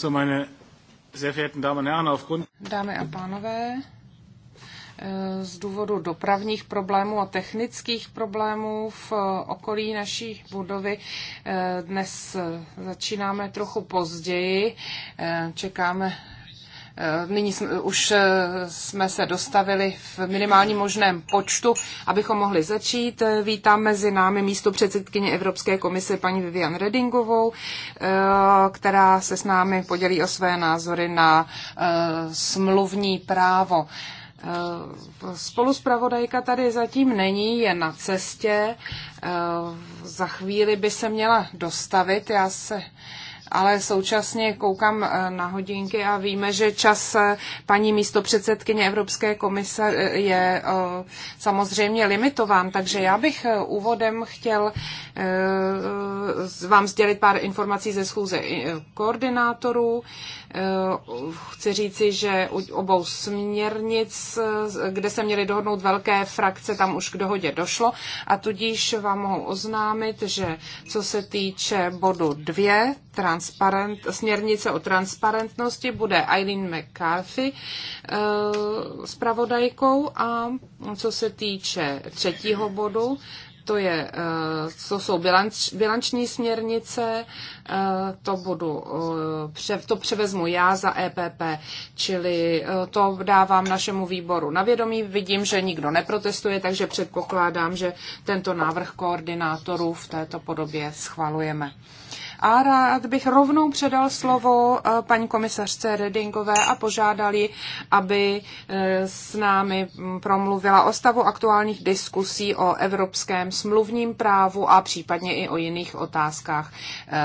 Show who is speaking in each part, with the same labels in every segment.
Speaker 1: So, meine sehr verehrten Damen und Herren, aufgrund...
Speaker 2: Dámy a pánové, eh, z důvodu dopravních problémů a technických problémů v eh, okolí naší budovy. Eh, dnes začínáme trochu později, čekáme Eh, nyní jsme, už eh, jsme se dostavili v minimálním možném počtu, abychom mohli začít. Eh, vítám mezi námi místo předsedkyně Evropské komise paní Vivian Redingovou, která se s námi podělí o své názory na smluvní právo. Spoluspravodajka tady zatím není, je na cestě. Za chvíli by se měla dostavit. Já se ale současně koukám eh, na hodinky a víme, že čas eh, paní místopředsedkyně Evropské komise eh, je samozřejmě limitován, takže já bych úvodem chtěl vám sdělit pár informací ze schůze koordinátorů. Chci říci, že obou směrnic, kde se měly dohodnout velké frakce, tam už k dohodě došlo a tudíž vám mohu oznámit, že co se týče bodu 2, transparent, směrnice o transparentnosti bude Eileen McCarthy eh, zpravodajkou a co se týče třetího bodu, to, je, eh, to jsou bilanč, bilanční směrnice, eh, to, budu, to převezmu já za EPP, čili to dávám našemu výboru na vědomí. Vidím, že nikdo neprotestuje, takže předpokládám, že tento návrh koordinátorů v této podobě schvalujeme. A rád bych rovnou předal slovo eh, paní komisařce Redingové a požádal ji, aby eh, s námi mm, promluvila o stavu aktuálních diskusí o evropském smluvním právu a případně i o jiných otázkách, eh,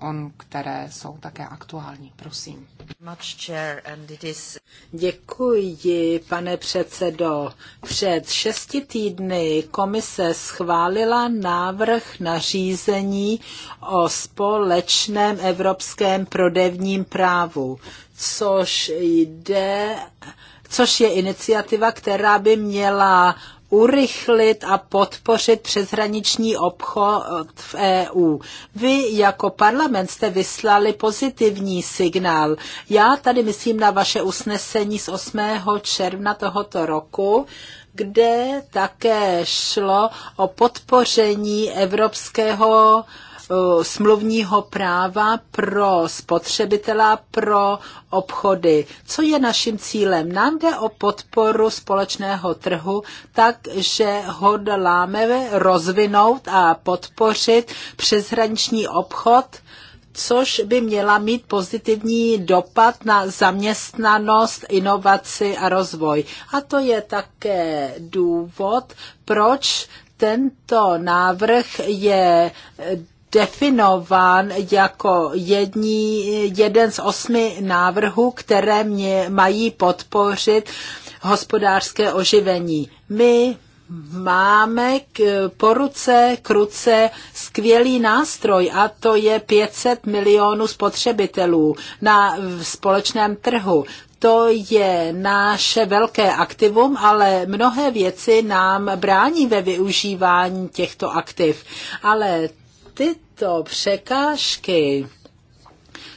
Speaker 2: on, které jsou také aktuální. Prosím. Děkuji, pane předsedo.
Speaker 1: Před šesti týdny komise schválila návrh nařízení o společnosti společném evropském prodevním právu, což jde, což je iniciativa, která by měla urychlit a podpořit přeshraniční obchod v EU. Vy jako parlament jste vyslali pozitivní signál. Já tady myslím na vaše usnesení z 8. června tohoto roku, kde také šlo o podpoření evropského Eh, smluvního práva pro spotřebitela, pro obchody. Co je naším cílem? Nám jde o podporu společného trhu, takže hodláme rozvinout a podpořit přeshraniční obchod, což by měla mít pozitivní dopad na zaměstnanost, inovaci a rozvoj. A to je také důvod, proč tento návrh je definován jako jední, jeden z osmi návrhů, které mě mají podpořit hospodářské oživení. My máme k, po ruce, k ruce skvělý nástroj a to je 500 milionů spotřebitelů na společném trhu. To je naše velké aktivum, ale mnohé věci nám brání ve využívání těchto aktiv. Ale tyto překážky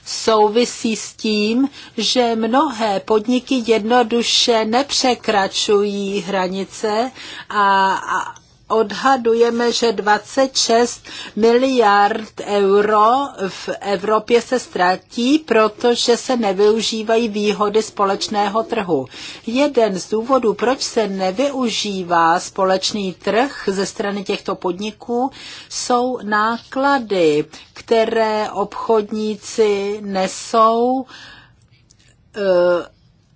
Speaker 1: souvisí s tím, že mnohé podniky jednoduše nepřekračují hranice a, a odhadujeme, že 26 miliard euro v Evropě se ztratí, protože se nevyužívají výhody společného trhu. Jeden z důvodů, proč se nevyužívá společný trh ze strany těchto podniků, jsou náklady, které obchodníci nesou uh,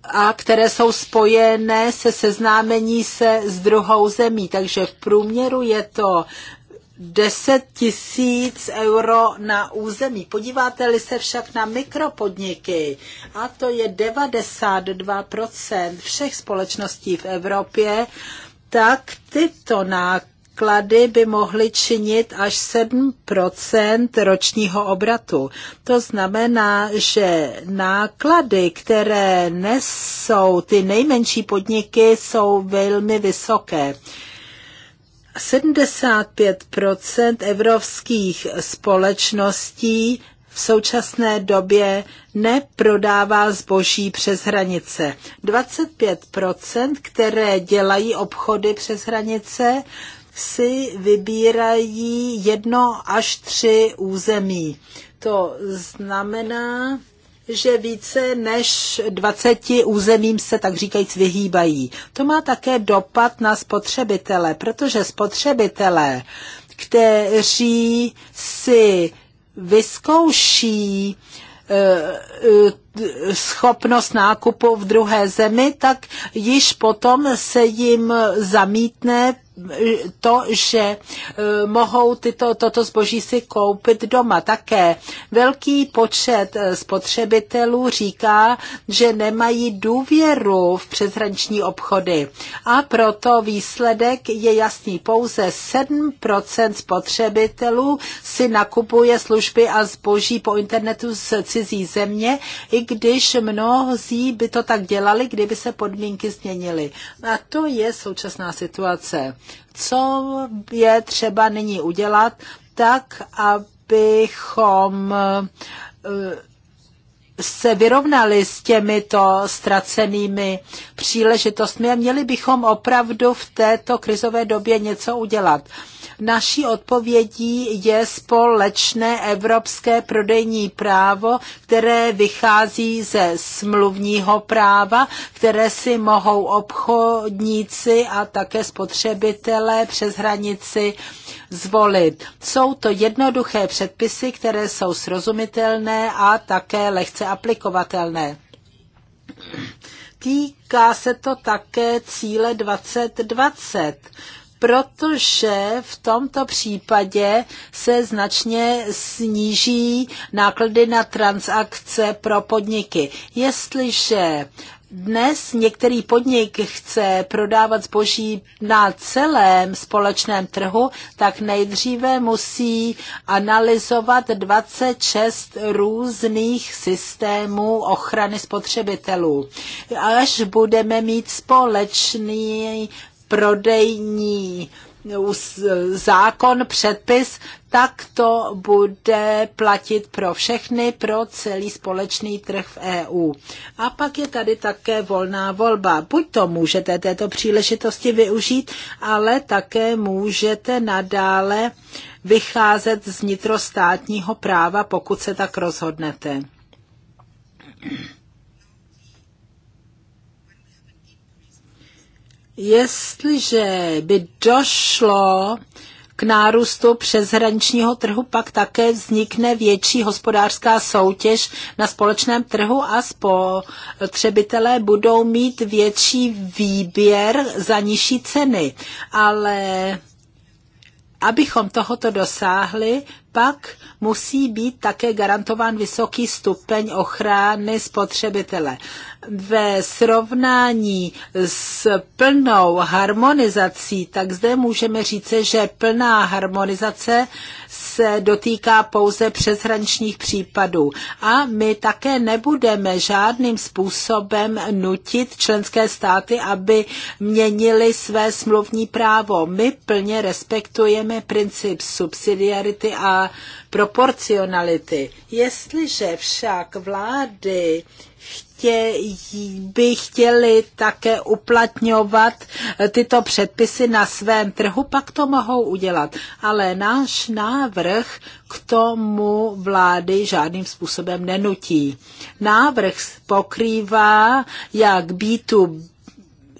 Speaker 1: a které jsou spojené se seznámení se s druhou zemí. Takže v průměru je to 10 tisíc euro na území. Podíváte-li se však na mikropodniky, a to je 92% všech společností v Evropě, tak tyto náklady náklady by mohly činit až 7 ročního obratu. To znamená, že náklady, které nesou ty nejmenší podniky, jsou velmi vysoké. 75 evropských společností v současné době neprodává zboží přes hranice. 25%, které dělají obchody přes hranice, si vybírají jedno až tři území. To znamená, že více než 20 územím se tak říkajíc vyhýbají. To má také dopad na spotřebitele, protože spotřebitele, kteří si vyzkouší eh, eh, schopnost nákupu v druhé zemi, tak již potom se jim zamítne to, že e, mohou tyto, toto zboží si koupit doma. Také velký počet e, spotřebitelů říká, že nemají důvěru v přeshraniční obchody a proto výsledek je jasný. Pouze 7% spotřebitelů si nakupuje služby a zboží po internetu z cizí země, i když mnozí by to tak dělali, kdyby se podmínky změnily. A to je současná situace. Co je třeba nyní udělat, tak abychom eh, se vyrovnali s těmito ztracenými příležitostmi a měli bychom opravdu v této krizové době něco udělat. Naší odpovědí je společné evropské prodejní právo, které vychází ze smluvního práva, které si mohou obchodníci a také spotřebitelé přes hranici zvolit. Jsou to jednoduché předpisy, které jsou srozumitelné a také lehce aplikovatelné. Týká se to také cíle 2020 protože v tomto případě se značně sníží náklady na transakce pro podniky. Jestliže dnes některý podnik chce prodávat zboží na celém společném trhu, tak nejdříve musí analyzovat 26 různých systémů ochrany spotřebitelů. Až budeme mít společný prodejní zákon, předpis, tak to bude platit pro všechny, pro celý společný trh v EU. A pak je tady také volná volba. Buď to můžete této příležitosti využít, ale také můžete nadále vycházet z nitrostátního práva, pokud se tak rozhodnete. Jestliže by došlo k nárůstu přeshraničního trhu pak také vznikne větší hospodářská soutěž na společném trhu a spotřebitelé budou mít větší výběr za nižší ceny. Ale abychom tohoto dosáhli, pak musí být také garantován vysoký stupeň ochrany spotřebitele. Ve srovnání s plnou harmonizací, tak zde můžeme říci, že plná harmonizace se dotýká pouze přeshraničních případů. A my také nebudeme žádným způsobem nutit členské státy, aby měnili své smluvní právo. My plně respektujeme princip subsidiarity a proporcionality. Jestliže však vlády by chtěly také uplatňovat eh, tyto předpisy na svém trhu, pak to mohou udělat. Ale náš návrh k tomu vlády žádným způsobem nenutí. Návrh pokrývá jak b 2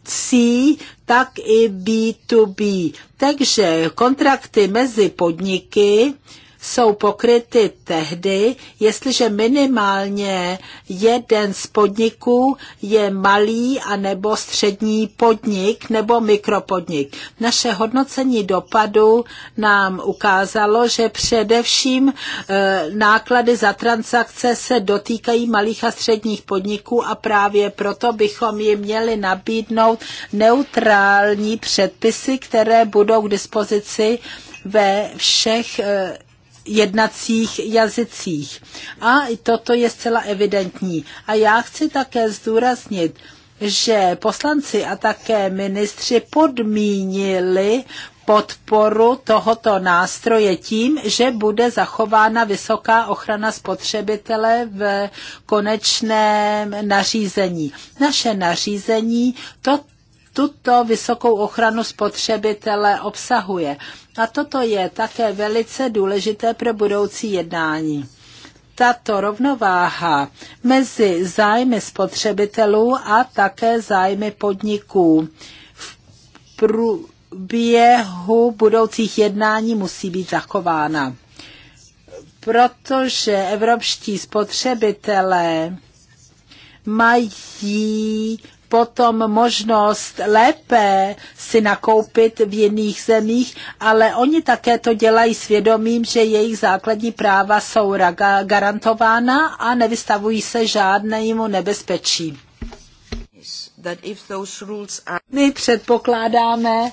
Speaker 1: C, tak i B2B. Takže kontrakty mezi podniky jsou pokryty tehdy, jestliže minimálně jeden z podniků je malý a nebo střední podnik nebo mikropodnik. Naše hodnocení dopadu nám ukázalo, že především eh, náklady za transakce se dotýkají malých a středních podniků a právě proto bychom jim měli nabídnout neutrální předpisy, které budou k dispozici ve všech eh, jednacích jazycích. A toto je zcela evidentní. A já chci také zdůraznit, že poslanci a také ministři podmínili podporu tohoto nástroje tím, že bude zachována vysoká ochrana spotřebitele v konečném nařízení. Naše nařízení to tuto vysokou ochranu spotřebitele obsahuje. A toto je také velice důležité pro budoucí jednání tato rovnováha mezi zájmy spotřebitelů a také zájmy podniků v průběhu budoucích jednání musí být zachována. Protože evropští spotřebitelé mají potom možnost lépe si nakoupit v jiných zemích, ale oni také to dělají svědomím, že jejich základní práva jsou garantována a nevystavují se žádnému nebezpečí. My předpokládáme,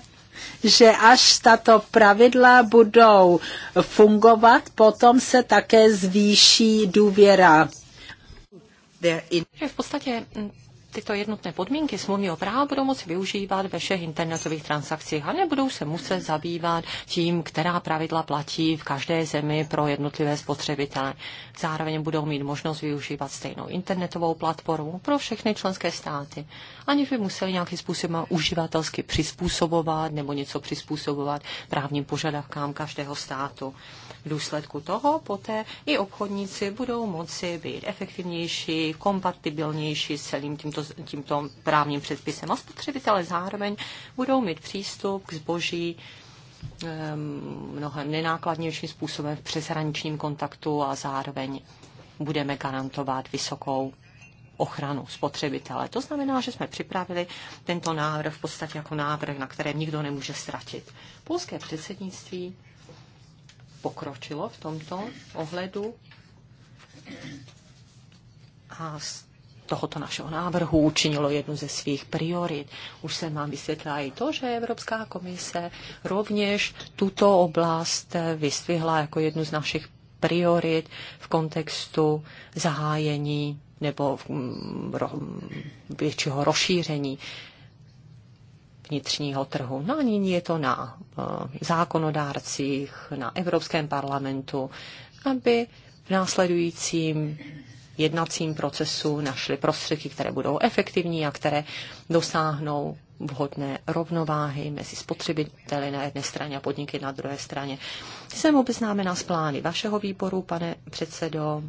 Speaker 1: že až tato pravidla budou fungovat, potom se také zvýší důvěra.
Speaker 3: V podstatě tyto jednotné podmínky smluvního práva budou moci využívat ve všech internetových transakcích a nebudou se muset zabývat tím, která pravidla platí v každé zemi pro jednotlivé spotřebitele. Zároveň budou mít možnost využívat stejnou internetovou platformu pro všechny členské státy, aniž by museli nějakým způsobem uživatelsky přizpůsobovat nebo něco přizpůsobovat právním požadavkám každého státu důsledku toho poté i obchodníci budou moci být efektivnější, kompatibilnější s celým tímto, tímto právním předpisem a spotřebitelé zároveň budou mít přístup k zboží ehm, mnohem nenákladnějším způsobem v přeshraničním kontaktu a zároveň budeme garantovat vysokou ochranu spotřebitele. To znamená, že jsme připravili tento návrh v podstatě jako návrh, na kterém nikdo nemůže ztratit. Polské předsednictví pokročilo v tomto ohledu. A z tohoto našeho návrhu učinilo jednu ze svých priorit. Už jsem vám vysvětlila i to, že Evropská komise rovněž tuto oblast vystvihla jako jednu z našich priorit v kontextu zahájení nebo většího rozšíření vnitřního trhu. No a nyní je to na eh, zákonodárcích, na Evropském parlamentu, aby v následujícím jednacím procesu našli prostředky, které budou efektivní a které dosáhnou vhodné rovnováhy mezi spotřebiteli na jedné straně a podniky na druhé straně. Jsem obeznámena z plány vašeho výboru, pane předsedo.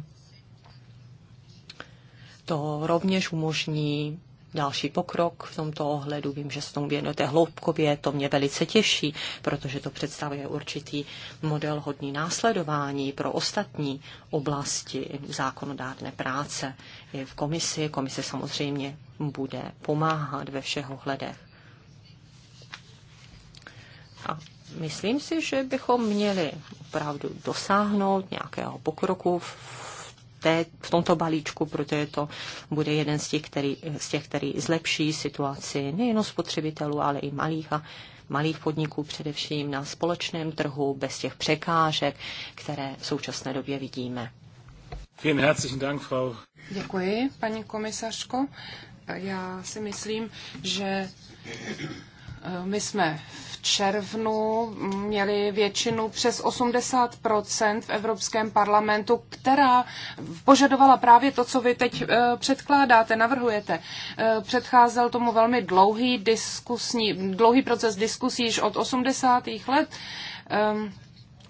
Speaker 3: To rovněž umožní další pokrok v tomto ohledu. Vím, že se tomu věnujete hloubkově, to mě velice těší, protože to představuje určitý model hodný následování pro ostatní oblasti zákonodárné práce i v komisi. Komise samozřejmě bude pomáhat ve všech ohledech. A myslím si, že bychom měli opravdu dosáhnout nějakého pokroku v té, v tomto balíčku, protože to bude jeden z těch, který, z těch, který zlepší situaci nejen spotřebitelů, ale i malých a malých podniků, především na společném trhu, bez těch překážek, které v současné době vidíme.
Speaker 2: Děkuji, paní komisařko. Já si myslím, že eh, my jsme v červnu měli většinu přes 80 v Evropském parlamentu, která požadovala právě to, co vy teď eh, předkládáte, navrhujete. Eh, předcházel tomu velmi dlouhý, diskusní, dlouhý proces diskusí již od 80. let ehm,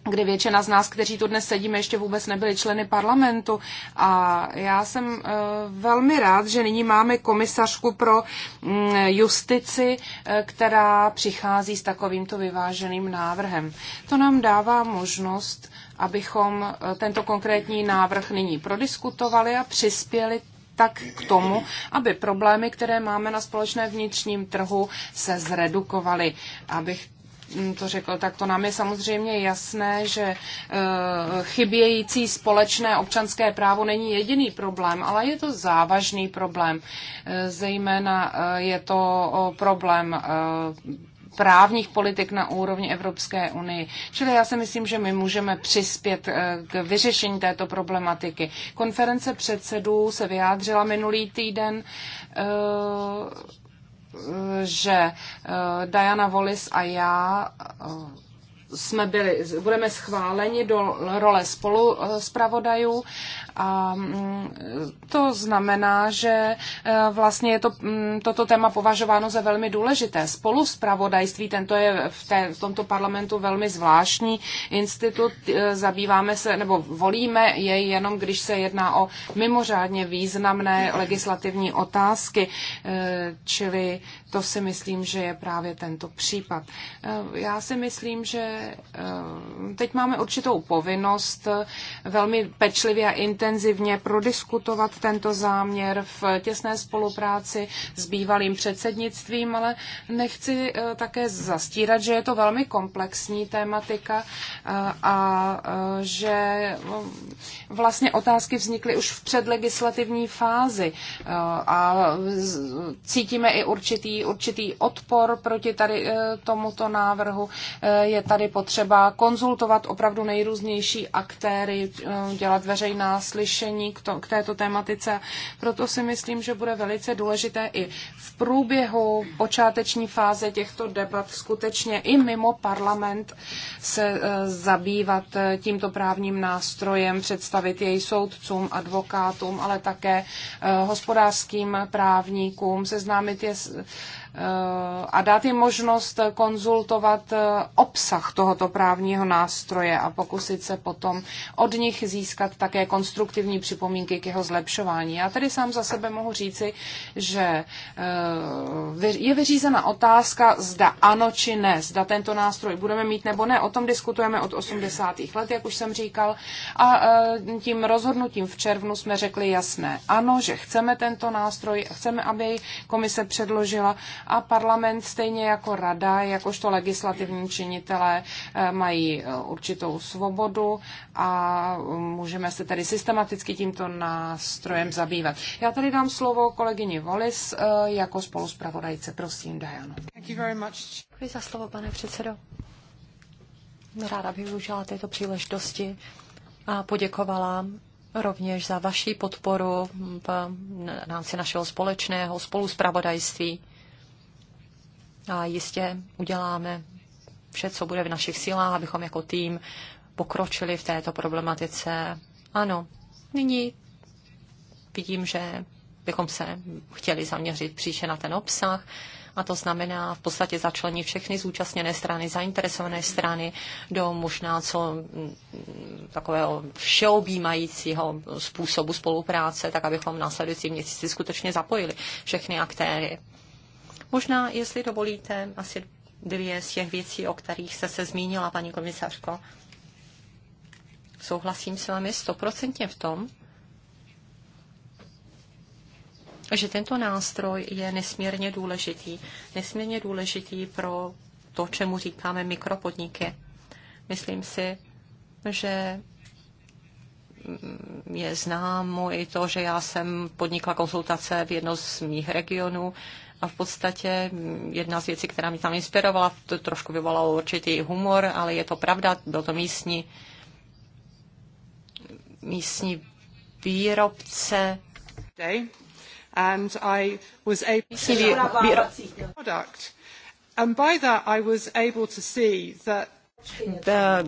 Speaker 2: kdy většina z nás, kteří tu dnes sedíme, ještě vůbec nebyli členy parlamentu. A já jsem eh, velmi rád, že nyní máme komisařku pro mm, justici, eh, která přichází s takovýmto vyváženým návrhem. To nám dává možnost, abychom eh, tento konkrétní návrh nyní prodiskutovali a přispěli tak k tomu, aby problémy, které máme na společném vnitřním trhu, se zredukovaly, abych Mm, to řekl, tak to nám je samozřejmě jasné, že eh, chybějící společné občanské právo není jediný problém, ale je to závažný problém. Eh, zejména eh, je to problém právních politik na úrovni Evropské unii. Čili já si myslím, že my můžeme přispět k vyřešení této problematiky. Konference předsedů se vyjádřila minulý týden že eh, Diana Wallis a já eh, jsme byli, budeme schváleni do role spolu zpravodajů a mm, to znamená, že e, vlastně je to, mm, toto téma považováno za velmi důležité. Spolu s pravodajství, tento je v, té, v tomto parlamentu velmi zvláštní institut, e, zabýváme se nebo volíme jej jenom, když se jedná o mimořádně významné legislativní otázky, e, čili to si myslím, že je právě tento případ. Já si myslím, že teď máme určitou povinnost velmi pečlivě a intenzivně intenzivně prodiskutovat tento záměr v těsné spolupráci s bývalým předsednictvím, ale nechci eh, také zastírat, že je to velmi komplexní tématika eh, a eh, že vlastně otázky vznikly už v předlegislativní fázi a cítíme i určitý, určitý odpor proti tady tomuto návrhu. Je tady potřeba konzultovat opravdu nejrůznější aktéry, dělat veřejná slyšení k, to, k této tématice. Proto si myslím, že bude velice důležité i v průběhu počáteční fáze těchto debat skutečně i mimo parlament se eh, zabývat eh, tímto právním nástrojem, představit jej soudcům, advokátům, ale také eh, hospodářským právníkům, seznámit je s Eh, a dát jim možnost konzultovat eh, obsah tohoto právního nástroje a pokusit se potom od nich získat také konstruktivní připomínky k jeho zlepšování. Já tedy sám za sebe mohu říci, že eh, je vyřízena otázka, zda ano či ne, zda tento nástroj budeme mít nebo ne. O tom diskutujeme od 80. let, jak už jsem říkal, a tím rozhodnutím v červnu jsme řekli jasné ano, že chceme tento nástroj, chceme, aby komise předložila a parlament stejně jako rada, jakožto legislativní činitelé eh, mají eh, určitou svobodu a můžeme se tady systematicky tímto nástrojem zabývat. Já tady dám slovo kolegyni Volis eh, jako spoluspravodajce. Prosím, Diana. Děkuji
Speaker 3: za slovo, pane předsedo.
Speaker 2: Ráda bych využila této příležitosti
Speaker 3: a poděkovala rovněž za vaši podporu v rámci našeho společného spoluspravodajství a jistě uděláme vše, co bude v našich silách, abychom jako tým pokročili v této problematice. Ano, nyní vidím, že bychom se chtěli zaměřit příště na ten obsah a to znamená v podstatě začlenit všechny zúčastněné strany, zainteresované strany do možná co mm, takového všeobjímajícího způsobu spolupráce, tak abychom v následujícím měsíci skutečně zapojili všechny aktéry. Možná, jestli dovolíte, asi dvě z těch věcí, o kterých jste se zmínila, paní komisařko. Souhlasím s vámi stoprocentně v tom, že tento nástroj je nesmírně důležitý. Nesmírně důležitý pro to, čemu říkáme mikropodniky. Myslím si, že je známo i to, že já jsem podnikla konzultace v jednom z mých regionů, a v podstatě mm, jedna z věcí, která mě tam inspirovala, to trošku vyvolalo určitý humor, ale je to pravda, byl to místní, místní výrobce. Day.
Speaker 2: And I was able to product. And by that I was able to see that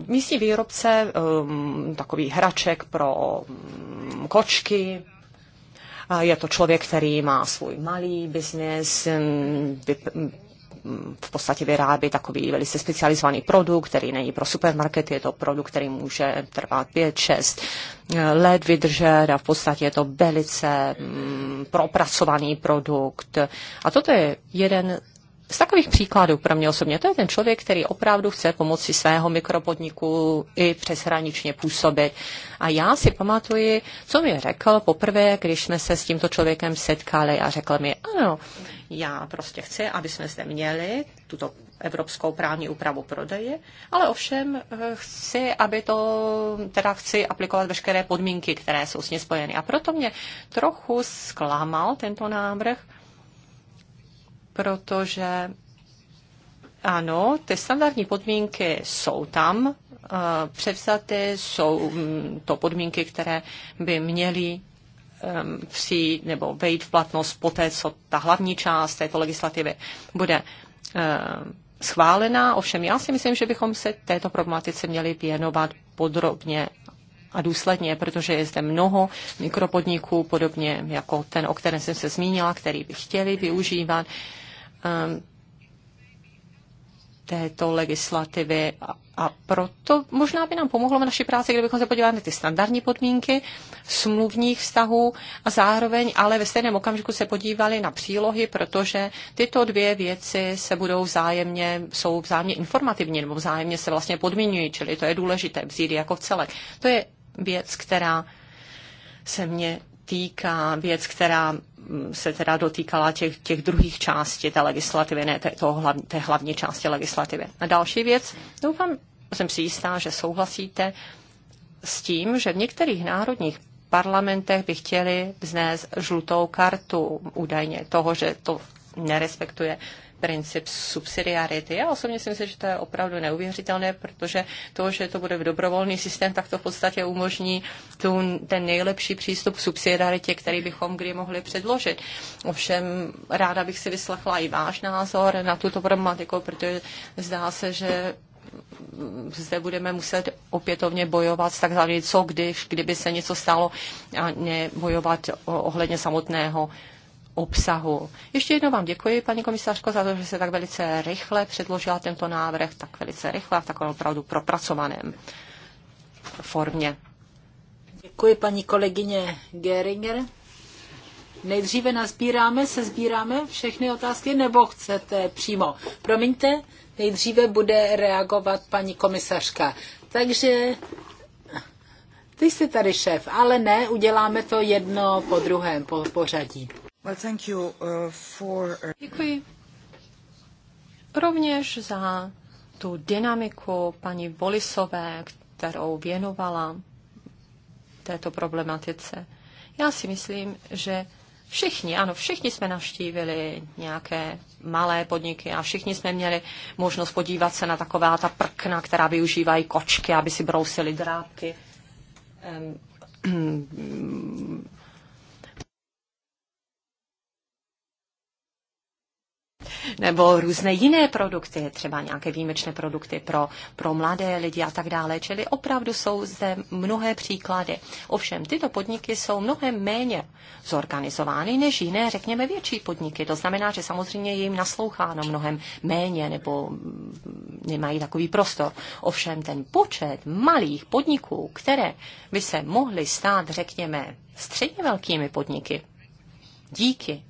Speaker 2: místní výrobce um,
Speaker 3: takový hraček pro um, kočky, je to člověk, který má svůj malý biznis, hm, hm, v podstatě vyrábí takový velice specializovaný produkt, který není pro supermarkety, je to produkt, který může trvat 5, 6 eh, let vydržet a v podstatě je to velice hm, propracovaný produkt. A toto je jeden z takových příkladů pro mě osobně, to je ten člověk, který opravdu chce pomoci svého mikropodniku i přeshraničně působit. A já si pamatuji, co mi řekl poprvé, když jsme se s tímto člověkem setkali a řekl mi, ano, já prostě chci, aby jsme zde měli tuto evropskou právní úpravu prodeje, ale ovšem eh, chci, aby to, teda chci aplikovat veškeré podmínky, které jsou s ní spojeny. A proto mě trochu zklamal tento návrh, protože ano, ty standardní podmínky jsou tam eh, převzaty, jsou mm, to podmínky, které by měly ehm, přijít nebo vejít v platnost té, co ta hlavní část této legislativy bude eh, schválená. Ovšem já si myslím, že bychom se této problematice měli věnovat podrobně a důsledně, protože je zde mnoho mikropodniků, podobně jako ten, o kterém jsem se zmínila, který by chtěli využívat uh, Um, této legislativy. A proto možná by nám pomohlo v naší práci, kdybychom se podívali na ty standardní podmínky smluvních vztahů a zároveň ale ve stejném okamžiku se podívali na přílohy, protože tyto dvě věci se budou vzájemně, jsou vzájemně informativní nebo vzájemně se vlastně podmínují, čili to je důležité vzít jako v celek. To je věc, která se mě týká, věc, která se teda dotýkala těch, těch druhých částí té legislativy, ne té, toho hlav, té hlavní části legislativy. A další věc, doufám, jsem si jistá, že souhlasíte s tím, že v některých národních parlamentech by chtěli vznést žlutou kartu údajně toho, že to nerespektuje princip subsidiarity. Já osobně si myslím, že to je opravdu neuvěřitelné, protože to, že to bude v dobrovolný systém, tak to v podstatě umožní tu, ten nejlepší přístup k subsidiaritě, který bychom kdy mohli předložit. Ovšem ráda bych si vyslechla i váš názor na tuto problematiku, protože zdá se, že zde budeme muset opětovně bojovat s takzvaným co když, kdyby se něco stalo a nebojovat ohledně samotného obsahu. Ještě jednou vám děkuji, paní komisařko, za to, že se tak velice rychle předložila tento návrh, tak velice rychle a v takovém opravdu propracovaném formě.
Speaker 1: Děkuji, paní kolegyně Geringer. Nejdříve nazbíráme, se sbíráme všechny otázky, nebo chcete přímo? Promiňte, nejdříve bude reagovat paní komisařka. Takže ty jsi tady šéf, ale ne, uděláme to jedno po druhém po pořadí.
Speaker 2: Uh, uh, Děkuji rovněž
Speaker 3: za tu dynamiku paní Bolisové, kterou věnovala této problematice. Já si myslím, že všichni, ano, všichni jsme navštívili nějaké malé podniky a všichni jsme měli možnost podívat se na taková ta prkna, která využívají kočky, aby si brousili drápky.
Speaker 2: um,
Speaker 3: nebo různé jiné produkty, třeba nějaké výjimečné produkty pro, pro mladé lidi a tak dále. Čili opravdu jsou zde mnohé příklady. Ovšem, tyto podniky jsou mnohem méně zorganizovány než jiné, řekněme, větší podniky. To znamená, že samozřejmě jim nasloucháno mnohem méně nebo nemají takový prostor. Ovšem, ten počet malých podniků, které by se mohly stát, řekněme, středně velkými podniky, díky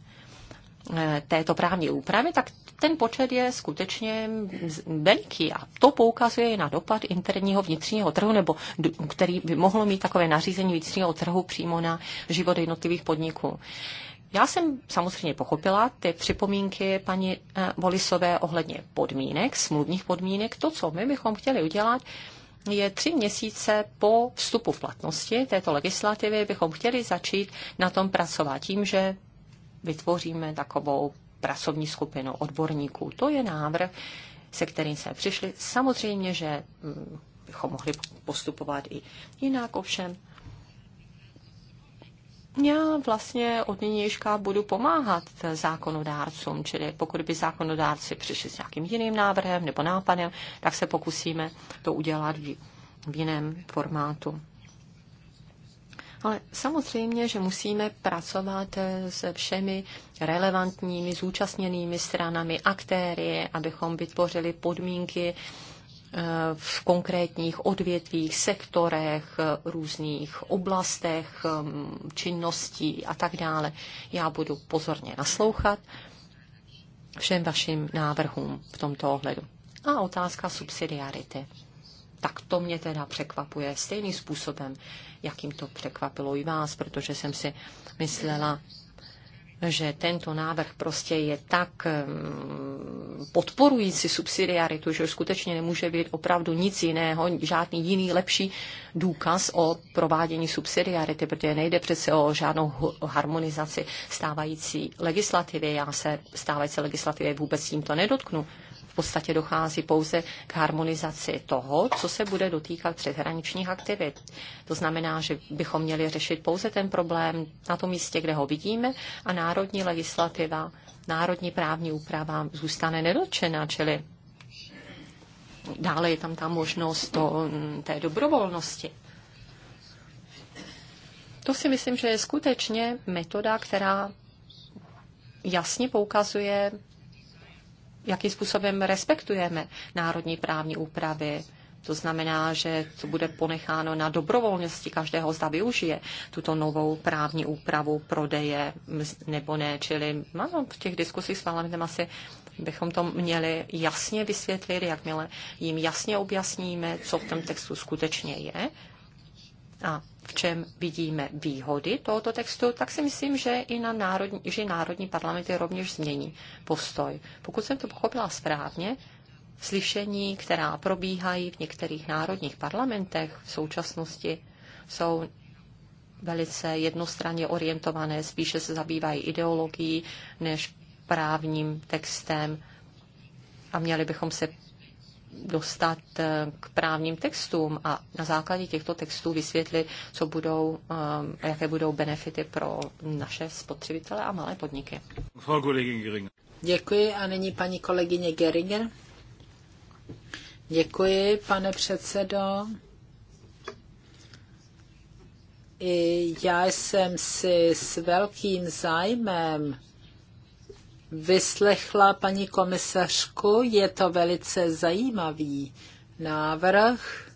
Speaker 3: Eh, této právní úpravy, tak ten počet je skutečně veliký a to poukazuje na dopad interního vnitřního trhu, nebo který by mohlo mít takové nařízení vnitřního trhu přímo na život jednotlivých podniků. Já jsem samozřejmě pochopila ty připomínky paní eh, Volisové ohledně podmínek, smluvních podmínek. To, co my bychom chtěli udělat, je tři měsíce po vstupu v platnosti této legislativy bychom chtěli začít na tom pracovat tím, že vytvoříme takovou pracovní skupinu odborníků. To je návrh, se kterým jsme přišli. Samozřejmě, že mm, bychom mohli postupovat i jinak, ovšem já vlastně od nynějška budu pomáhat zákonodárcům, čili pokud by zákonodárci přišli s nějakým jiným návrhem nebo nápadem, tak se pokusíme to udělat v jiném formátu. Ale samozřejmě, že musíme pracovat eh, se všemi relevantními zúčastněnými stranami, aktéry, abychom vytvořili podmínky eh, v konkrétních odvětvích, sektorech, eh, různých oblastech, činností a tak dále. Já budu pozorně naslouchat všem vašim návrhům v tomto ohledu. A otázka subsidiarity. Tak to mě teda překvapuje stejným způsobem, jakým to překvapilo i vás, protože jsem si myslela, že tento návrh prostě je tak mm, podporující subsidiaritu, že už skutečně nemůže být opravdu nic jiného, žádný jiný lepší důkaz o provádění subsidiarity, protože nejde přece o žádnou harmonizaci stávající legislativy. Já se stávající legislativy vůbec tímto nedotknu v podstatě dochází pouze k harmonizaci toho, co se bude dotýkat přeshraničních aktivit. To znamená, že bychom měli řešit pouze ten problém na tom místě, kde ho vidíme a národní legislativa, národní právní úprava zůstane nedotčená, čili dále je tam ta možnost to, mm, té dobrovolnosti. To si myslím, že je skutečně metoda, která jasně poukazuje jakým způsobem respektujeme národní právní úpravy. To znamená, že to bude ponecháno na dobrovolnosti každého, zda využije tuto novou právní úpravu prodeje nebo ne. Čili no, v těch diskusích s parlamentem asi bychom to měli jasně vysvětlit, jakmile jim jasně objasníme, co v tom textu skutečně je. A v čem vidíme výhody tohoto textu, tak si myslím, že i na národní, že národní parlamenty rovněž změní postoj. Pokud jsem to pochopila správně, slyšení, která probíhají v některých národních parlamentech v současnosti, jsou velice jednostranně orientované, spíše se zabývají ideologií než právním textem a měli bychom se dostat eh, k právním textům a na základě těchto textů vysvětlit, co budou, eh, jaké budou benefity pro naše spotřebitele a malé
Speaker 1: podniky. Děkuji a nyní paní kolegyně Geringer. Děkuji, pane předsedo. I já jsem si s velkým zájmem vyslechla paní komisařku. Je to velice zajímavý návrh.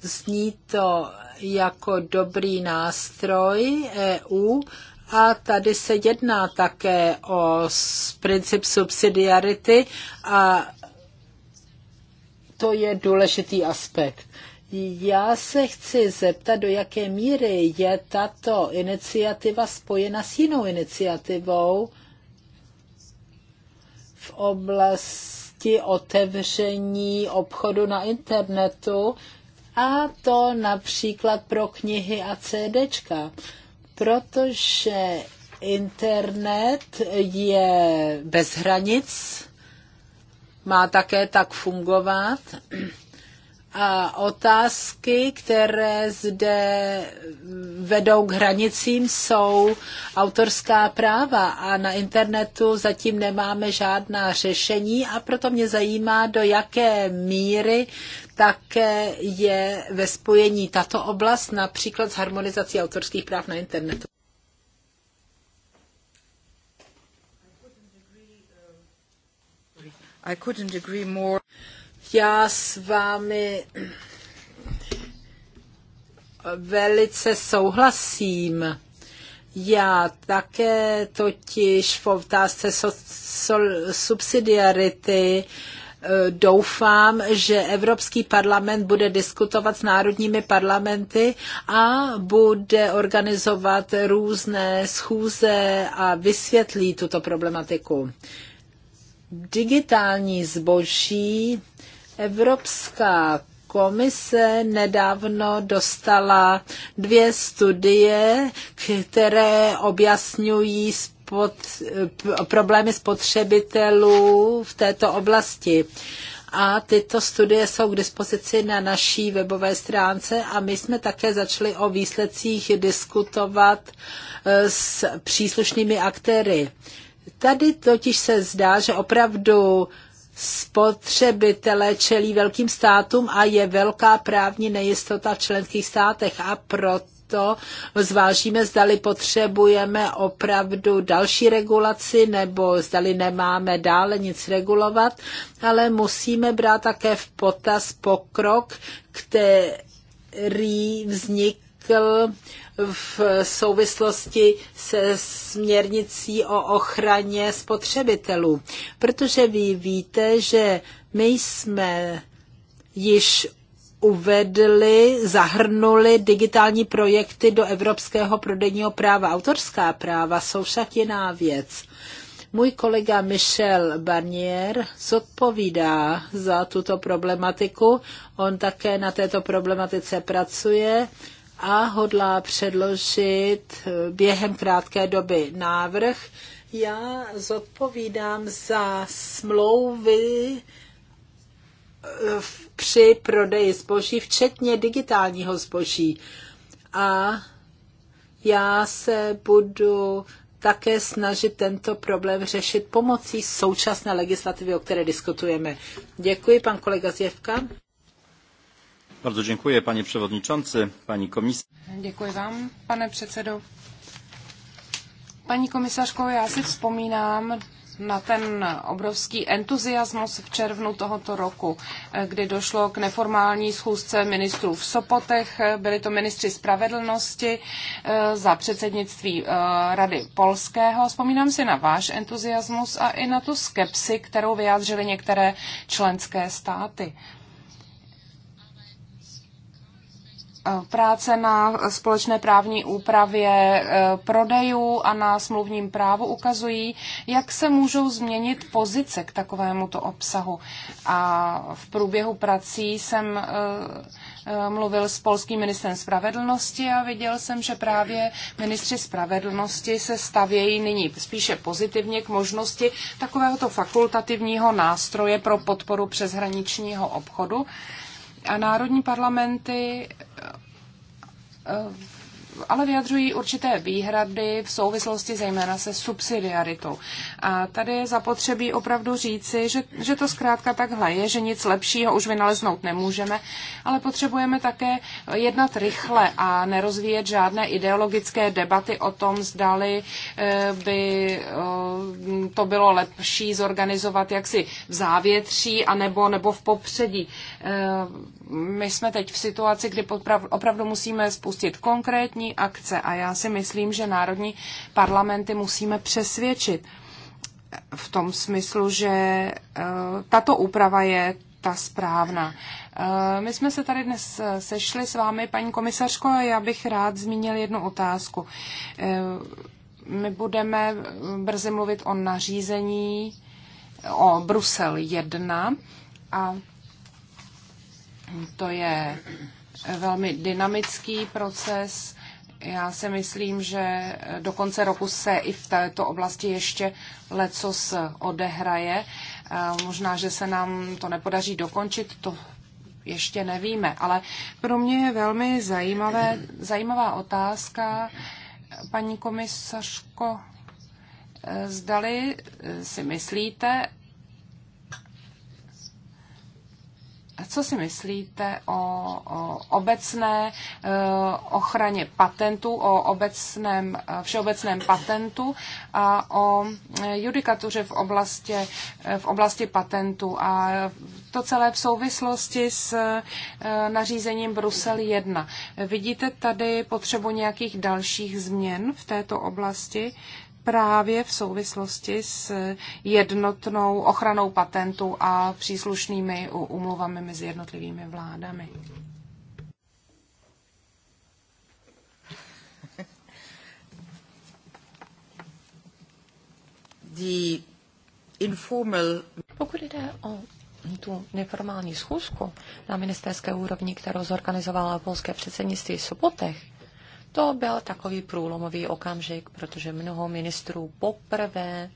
Speaker 1: Zní to jako dobrý nástroj EU a tady se jedná také o princip subsidiarity a to je důležitý aspekt. Já se chci zeptat, do jaké míry je tato iniciativa spojena s jinou iniciativou, oblasti otevření obchodu na internetu, a to například pro knihy a CDčka, protože internet je bez hranic, má také tak fungovat otázky, které zde vedou k hranicím, jsou autorská práva a na internetu zatím nemáme žádná řešení a proto mě zajímá, do jaké míry také je ve spojení tato oblast například s harmonizací autorských práv na internetu. I couldn't agree more. Já s vámi velice souhlasím. Já také totiž v otázce so, so, subsidiarity eh, doufám, že Evropský parlament bude diskutovat s národními parlamenty a bude organizovat různé schůze a vysvětlí tuto problematiku. Digitální zboží Evropská komise nedávno dostala dvě studie, které objasňují spod, problémy spotřebitelů v této oblasti a tyto studie jsou k dispozici na naší webové stránce a my jsme také začali o výsledcích diskutovat eh, s příslušnými aktéry. Tady totiž se zdá, že opravdu spotřebitelé čelí velkým státům a je velká právní nejistota v členských státech a proto zvážíme, zdali potřebujeme opravdu další regulaci nebo zdali nemáme dále nic regulovat, ale musíme brát také v potaz pokrok, který který vznik řekl v souvislosti se směrnicí o ochraně spotřebitelů. Protože vy víte, že my jsme již uvedli, zahrnuli digitální projekty do evropského prodejního práva. Autorská práva jsou však jiná věc. Můj kolega Michel Barnier zodpovídá za tuto problematiku. On také na této problematice pracuje a hodlá předložit eh, během krátké doby návrh. Já zodpovídám za smlouvy eh, při prodeji zboží, včetně digitálního zboží. A já se budu také snažit tento problém řešit pomocí současné legislativy, o které diskutujeme. Děkuji,
Speaker 2: pan kolega Zjevka.
Speaker 3: Bardzo dziękuję, panie przewodniczący, pane
Speaker 2: předsedo. Paní komisařko, já si vzpomínám na ten obrovský entuziasmus v červnu tohoto roku, kdy došlo k neformální schůzce ministrů v Sopotech. Byli to ministři spravedlnosti eh, za předsednictví eh, Rady Polského. Vzpomínám si na váš entuziasmus a i na tu skepsi, kterou vyjádřily některé členské státy. E, práce na společné právní úpravě e, prodejů a na smluvním právu ukazují, jak se můžou změnit pozice k takovémuto obsahu. A v průběhu prací jsem e, mluvil s polským ministrem spravedlnosti a viděl jsem, že právě ministři spravedlnosti se stavějí nyní spíše pozitivně k možnosti takovéhoto fakultativního nástroje pro podporu přeshraničního obchodu. A národní parlamenty Eh, ale vyjadřují určité výhrady v souvislosti zejména se subsidiaritou. A tady je zapotřebí opravdu říci, že, že to zkrátka takhle je, že nic lepšího už vynaleznout nemůžeme, ale potřebujeme také jednat rychle a nerozvíjet žádné ideologické debaty o tom, zdali eh, by eh, to bylo lepší zorganizovat jaksi v závětří anebo, nebo v popředí my jsme teď v situaci, kdy opravdu musíme spustit konkrétní akce a já si myslím, že národní parlamenty musíme přesvědčit v tom smyslu, že e, tato úprava je ta správná. E, my jsme se tady dnes e, sešli s vámi, paní komisařko, a já bych rád zmínil jednu otázku. My budeme brzy mluvit o nařízení o Brusel 1 a to je velmi dynamický proces. Já si myslím, že do konce roku se i v této oblasti ještě lecos odehraje. Možná, že se nám to nepodaří dokončit, to ještě nevíme. Ale pro mě je velmi zajímavé, zajímavá otázka, paní komisařko, e, zdali si myslíte, co si myslíte o, o obecné eh, ochraně patentů, o obecném, eh, všeobecném patentu a o eh, judikatuře v oblasti, v oblasti patentu a to celé v souvislosti s nařízením Brusel 1. Vidíte tady potřebu nějakých dalších změn v této oblasti? právě v souvislosti s jednotnou ochranou patentů a příslušnými umluvami mezi jednotlivými vládami. The informal...
Speaker 3: Pokud jde o tu neformální schůzku na ministerské úrovni, kterou zorganizovala polské předsednictví Sobotech, to byl takový průlomový okamžik, protože mnoho ministrů poprvé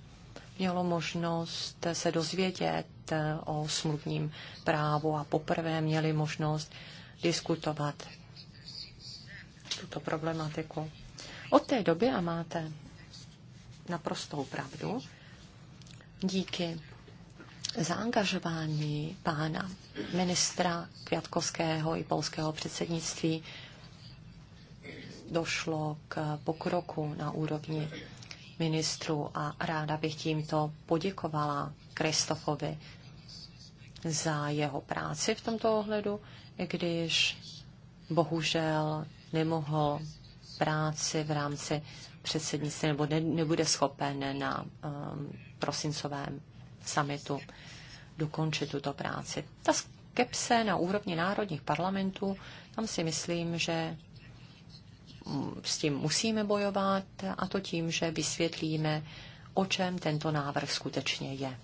Speaker 3: mělo možnost se dozvědět eh, o smluvním právu a poprvé měli možnost diskutovat tuto problematiku. Od té doby, a máte naprostou pravdu, díky zaangažování pána ministra Květkovského i polského předsednictví došlo k pokroku na úrovni ministru a ráda bych tímto poděkovala Kristofovi za jeho práci v tomto ohledu, i když bohužel nemohl práci v rámci předsednictví nebo ne, nebude schopen na um, prosincovém summitu dokončit tuto práci. Ta skepse na úrovni národních parlamentů, tam si myslím, že s tím musíme bojovat a to tím, že vysvětlíme, o čem tento návrh skutečně je.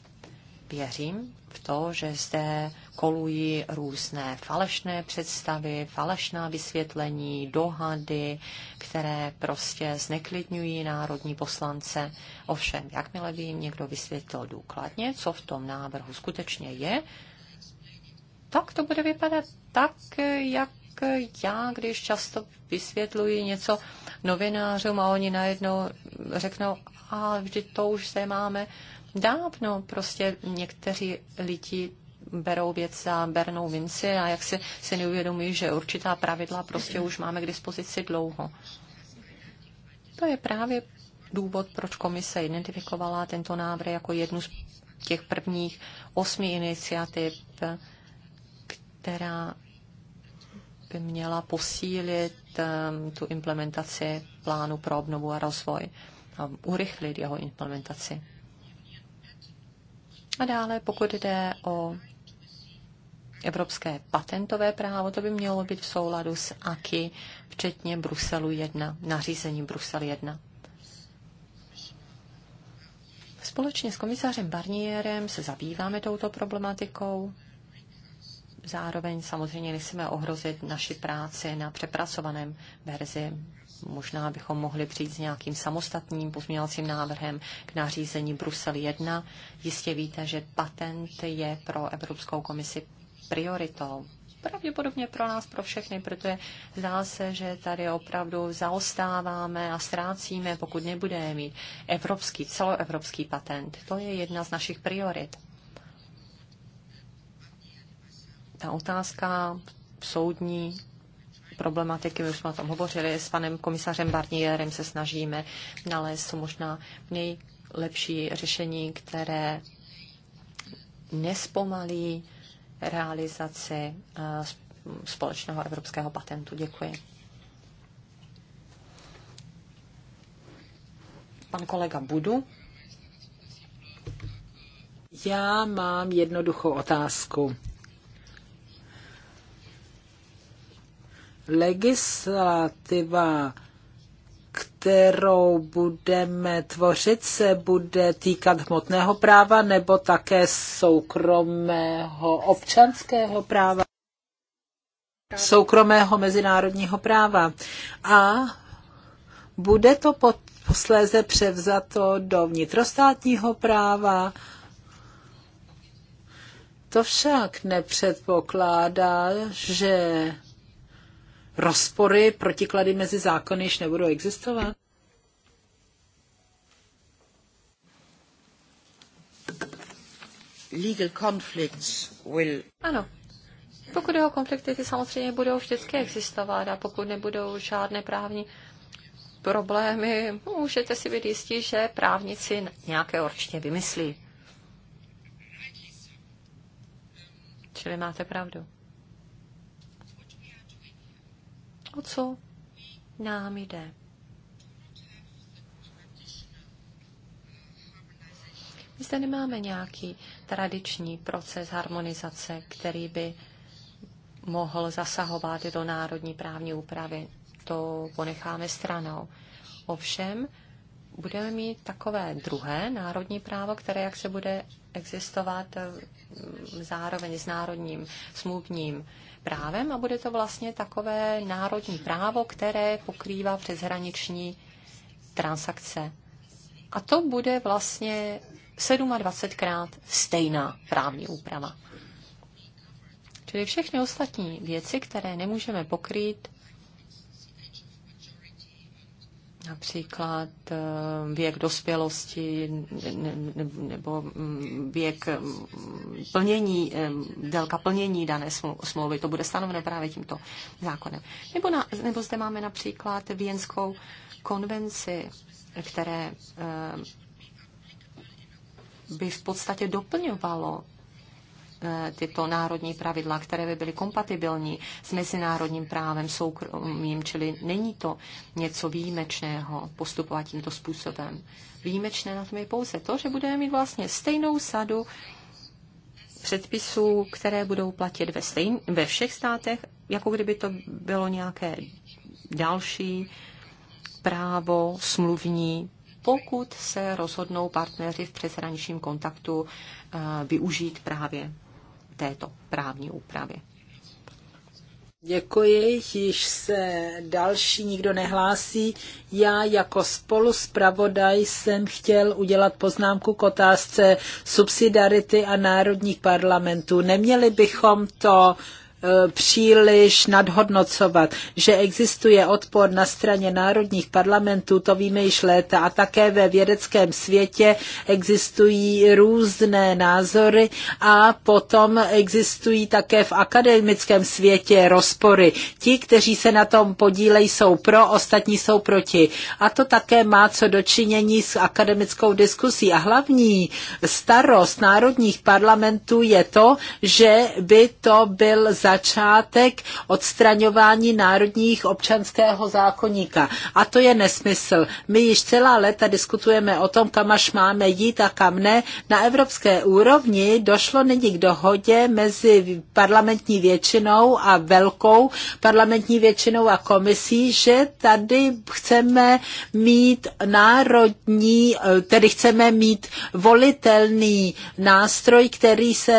Speaker 3: Věřím v to, že zde kolují různé falešné představy, falešná vysvětlení, dohady, které prostě zneklidňují národní poslance. Ovšem, jakmile by jim někdo vysvětlil důkladně, co v tom návrhu skutečně je, tak to bude vypadat tak, jak já, když často vysvětluji něco novinářům a oni najednou řeknou, a vždy to už se máme dávno. Prostě někteří lidi berou věc za bernou minci a jak si, si neuvědomují, že určitá pravidla prostě už máme k dispozici dlouho. To je právě důvod, proč komise identifikovala tento návrh jako jednu z těch prvních osmi iniciativ, která by měla posílit ehm, tu implementaci plánu pro obnovu a rozvoj a urychlit jeho implementaci. A dále, pokud jde o evropské patentové právo, to by mělo být v souladu s AKI, včetně Bruselu 1, nařízení Brusel 1. Společně s komisářem Barnierem se zabýváme touto problematikou zároveň samozřejmě nechceme ohrozit naši práci na přepracovaném verzi. Možná bychom mohli přijít s nějakým samostatným pozměňovacím návrhem k nařízení Brusel 1. Jistě víte, že patent je pro Evropskou komisi prioritou. Pravděpodobně pro nás, pro všechny, protože zdá se, že tady opravdu zaostáváme a ztrácíme, pokud nebudeme mít evropský, celoevropský patent. To je jedna z našich priorit. ta otázka soudní problematiky, my už jsme o tom hovořili s panem komisařem Barnierem, se snažíme nalézt co možná nejlepší řešení, které nespomalí realizaci eh, společného evropského patentu. Děkuji.
Speaker 1: Pan kolega Budu. Já mám jednoduchou otázku. Legislativa, kterou budeme tvořit, se bude týkat hmotného práva nebo také soukromého občanského práva, soukromého mezinárodního práva. A bude to pod posléze převzato do vnitrostátního práva. To však nepředpokládá, že rozpory, protiklady mezi zákony již nebudou existovat? Legal conflicts will...
Speaker 3: Ano. Pokud jeho konflikty, ty samozřejmě budou vždycky existovat a pokud nebudou žádné právní problémy, můžete si být jistí, že právníci nějaké určitě vymyslí. Čili máte pravdu. o co nám jde. My zde nemáme nějaký tradiční proces harmonizace, který by mohl zasahovat do národní právní úpravy. To ponecháme stranou. Ovšem, budeme mít takové druhé národní právo, které jak se bude existovat eh, zároveň s národním smluvním právem a bude to vlastně takové národní právo, které pokrývá přeshraniční transakce. A to bude vlastně 27krát stejná právní úprava. Čili všechny ostatní věci, které nemůžeme pokrýt například eh, věk dospělosti nebo mm, věk mm, plnění, eh, délka plnění dané smlouvy, to bude stanoveno právě tímto zákonem. Nebo, na, nebo zde máme například Věnskou konvenci, které eh, by v podstatě doplňovalo Eh, tyto národní pravidla, které by byly kompatibilní s mezinárodním právem, soukromým, čili není to něco výjimečného postupovat tímto způsobem. Výjimečné na tom je pouze to, že budeme mít vlastně stejnou sadu předpisů, které budou platit ve, stejn, ve všech státech, jako kdyby to bylo nějaké další právo smluvní, pokud se rozhodnou partneři v přeshraničním kontaktu eh, využít právě této
Speaker 1: právní úpravě. Děkuji, již se další nikdo nehlásí. Já jako spoluspravodaj jsem chtěl udělat poznámku k otázce subsidiarity a národních parlamentů. Neměli bychom to uh, Eh, příliš nadhodnocovat. Že existuje odpor na straně národních parlamentů, to víme již léta a také ve vědeckém světě existují různé názory a potom existují také v akademickém světě rozpory. Ti, kteří se na tom podílejí, jsou pro, ostatní jsou proti. A to také má co dočinění s akademickou diskusí. A hlavní starost národních parlamentů je to, že by to byl za začátek odstraňování národních občanského zákoníka. A to je nesmysl. My již celá léta diskutujeme o tom, kam až máme jít a kam ne. Na evropské úrovni došlo nyní k dohodě mezi parlamentní většinou a velkou parlamentní většinou a komisí, že tady chceme mít národní, tedy chceme mít volitelný nástroj, který se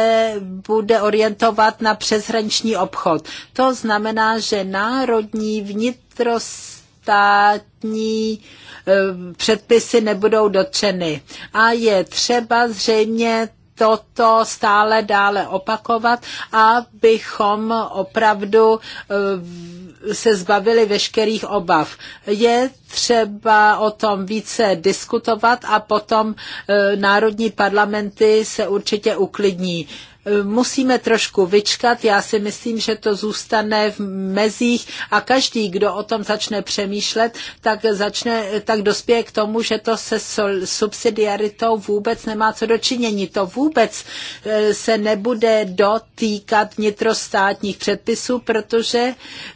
Speaker 1: bude orientovat na přeshraniční zahraniční obchod. To znamená, že národní vnitrostátní eh, předpisy nebudou dotčeny. A je třeba zřejmě toto stále dále opakovat, abychom opravdu eh, se zbavili veškerých obav. Je třeba o tom více diskutovat a potom e, národní parlamenty se určitě uklidní e, musíme trošku vyčkat. Já si myslím, že to zůstane v mezích a každý, kdo o tom začne přemýšlet, tak, začne, tak dospěje k tomu, že to se subsidiaritou vůbec nemá co dočinění. To vůbec e, se nebude dotýkat vnitrostátních předpisů, protože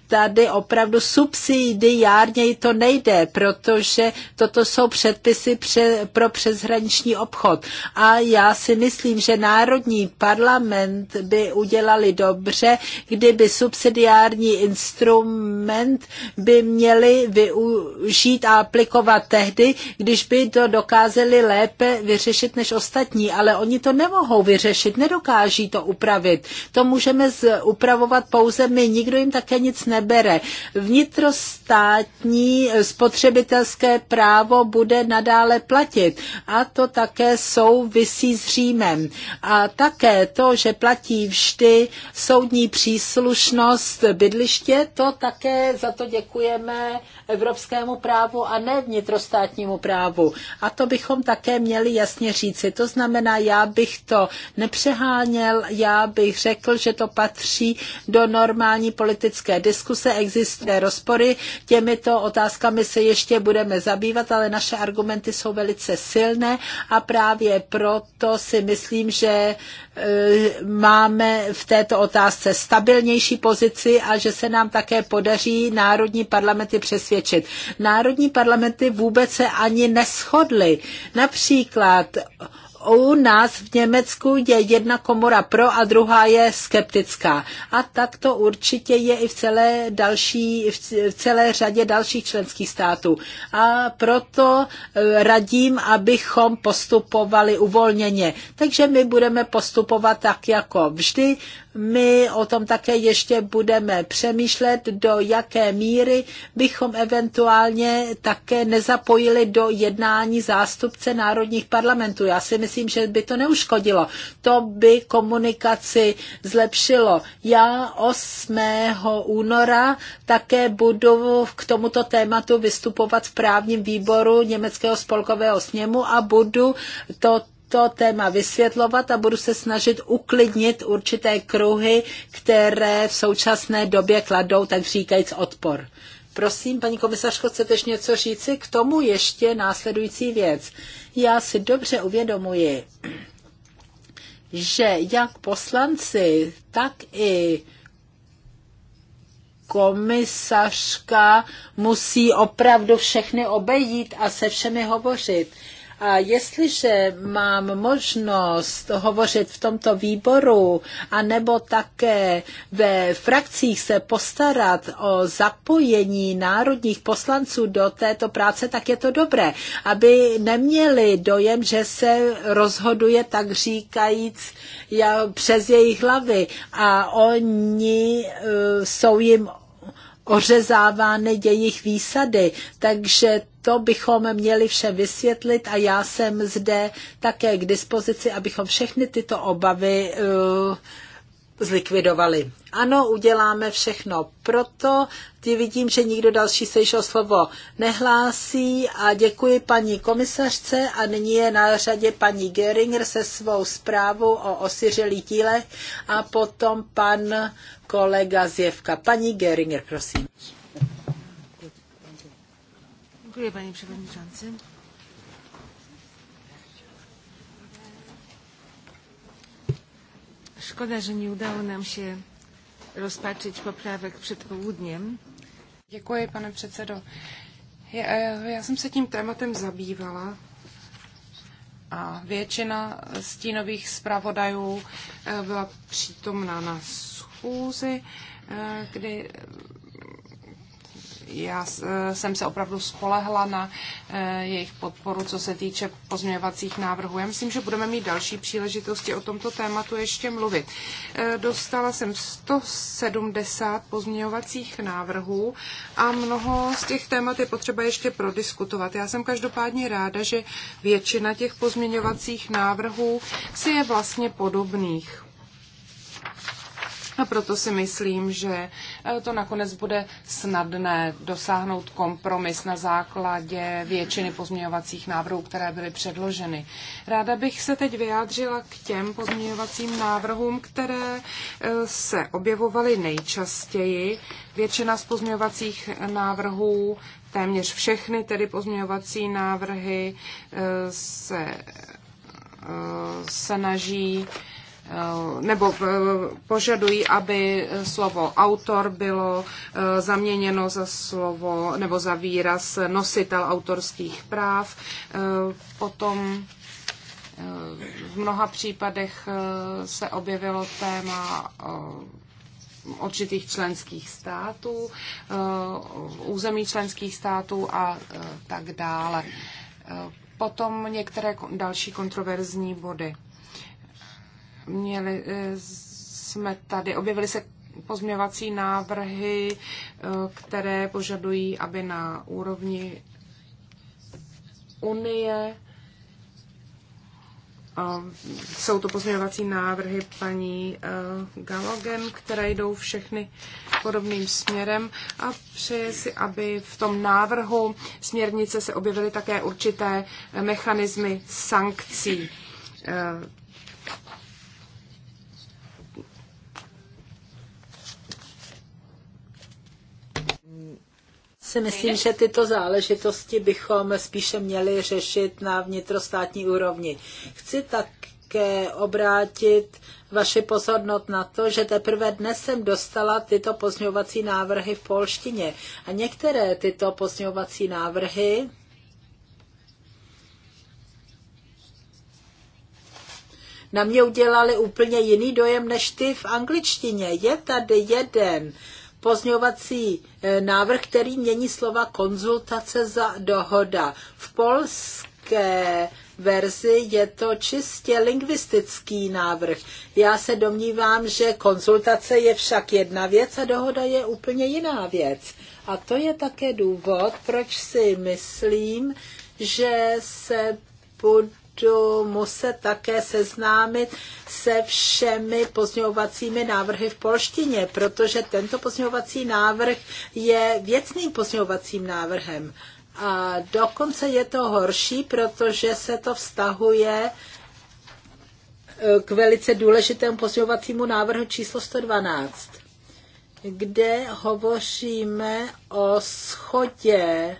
Speaker 1: tady opravdu subsidiárně to nejde protože toto jsou předpisy pře, pro přeshraniční obchod. A já si myslím, že Národní parlament by udělali dobře, kdyby subsidiární instrument by měli využít a aplikovat tehdy, když by to dokázali lépe vyřešit než ostatní, ale oni to nemohou vyřešit, nedokáží to upravit. To můžeme upravovat pouze my, nikdo jim také nic nebere. Vnitrostátní spod spotřebitelské právo bude nadále platit. A to také souvisí s Římem. A také to, že platí vždy soudní příslušnost bydliště, to také za to děkujeme evropskému právu a ne vnitrostátnímu právu. A to bychom také měli jasně říci. To znamená, já bych to nepřeháněl, já bych řekl, že to patří do normální politické diskuse, existuje rozpory, těmito otázkami si se ještě budeme zabývat, ale naše argumenty jsou velice silné a právě proto si myslím, že e, máme v této otázce stabilnější pozici a že se nám také podaří národní parlamenty přesvědčit. Národní parlamenty vůbec se ani neschodly. Například u nás v Německu je jedna komora pro a druhá je skeptická. A tak to určitě je i v celé, další, v celé řadě dalších členských států. A proto e, radím, abychom postupovali uvolněně. Takže my budeme postupovat tak jako vždy my o tom také ještě budeme přemýšlet, do jaké míry bychom eventuálně také nezapojili do jednání zástupce národních parlamentů. Já si myslím, že by to neuškodilo. To by komunikaci zlepšilo. Já 8. února také budu k tomuto tématu vystupovat v právním výboru Německého spolkového sněmu a budu to to téma vysvětlovat a budu se snažit uklidnit určité kruhy, které v současné době kladou, tak říkajíc, odpor. Prosím, paní komisařko, chcete něco říci? K tomu ještě následující věc. Já si dobře uvědomuji, že jak poslanci, tak i komisařka musí opravdu všechny obejít a se všemi hovořit. A jestliže mám možnost hovořit v tomto výboru, anebo také ve frakcích se postarat o zapojení národních poslanců do této práce, tak je to dobré, aby neměli dojem, že se rozhoduje tak říkajíc já přes jejich hlavy a oni eh, jsou jim ořezávány jejich výsady. Takže to bychom měli vše vysvětlit a já jsem zde také k dispozici, abychom všechny tyto obavy uh, zlikvidovali. Ano, uděláme všechno. Proto ty vidím, že nikdo další se již o slovo nehlásí a děkuji paní komisařce a nyní je na řadě paní Geringer se svou zprávou o osiřelých dílech a potom pan kolega Zjevka. Paní Geringer, prosím.
Speaker 2: Dziękuję panie przewodniczący. Szkoda, że nie udało nam się rozpatrzyć poprawek przed południem. Děkuji, pane předsedo. Já, já jsem se tím tématem zabývala a většina stínových zpravodajů eh, byla přítomna na schůzi, eh, kdy já eh, jsem se opravdu spolehla na eh, jejich podporu, co se týče pozměňovacích návrhů. Já myslím, že budeme mít další příležitosti o tomto tématu ještě mluvit. Eh, dostala jsem 170 pozměňovacích návrhů a mnoho z těch témat je potřeba ještě prodiskutovat. Já jsem každopádně ráda, že většina těch pozměňovacích návrhů si je vlastně podobných. A proto si myslím, že eh, to nakonec bude snadné dosáhnout kompromis na základě většiny pozměňovacích návrhů, které byly předloženy. Ráda bych se teď vyjádřila k těm pozměňovacím návrhům, které eh, se objevovaly nejčastěji. Většina z pozměňovacích návrhů téměř všechny tedy pozměňovací návrhy eh, se snaží Eh, nebo eh, požadují, aby slovo autor bylo eh, zaměněno za slovo nebo za výraz nositel autorských práv. Potom v mnoha případech se objevilo téma určitých členských států, území členských států a tak dále. Potom některé další kontroverzní body. Měli e, jsme tady, objevily se pozměvací návrhy, e, které požadují, aby na úrovni Unie e, jsou to pozměňovací návrhy paní Galogen, které jdou všechny podobným směrem a přeje si, aby v tom návrhu směrnice se objevily také určité mechanismy sankcí
Speaker 1: si myslím, že tyto záležitosti bychom spíše měli řešit na vnitrostátní úrovni. Chci také obrátit vaši pozornost na to, že teprve dnes jsem dostala tyto pozňovací návrhy v polštině. A některé tyto pozňovací návrhy na mě udělali úplně jiný dojem než ty v angličtině. Je tady jeden pozňovací eh, návrh, který mění slova konzultace za dohoda. V polské verzi je to čistě lingvistický návrh. Já se domnívám, že konzultace je však jedna věc a dohoda je úplně jiná věc. A to je také důvod, proč si myslím, že se bude budu muset také seznámit se všemi pozměňovacími návrhy v polštině, protože tento pozměňovací návrh je věcným pozměňovacím návrhem. A dokonce je to horší, protože se to vztahuje e, k velice důležitému pozměňovacímu návrhu číslo 112, kde hovoříme o schodě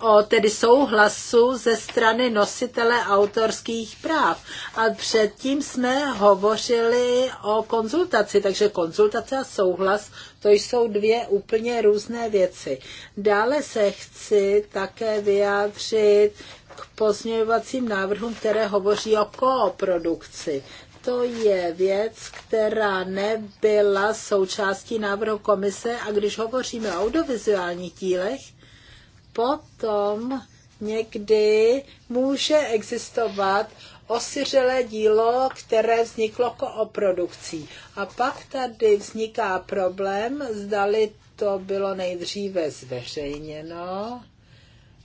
Speaker 1: o tedy souhlasu ze strany nositele autorských práv. A předtím jsme hovořili o konzultaci, takže konzultace a souhlas, to jsou dvě úplně různé věci. Dále se chci také vyjádřit k pozměňovacím návrhům, které hovoří o kooprodukci. to je věc, která nebyla součástí návrhu komise a když hovoříme o audiovizuálních dílech, potom někdy může existovat osiřelé dílo, které vzniklo kooprodukcí. A pak tady vzniká problém, zdali to bylo nejdříve zveřejněno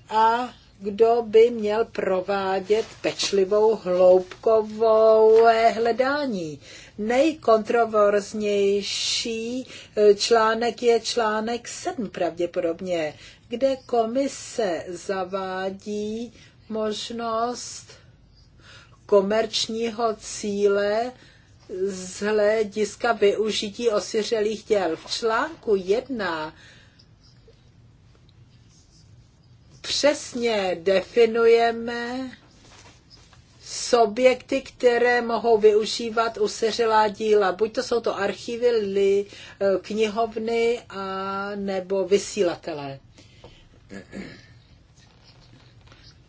Speaker 1: a kdo by měl provádět pečlivou hloubkovou hledání. Nejkontroverznější eh, článek je článek 7 pravděpodobně, kde komise zavádí možnost komerčního cíle z hlediska využití osiřelých děl. V článku 1 přesně definujeme subjekty, které mohou využívat usiřelá díla. Buď to jsou to archivy, eh, knihovny a nebo vysílatelé.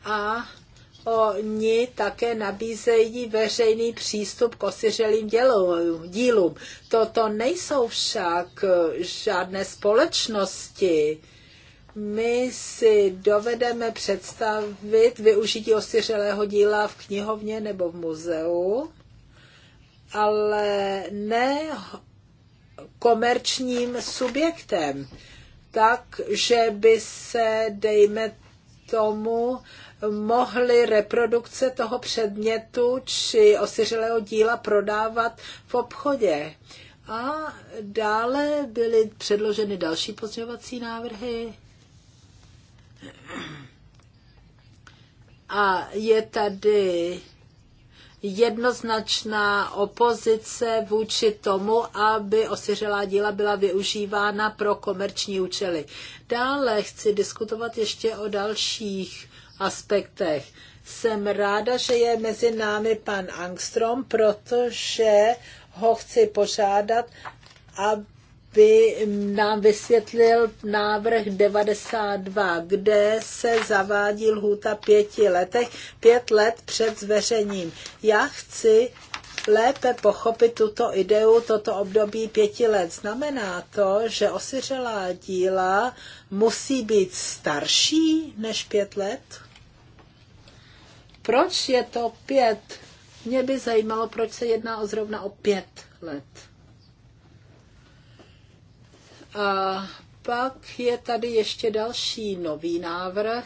Speaker 1: A Oni také nabízejí veřejný přístup k osiřelým dílům. Toto nejsou však eh, žádné společnosti. My si dovedeme představit využití osiřelého díla v knihovně nebo v muzeu, ale ne komerčním subjektem tak, že by se, dejme tomu, mohly reprodukce toho předmětu či osiřelého díla prodávat v obchodě. A dále byly předloženy další pozměňovací návrhy. A je tady jednoznačná opozice vůči tomu, aby osiřelá díla byla využívána pro komerční účely. Dále chci diskutovat ještě o dalších aspektech. Jsem ráda, že je mezi námi pan Angstrom, protože ho chci požádat, aby by nám vysvětlil návrh 92, kde se zavádí lhůta pěti letech, pět let před zveřením. Já chci lépe pochopit tuto ideu, toto období pěti let. Znamená to, že osiřelá díla musí být starší než pět let? Proč je to pět? Mě by zajímalo, proč se jedná o zrovna o pět let. A pak je tady ještě další nový návrh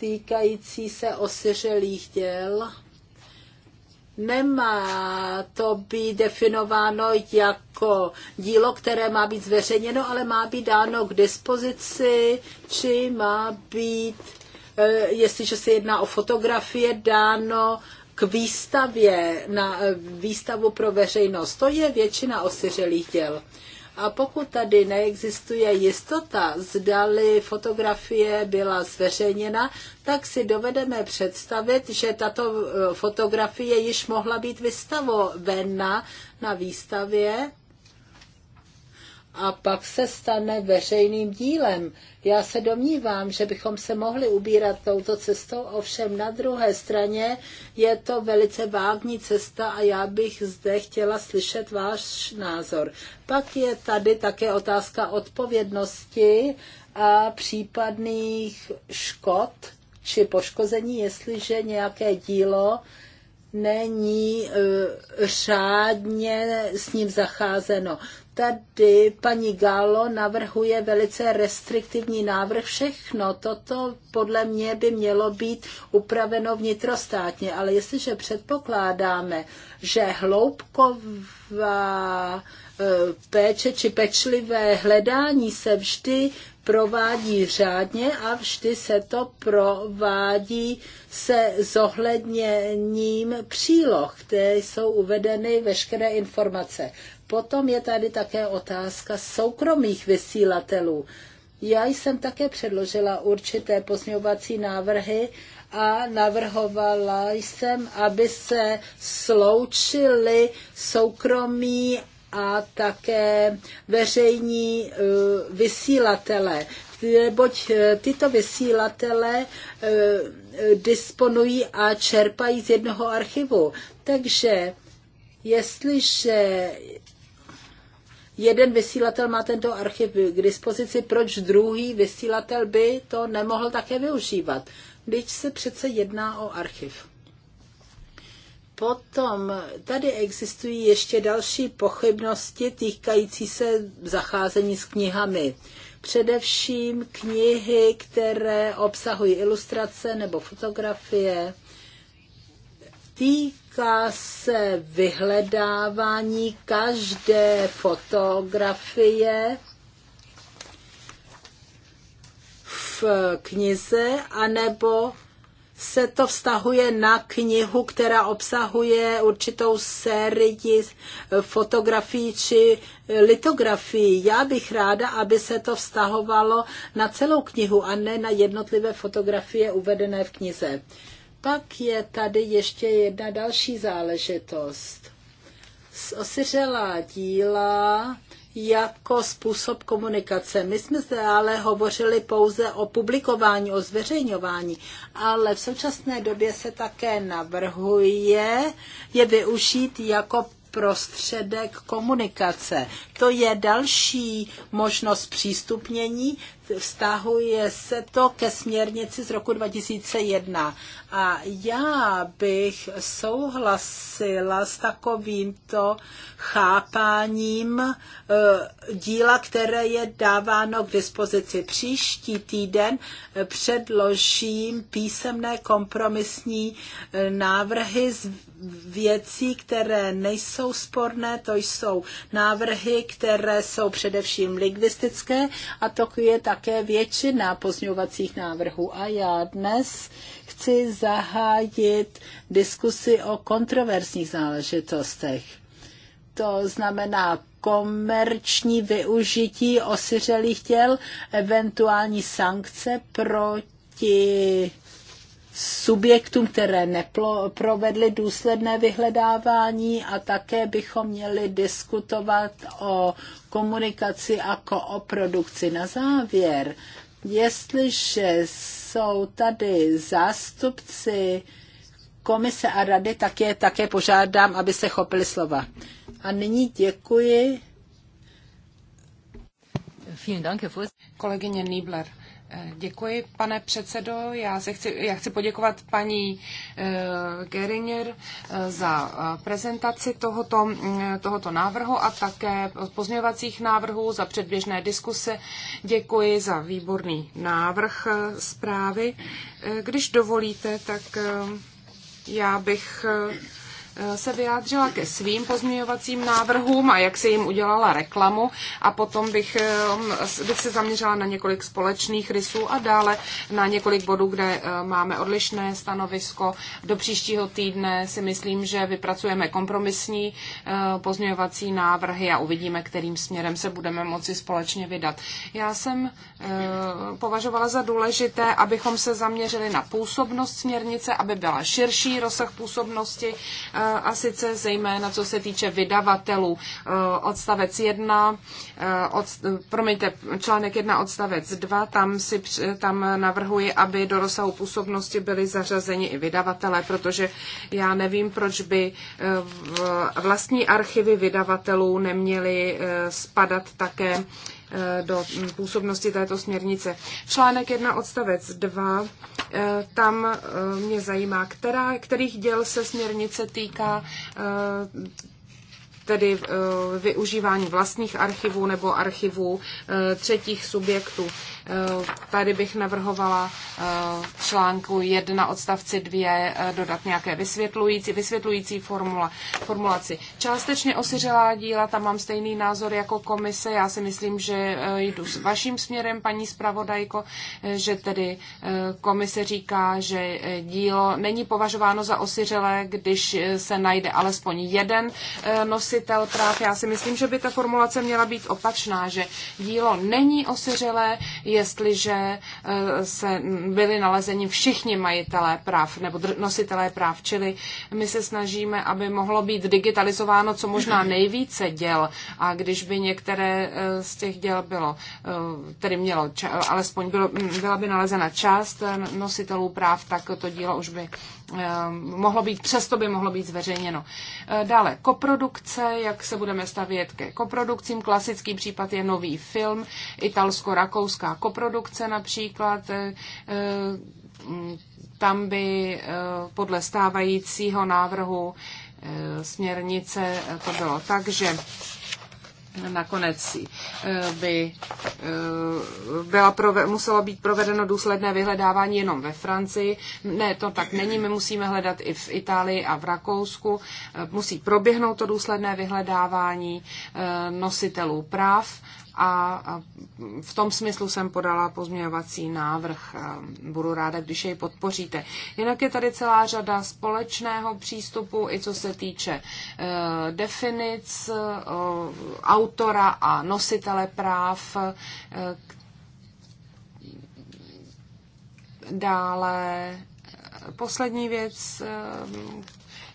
Speaker 1: týkající se osiřelých děl. Nemá to být definováno jako dílo, které má být zveřejněno, ale má být dáno k dispozici, či má být, e, jestliže se jedná o fotografie, dáno k výstavě, na e, výstavu pro veřejnost. To je většina osiřelých děl. A pokud tady neexistuje jistota, zdali fotografie byla zveřejněna, tak si dovedeme představit, že tato eh, fotografie již mohla být vystavovena na výstavě a pak se stane veřejným dílem. Já se domnívám, že bychom se mohli ubírat touto cestou, ovšem na druhé straně je to velice vágní cesta a já bych zde chtěla slyšet váš názor. Pak je tady také otázka odpovědnosti a případných škod či poškození, jestliže nějaké dílo není eh, řádně s ním zacházeno tady paní Galo navrhuje velice restriktivní návrh. Všechno toto podle mě by mělo být upraveno vnitrostátně, ale jestliže předpokládáme, že hloubková e, péče či pečlivé hledání se vždy provádí řádně a vždy se to provádí se zohledněním příloh, které jsou uvedeny veškeré informace. Potom je tady také otázka soukromých vysílatelů. Já jsem také předložila určité posměvací návrhy a navrhovala jsem, aby se sloučili soukromí a také veřejní e, vysílatele, neboť e, tyto vysílatele disponují a čerpají z jednoho archivu. Takže jestliže jeden vysílatel má tento archiv k dispozici, proč druhý vysílatel by to nemohl také využívat? Když se přece jedná o archiv. Potom tady existují ještě další pochybnosti týkající se zacházení s knihami. Především knihy, které obsahují ilustrace nebo fotografie, týká se vyhledávání každé fotografie v knize, anebo se to vztahuje na knihu, která obsahuje určitou sérii fotografií či litografií. Já bych ráda, aby se to vztahovalo na celou knihu a ne na jednotlivé fotografie uvedené v knize. Pak je tady ještě jedna další záležitost. Osiřelá díla jako způsob komunikace. My jsme zde ale hovořili pouze o publikování, o zveřejňování, ale v současné době se také navrhuje je využít jako prostředek komunikace. To je další možnost přístupnění, vztahuje se to ke směrnici z roku 2001. A já bych souhlasila s takovýmto chápáním e, díla, které je dáváno k dispozici. Příští týden předložím písemné kompromisní e, návrhy z věcí, které nejsou sporné, to jsou návrhy, které jsou především lingvistické a to je tak také většina pozňovacích návrhů a já dnes chci zahájit diskusy o kontroverzních záležitostech. To znamená komerční využití osyřelých těl, eventuální sankce proti subjektům, které neprovedly důsledné vyhledávání a také bychom měli diskutovat o komunikaci a kooprodukci. Na závěr, jestliže jsou tady zástupci komise a rady, tak je také požádám, aby se chopili slova. A nyní děkuji.
Speaker 2: Kolegyně Niebler. Eh, děkuji, pane předsedo. Já, se chci, já chci poděkovat paní eh, Geringer eh, za prezentaci tohoto, tohoto návrhu a také pozměňovacích návrhů za předběžné diskuse. Děkuji za výborný návrh zprávy. Když dovolíte, tak já bych se vyjádřila ke svým pozměňovacím návrhům a jak se jim udělala reklamu a potom bych, um, bych se zaměřila na několik společných rysů a dále na několik bodů, kde eh, máme odlišné stanovisko. Do příštího týdne si myslím, že vypracujeme kompromisní eh, pozměňovací návrhy a uvidíme, kterým směrem se budeme moci společně vydat. Já jsem eh, považovala za důležité, abychom se zaměřili na působnost směrnice, aby byla širší rozsah působnosti a sice zejména co se týče vydavatelů. Eh, odstavec 1, eh, od, promiňte, článek 1 odstavec 2, tam, si, tam navrhuji, aby do rozsahu působnosti byly zařazeni i vydavatelé, protože já nevím, proč by eh, vlastní archivy vydavatelů neměly spadat také Eh, do působnosti této směrnice. Článek 1 odstavec 2, eh, tam eh, mě zajímá, která, kterých děl se směrnice týká tedy eh, využívání vlastních archivů nebo archivů eh, třetích subjektů. Eh, tady bych navrhovala článku 1 odstavci 2 dodat nějaké vysvětlující, vysvětlující formula, formulaci. Částečně osiřelá díla, tam mám stejný názor jako komise. Já si myslím, že jdu s vaším směrem, paní zpravodajko, že tedy komise říká, že dílo není považováno za osiřelé, když se najde alespoň jeden nosič nositel práv. Já si myslím, že by ta formulace měla být opačná, že dílo není osiřelé, jestliže e, se byli nalezeni všichni majitelé práv nebo nositelé práv, čili my se snažíme, aby mohlo být digitalizováno co možná nejvíce děl a když by některé e, z těch děl bylo, e, tedy mělo, alespoň bylo, byla by nalezena část nositelů práv, tak to dílo už by Ehm, mohlo být, přesto by mohlo být zveřejněno. Ehm, dále koprodukce, jak se budeme stavět ke koprodukcím. Klasický případ je nový film, italsko-rakouská koprodukce například, ehm, tam by podle stávajícího návrhu směrnice eh, to bylo tak, že Nakonec eh, by eh, byla prove, muselo být provedeno důsledné vyhledávání jenom ve Francii. Ne, to tak není. My musíme hledat i v Itálii a v Rakousku. Eh, musí proběhnout to důsledné vyhledávání nositelů práv a v tom smyslu jsem podala pozměňovací návrh. Budu ráda, když jej podpoříte. Jinak je tady celá řada společného přístupu, i co se týče e, definic, e, autora a nositele práv, e, dále poslední věc,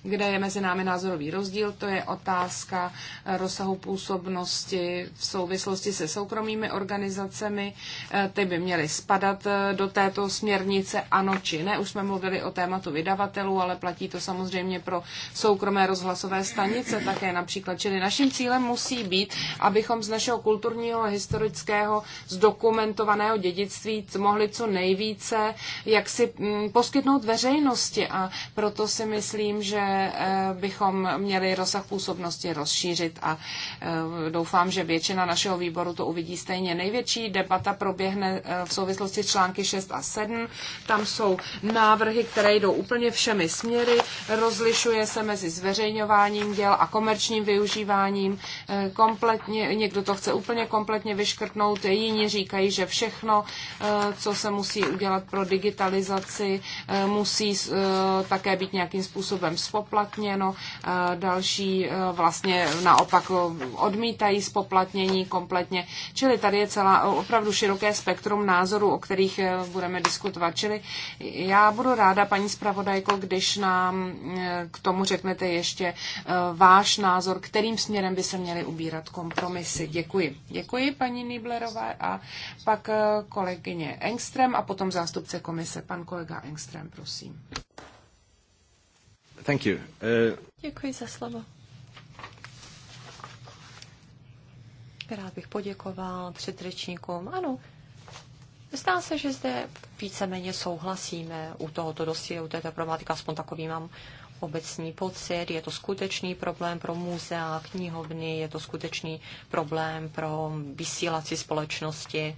Speaker 2: kde je mezi námi názorový rozdíl, to je otázka eh, rozsahu působnosti v souvislosti se soukromými organizacemi. Eh, ty by měly spadat eh, do této směrnice ano či ne. Už jsme mluvili o tématu vydavatelů, ale platí to samozřejmě pro soukromé rozhlasové stanice také například. Čili naším cílem musí být, abychom z našeho kulturního a historického zdokumentovaného dědictví mohli co nejvíce jak si mm, poskytnout veřejnosti a proto si myslím, že Eh, bychom měli rozsah působnosti rozšířit a eh, doufám, že většina našeho výboru to uvidí stejně. Největší debata proběhne eh, v souvislosti s články 6 a 7. Tam jsou návrhy, které jdou úplně všemi směry. Rozlišuje se mezi zveřejňováním děl a komerčním využíváním. Kompletně, někdo to chce úplně kompletně vyškrtnout, jiní říkají, že všechno, co se musí udělat pro digitalizaci, musí také být nějakým způsobem spop spoplatněno, eh, další eh, vlastně naopak eh, odmítají spoplatnění kompletně. Čili tady je celá opravdu široké spektrum názorů, o kterých budeme diskutovat. Čili já budu ráda, paní zpravodajko, když nám k tomu řeknete ještě váš názor, kterým směrem by se měly ubírat kompromisy. Děkuji. Děkuji, paní Niblerová a pak kolegyně Engström a potom zástupce komise. Pan kolega Engström, prosím. Thank you. Uh, Děkuji za slovo.
Speaker 3: Rád bych poděkoval předřečníkům. Ano, zdá se, že zde víceméně souhlasíme u tohoto dosti, u této problematiky, aspoň takový mám obecný pocit. Je to skutečný problém pro muzea, knihovny, je to skutečný problém pro vysílací společnosti.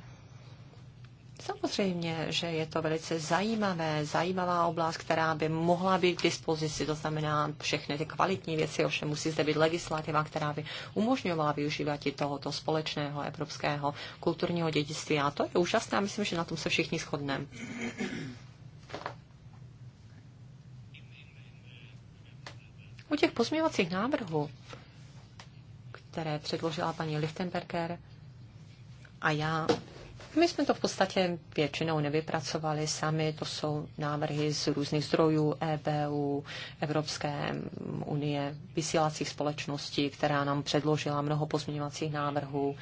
Speaker 3: Samozřejmě, že je to velice zajímavé, zajímavá oblast, která by mohla být k dispozici, to znamená všechny ty kvalitní věci, ovšem musí zde být legislativa, která by umožňovala využívat i tohoto společného evropského kulturního dědictví. A to je úžasné a myslím, že na tom se všichni shodneme. U těch pozměňovacích návrhů, které předložila paní Lichtenberger a já my jsme to v podstatě většinou nevypracovali sami, to jsou návrhy z různých zdrojů EBU, Evropské unie, vysílacích společností, která nám předložila mnoho pozměňovacích návrhů,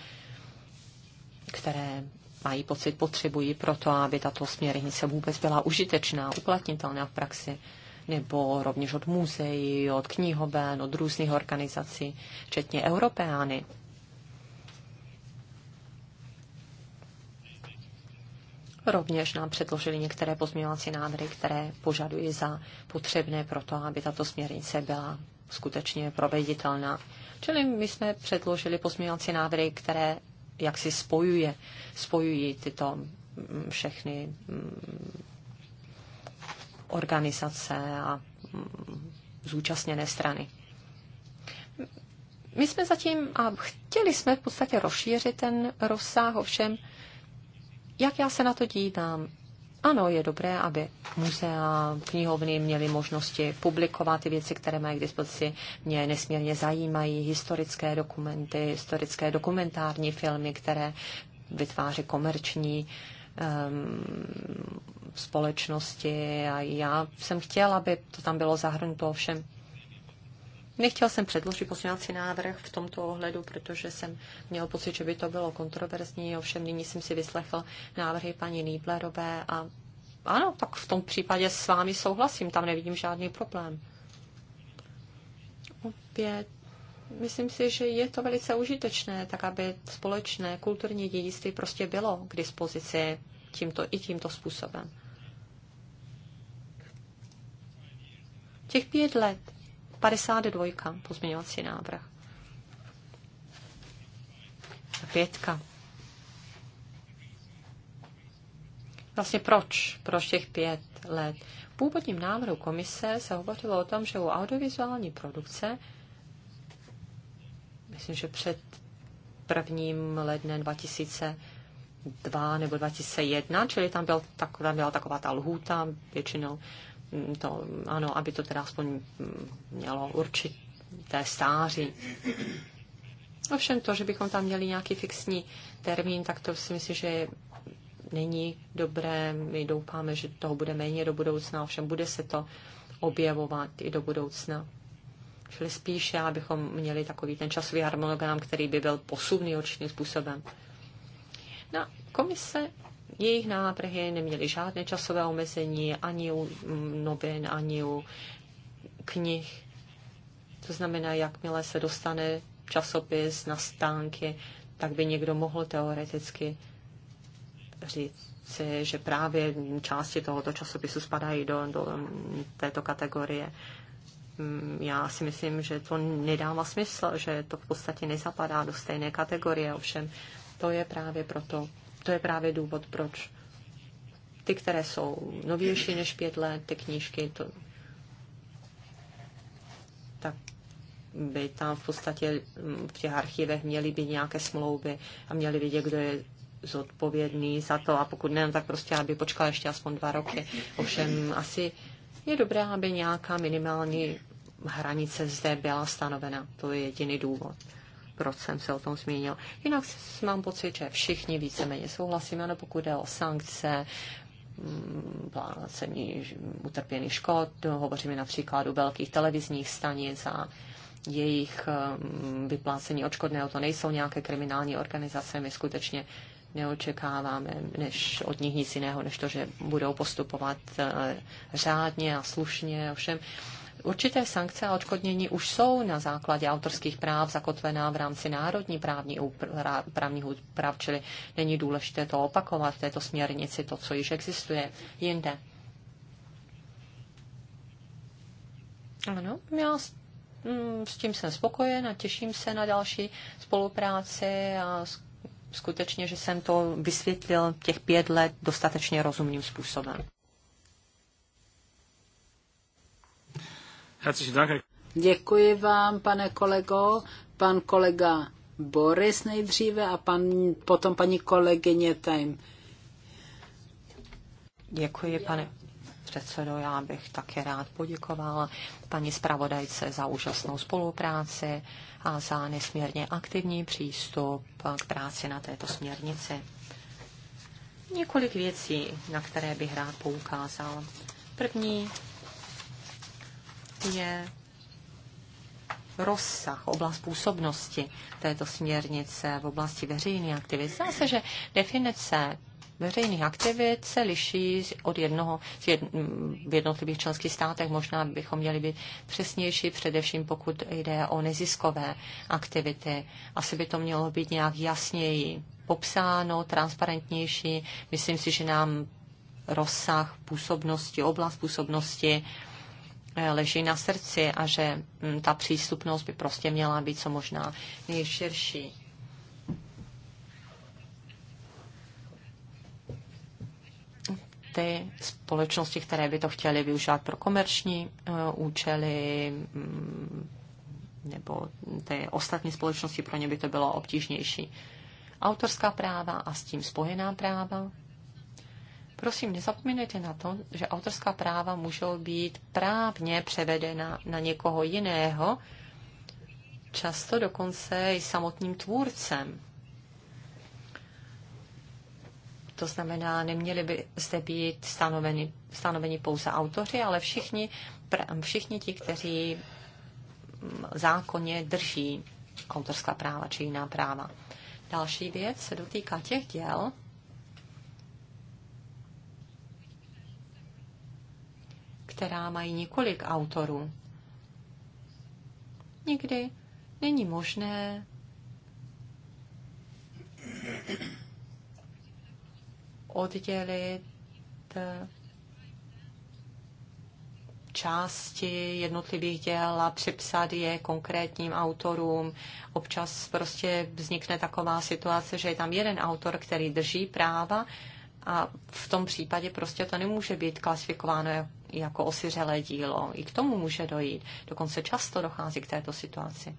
Speaker 3: které mají pocit, potřebují proto, aby tato směrnice vůbec byla užitečná, uplatnitelná v praxi nebo rovněž od muzeí, od knihoven, od různých organizací, včetně Europeány. Rovněž nám předložili některé pozměňovací návrhy, které požadují za potřebné pro to, aby tato směrnice byla skutečně proveditelná. Čili my jsme předložili pozměňovací návrhy, které jak si spojuje, spojují tyto mm, všechny mm, organizace a mm, zúčastněné strany. My jsme zatím a chtěli jsme v podstatě rozšířit ten rozsah, ovšem jak já se na to dívám? Ano, je dobré, aby muzea, knihovny měly možnosti publikovat ty věci, které mají k dispozici. Mě nesmírně zajímají historické dokumenty, historické dokumentární filmy, které vytváří komerční um, společnosti a já jsem chtěla, aby to tam bylo zahrnuto všem. Nechtěl jsem předložit pozměňovací návrh v tomto ohledu, protože jsem měl pocit, že by to bylo kontroverzní, ovšem nyní jsem si vyslechl návrhy paní Nýblerové a ano, tak v tom případě s vámi souhlasím, tam nevidím žádný problém. Opět, myslím si, že je to velice užitečné, tak aby společné kulturní dědictví prostě bylo k dispozici tímto, i tímto způsobem. Těch pět let 52. Pozměňovací návrh. Pětka. Vlastně proč? Proč těch pět let? V původním návrhu komise se hovořilo o tom, že u audiovizuální produkce, myslím, že před prvním lednem 2002 nebo 2001, čili tam, byl, tak, tam byla taková ta lhůta, většinou to, ano, aby to teda aspoň mělo určité stáří. Ovšem to, že bychom tam měli nějaký fixní termín, tak to si myslím, že není dobré. My doufáme, že toho bude méně do budoucna, ovšem bude se to objevovat i do budoucna. Čili spíše, abychom měli takový ten časový harmonogram, který by byl posuvný určitým způsobem. Na no, komise jejich návrhy neměly žádné časové omezení ani u novin, ani u knih. To znamená, jakmile se dostane časopis na stánky, tak by někdo mohl teoreticky říct, že právě části tohoto časopisu spadají do, do um, této kategorie. Mm, já si myslím, že to nedává smysl, že to v podstatě nezapadá do stejné kategorie, ovšem to je právě proto, to je právě důvod, proč ty, které jsou novější než pět let, ty knížky, to, tak by tam v podstatě mm, v těch archivech měly být nějaké smlouvy a měli vidět, kdo je zodpovědný za to a pokud ne, no tak prostě, aby počkal ještě aspoň dva roky. Ovšem asi je dobré, aby nějaká minimální hranice zde byla stanovena. To je jediný důvod proč jsem se o tom zmínil. Jinak mám pocit, že všichni víceméně souhlasíme, ale no pokud jde o sankce, mm, plácení utrpěných škod, hovoříme například o velkých televizních stanic a jejich mm, vyplácení odškodného, to nejsou nějaké kriminální organizace, my skutečně neočekáváme než od nich nic jiného, než to, že budou postupovat eh, řádně a slušně. Ovšem, Určité sankce a odškodnění už jsou na základě autorských práv zakotvená v rámci národní právní úprav, právních úprav, čili není důležité to opakovat v této směrnici, to, co již existuje jinde. Ano, já s, mm, s tím jsem spokojen a těším se na další spolupráci a skutečně, že jsem to vysvětlil těch pět let dostatečně rozumným
Speaker 1: způsobem. Děkuji vám, pane kolego. Pan kolega Boris nejdříve a pan, potom paní kolegyně Time.
Speaker 3: Děkuji, pane předsedo. Já bych také rád poděkovala paní zpravodajce za úžasnou spolupráci a za nesmírně aktivní přístup k práci na této směrnici. Několik věcí, na které bych rád poukázal. První je vlastně rozsah, oblast působnosti této směrnice v oblasti veřejné aktivit. Zdá se, že definice veřejných aktivit se liší od jednoho z jedn, v jednotlivých členských státech. Možná bychom měli být přesnější, především pokud jde o neziskové aktivity. Asi by to mělo být nějak jasněji popsáno, transparentnější. Myslím si, že nám rozsah působnosti, oblast působnosti leží na srdci a že mm, ta přístupnost by prostě měla být co možná nejširší. Ty společnosti, které by to chtěly využívat pro komerční eh, účely, mm, nebo ty ostatní společnosti, pro ně by to bylo obtížnější. Autorská práva a s tím spojená práva Prosím, nezapomínejte na to, že autorská práva můžou být právně převedena na někoho jiného, často dokonce i samotným tvůrcem. To znamená, neměli by zde být stanoveni, stanoveni pouze autoři, ale všichni, všichni ti, kteří mm, zákonně drží autorská práva či jiná práva. Další věc se dotýká těch děl, která mají několik autorů. Někdy není možné oddělit eh, části jednotlivých děl a připsat je konkrétním autorům. Občas prostě vznikne taková situace, že je tam jeden autor, který drží práva a v tom případě prostě to nemůže být klasifikováno jako osiřelé dílo. I k tomu může dojít. Dokonce často dochází k této situaci.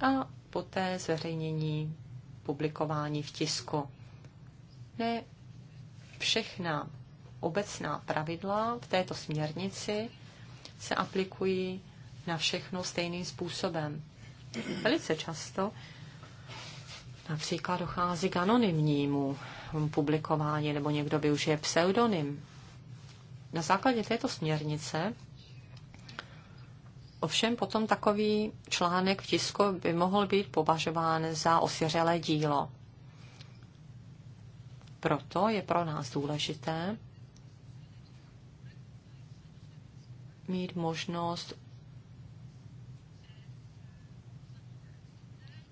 Speaker 3: A poté zveřejnění, publikování v tisku. Ne všechna obecná pravidla v této směrnici se aplikují na všechno stejným způsobem. Velice často Například dochází k anonymnímu publikování nebo někdo využije pseudonym. Na základě této směrnice ovšem potom takový článek v tisku by mohl být považován za osvěřelé dílo. Proto je pro nás důležité mít možnost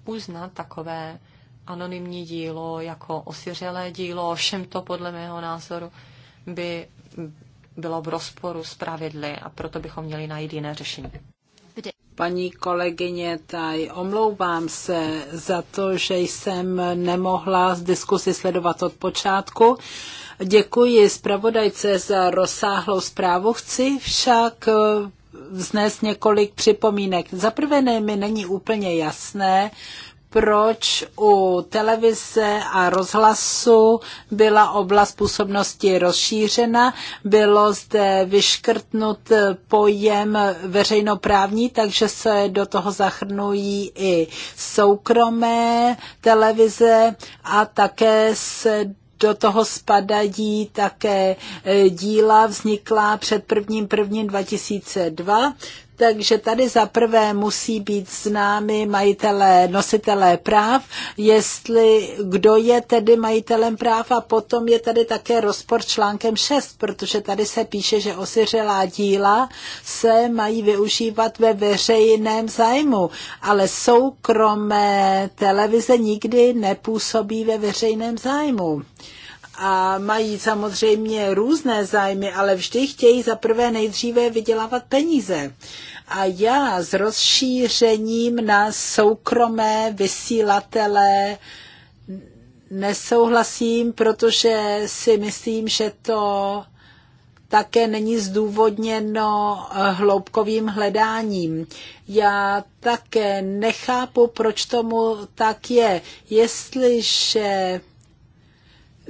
Speaker 3: uznat takové anonymní dílo, jako osvěřelé dílo, všem to podle mého názoru by bylo v rozporu s pravidly a proto bychom měli najít jiné řešení.
Speaker 1: Paní kolegyně Taj, omlouvám se za to, že jsem nemohla z diskusy sledovat od počátku. Děkuji zpravodajce za rozsáhlou zprávu. Chci však eh, vznést několik připomínek. Za prvé, mi není úplně jasné, proč u televize a rozhlasu byla oblast působnosti rozšířena. Bylo zde vyškrtnut pojem veřejnoprávní, takže se do toho zahrnují i soukromé televize a také se do toho spadají také eh, díla vzniklá před prvním prvním 2002. Takže tady za prvé musí být známy majitelé, nositelé práv, jestli kdo je tedy majitelem práv a potom je tady také rozpor článkem 6, protože tady se píše, že osiřelá díla se mají využívat ve veřejném zájmu, ale soukromé televize nikdy nepůsobí ve veřejném zájmu a mají samozřejmě různé zájmy, ale vždy chtějí zaprvé nejdříve vydělávat peníze. A já s rozšířením na soukromé vysílatele nesouhlasím, protože si myslím, že to také není zdůvodněno hloubkovým hledáním. Já také nechápu, proč tomu tak je. Jestliže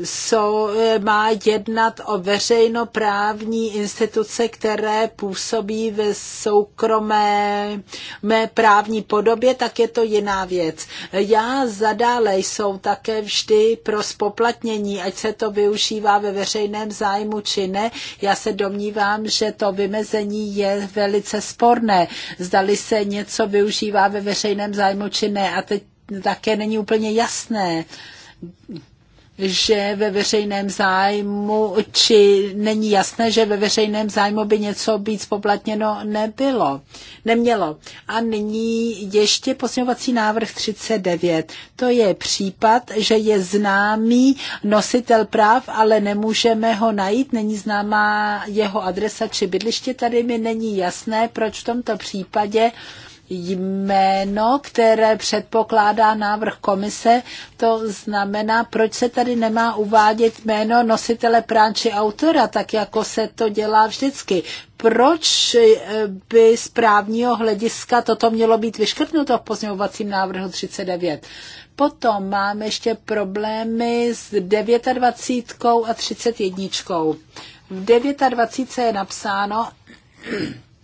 Speaker 1: jsou, e, má jednat o veřejnoprávní instituce, které působí ve soukromé mé právní podobě, tak je to jiná věc. Já zadále jsou také vždy pro spoplatnění, ať se to využívá ve veřejném zájmu či ne. Já se domnívám, že to vymezení je velice sporné. Zdali se něco využívá ve veřejném zájmu či ne. A teď také není úplně jasné že ve veřejném zájmu, či není jasné, že ve veřejném zájmu by něco být spoplatněno nebylo, nemělo. A nyní ještě posměvací návrh 39. To je případ, že je známý nositel práv, ale nemůžeme ho najít, není známá jeho adresa či bydliště. Tady mi není jasné, proč v tomto případě jméno, které předpokládá návrh komise, to znamená, proč se tady nemá uvádět jméno nositele práči autora, tak jako se to dělá vždycky. Proč eh, by z právního hlediska toto mělo být vyškrtnuto v pozměňovacím návrhu 39? Potom máme ještě problémy s 29 a 31. V 29 je napsáno,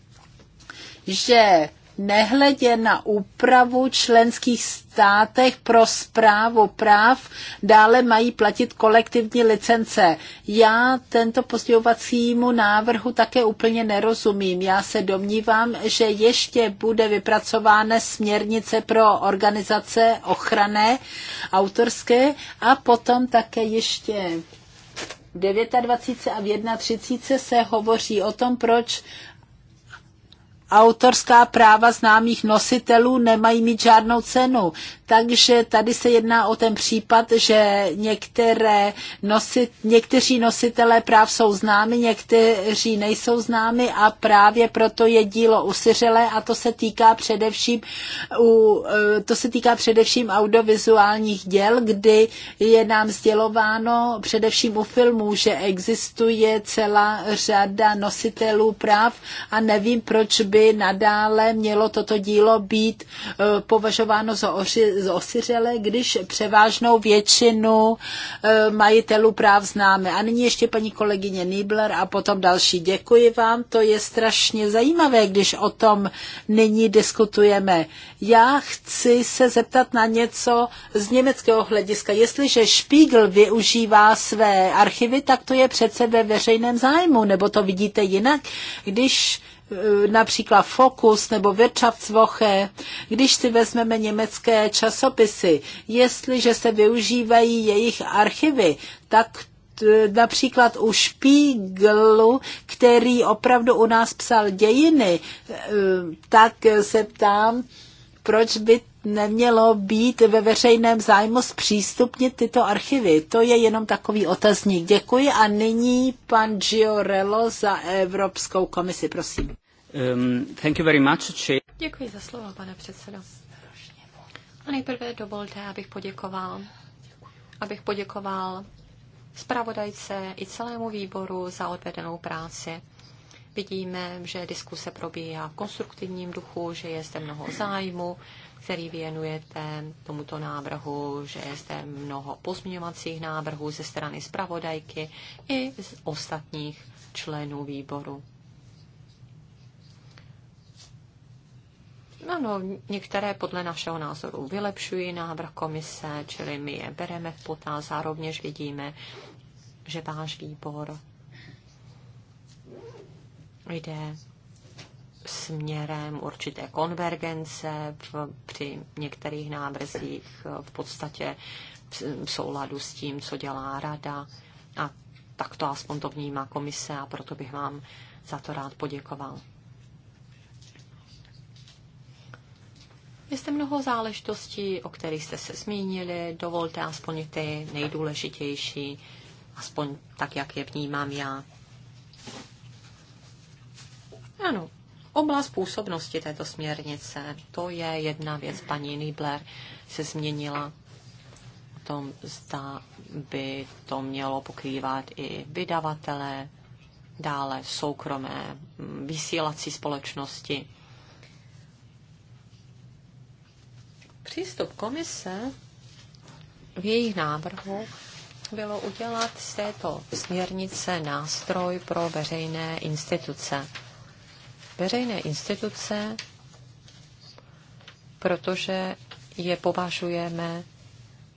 Speaker 1: že nehledě na úpravu členských státech pro zprávu práv, dále mají platit kolektivní licence. Já tento postěhovacímu návrhu také úplně nerozumím. Já se domnívám, že ještě bude vypracována směrnice pro organizace ochrané autorské a potom také ještě v 29 a v 31 se hovoří o tom, proč autorská práva známých nositelů nemají mít žádnou cenu. Takže tady se jedná o ten případ, že některé nosit, někteří nositelé práv jsou známy, někteří nejsou známy a právě proto je dílo usyřelé a to se týká především, u, e, to se týká především audiovizuálních děl, kdy je nám sdělováno především u filmů, že existuje celá řada nositelů práv a nevím, proč by by nadále mělo toto dílo být e, považováno za osiřele, když převážnou většinu e, majitelů práv známe. A nyní ještě paní kolegyně Nibler a potom další. Děkuji vám, to je strašně zajímavé, když o tom nyní diskutujeme. Já chci se zeptat na něco z německého hlediska. Jestliže Spiegel využívá své archivy, tak to je přece ve veřejném zájmu, nebo to vidíte jinak, když Eh, například fokus nebo Wirtschaftswoche, když si vezmeme německé časopisy, jestliže se využívají jejich archivy, tak například u Spiegelu, který opravdu u nás psal dějiny, eh, tak se ptám, proč by nemělo být ve veřejném zájmu zpřístupnit tyto archivy. To je jenom takový otazník. Děkuji a nyní pan Giorello za Evropskou komisi, prosím. Um, thank you very much.
Speaker 3: Děkuji za slovo, pane předsedo. A nejprve dovolte, abych poděkoval, abych poděkoval zpravodajce i celému výboru za odvedenou práci. Vidíme, že diskuse probíhá v konstruktivním duchu, že je zde mnoho zájmu který věnujete tomuto návrhu, že je zde mnoho pozměňovacích návrhů ze strany zpravodajky i z ostatních členů výboru. Ano, některé podle našeho názoru vylepšují návrh komise, čili my je bereme v potaz a rovněž vidíme, že váš výbor jde směrem určité konvergence v, při některých návrzích v podstatě v souladu s tím, co dělá rada. A tak to aspoň to vnímá komise a proto bych vám za to rád poděkoval. Jste mnoho záležitostí, o kterých jste se zmínili. Dovolte aspoň ty nejdůležitější, aspoň tak, jak je vnímám já. Ano, Oblast působnosti této směrnice, to je jedna věc. Paní Nibler se změnila o tom, zda by to mělo pokrývat i vydavatele, dále soukromé mm, vysílací společnosti. Přístup komise v jejich návrhu bylo udělat z této směrnice nástroj pro veřejné instituce veřejné instituce, protože je považujeme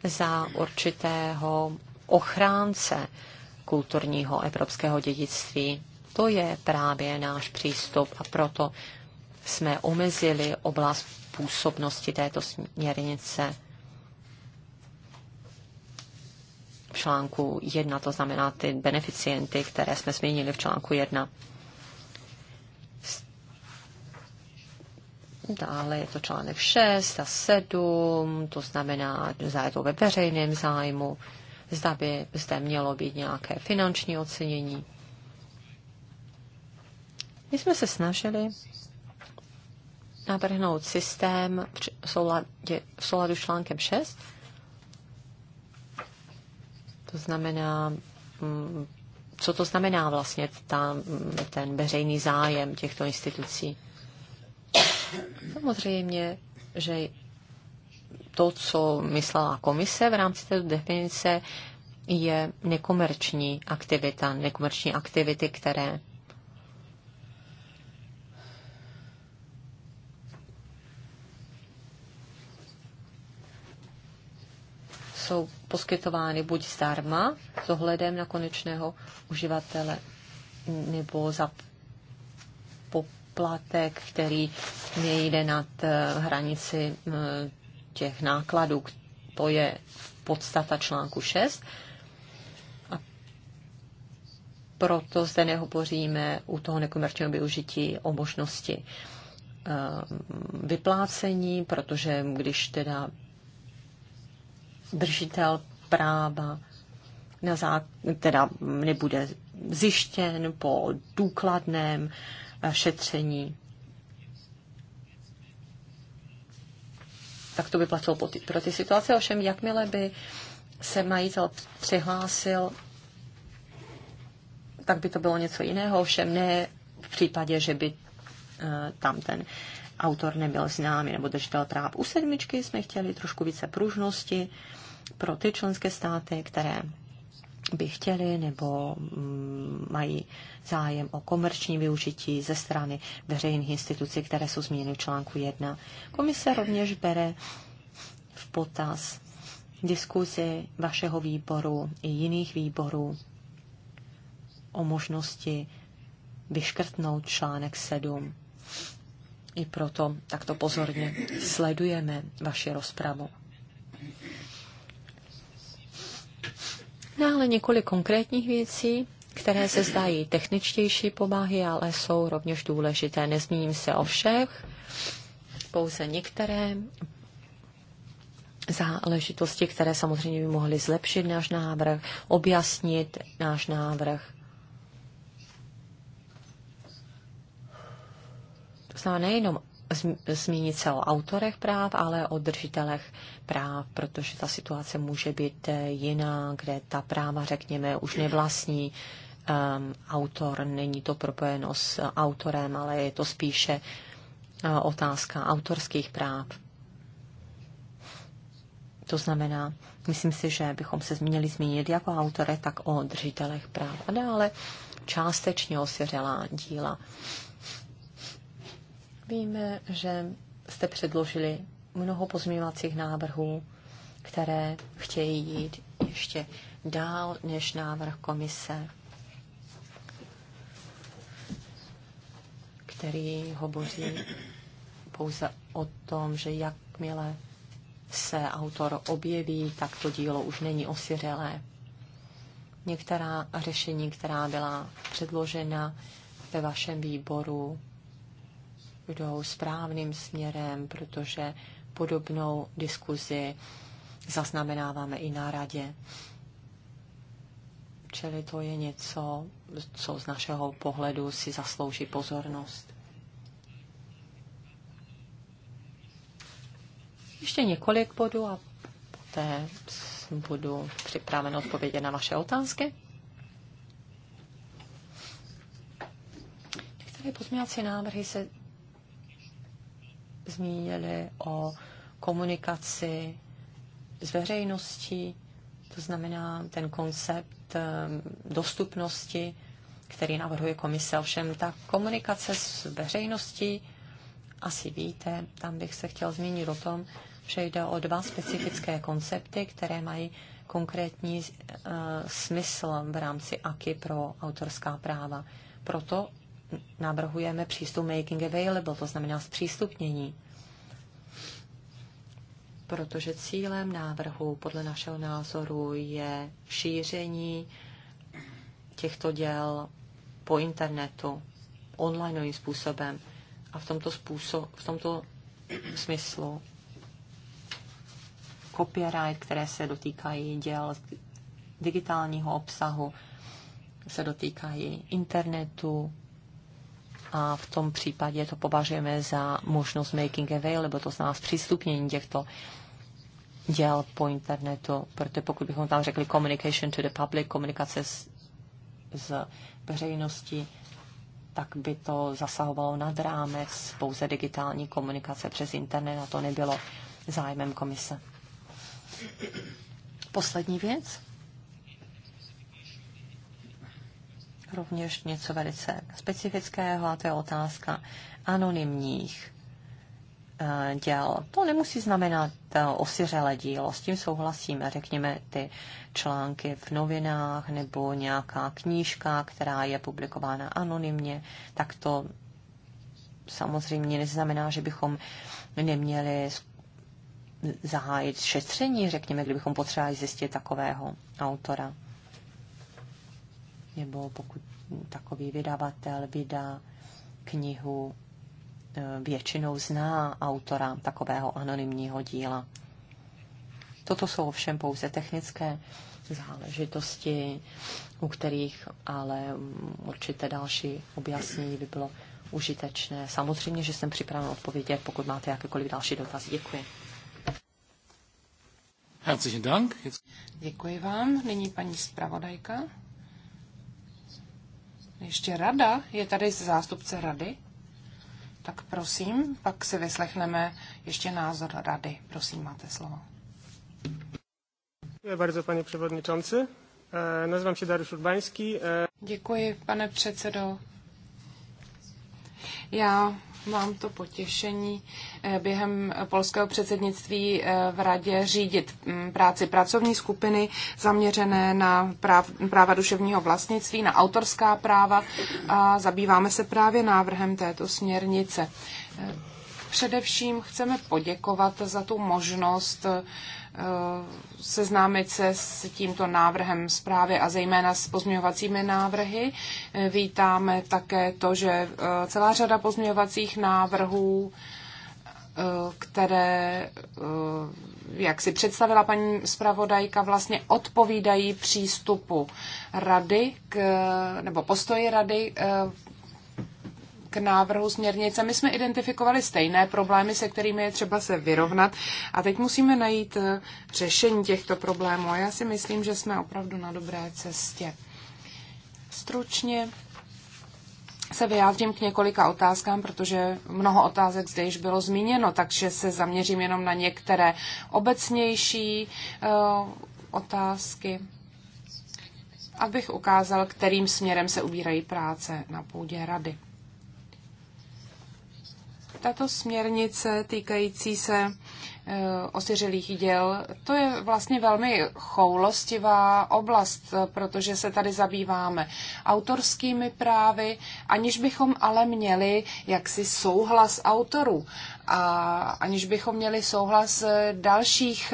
Speaker 3: za určitého ochránce kulturního evropského dědictví. To je právě náš přístup a proto jsme omezili oblast působnosti této směrnice v článku 1, to znamená ty beneficienty, které jsme změnili v článku 1. Dále je to článek 6 a 7, to znamená, zda je to ve veřejném zájmu, zda by zde mělo být nějaké finanční ocenění. My jsme se snažili navrhnout systém v souladu s článkem 6. To znamená, mm, co to znamená vlastně ta, ten veřejný zájem těchto institucí. Samozřejmě, že to, co myslela komise v rámci této definice, je nekomerční aktivita, nekomerční aktivity, které jsou poskytovány buď zdarma s ohledem na konečného uživatele nebo za po poplatek, který nejde nad eh, hranici eh, těch nákladů. To je podstata článku 6. A proto zde nehovoříme u toho nekomerčního využití o možnosti eh, vyplácení, protože když teda držitel práva na zá, teda nebude zjištěn po důkladném Eh, šetření. Tak to by platilo pro ty situace. Ovšem, jakmile by se majitel přihlásil, tak by to bylo něco jiného, ovšem ne v případě, že by eh, tam ten autor nebyl známý nebo držitel práv. U sedmičky jsme chtěli trošku více pružnosti pro ty členské státy, které by chtěli nebo mm, mají zájem o komerční využití ze strany veřejných institucí, které jsou zmíněny v článku 1. Komise rovněž bere v potaz diskuzi vašeho výboru i jiných výborů o možnosti vyškrtnout článek 7. I proto takto pozorně sledujeme vaši rozpravu. náhle no, několik konkrétních věcí, které se zdají techničtější povahy, ale jsou rovněž důležité. Nezmíním se o všech, pouze některé záležitosti, které samozřejmě by mohly zlepšit náš návrh, objasnit náš návrh. To znamená nejenom zmínit se o autorech práv, ale o držitelech práv, protože ta situace může být eh, jiná, kde ta práva, řekněme, už nevlastní um, autor, není to propojeno s autorem, ale je to spíše uh, otázka autorských práv. To znamená, myslím si, že bychom se měli zmínit jak o autorech, tak o držitelech práv. A dále částečně osvěřela díla. Uh, Víme, že jste předložili mnoho pozměňovacích návrhů, které chtějí jít ještě dál než návrh komise, který hovoří pouze o tom, že jakmile se autor objeví, tak to dílo už není osiřelé. Některá řešení, která byla předložena ve vašem výboru, jdou správným směrem, protože podobnou diskuzi zaznamenáváme i na radě. Čili to je něco, co z našeho pohledu si zaslouží pozornost. Ještě několik bodů a poté budu připraven odpovědět na vaše otázky. Některé pozměňovací návrhy se zmínili o komunikaci s veřejností, to znamená ten koncept ehm, dostupnosti, který navrhuje komise. Ovšem ta komunikace s veřejností, asi víte, tam bych se chtěl zmínit o tom, že jde o dva specifické koncepty, které mají konkrétní ehm, smysl v rámci AKI pro autorská práva. Proto navrhujeme přístup making available, to znamená zpřístupnění. Protože cílem návrhu podle našeho názoru je šíření těchto děl po internetu onlineovým způsobem. A v tomto, způsob, v tomto smyslu copyright, které se dotýkají děl digitálního obsahu, se dotýkají internetu, a v tom případě to považujeme za možnost making available, to znamená zpřístupnění těchto děl po internetu, protože pokud bychom tam řekli communication to the public, komunikace s, s veřejností, tak by to zasahovalo nad rámec pouze digitální komunikace přes internet a to nebylo zájmem komise. Poslední věc. rovněž něco velice specifického, a to je otázka anonymních eh, děl. To nemusí znamenat eh, osiřelé dílo, s tím souhlasíme, řekněme, ty články v novinách nebo nějaká knížka, která je publikována anonymně, tak to samozřejmě neznamená, že bychom neměli zahájit šetření, řekněme, kdybychom potřebovali zjistit takového autora nebo pokud takový vydavatel vydá knihu, e, většinou zná autora takového anonymního díla. Toto jsou ovšem pouze technické záležitosti, u kterých ale mm, určité další objasnění by bylo užitečné. Samozřejmě, že jsem připraven odpovědět, pokud máte jakékoliv další dotazy. Děkuji.
Speaker 2: Herzlichen Dank. Děkuji vám. Nyní paní zpravodajka. Ještě rada? Je tady zástupce rady? Tak prosím, pak si vyslechneme ještě názor rady. Prosím, máte slovo. Děkuji bardzo, pane předsedající. Eh, nazvám se Darius Urbaňský. Eh. Děkuji, pane předsedo. Já Mám to potěšení eh, během polského předsednictví eh, v radě řídit mm, práci pracovní skupiny zaměřené na práv, práva duševního vlastnictví, na autorská práva a zabýváme se právě návrhem této směrnice. Eh, především chceme poděkovat za tu možnost Eh, seznámit se s tímto návrhem zprávy a zejména s pozměňovacími návrhy. Eh, vítáme také to, že eh, celá řada pozměňovacích návrhů které, jak si představila paní zpravodajka, vlastně odpovídají přístupu rady k, nebo postoji rady k návrhu směrnice. My jsme identifikovali stejné problémy, se kterými je třeba se vyrovnat a teď musíme najít eh, řešení těchto problémů. A já si myslím, že jsme opravdu na dobré cestě. Stručně se vyjádřím k několika otázkám, protože mnoho otázek zde již bylo zmíněno, takže se zaměřím jenom na některé obecnější eh, otázky, abych ukázal, kterým směrem se ubírají práce na půdě rady. Tato směrnice týkající se e, osiřelých děl, to je vlastně velmi choulostivá oblast, protože se tady zabýváme autorskými právy, aniž bychom ale měli jaksi souhlas autorů a aniž bychom měli souhlas eh, dalších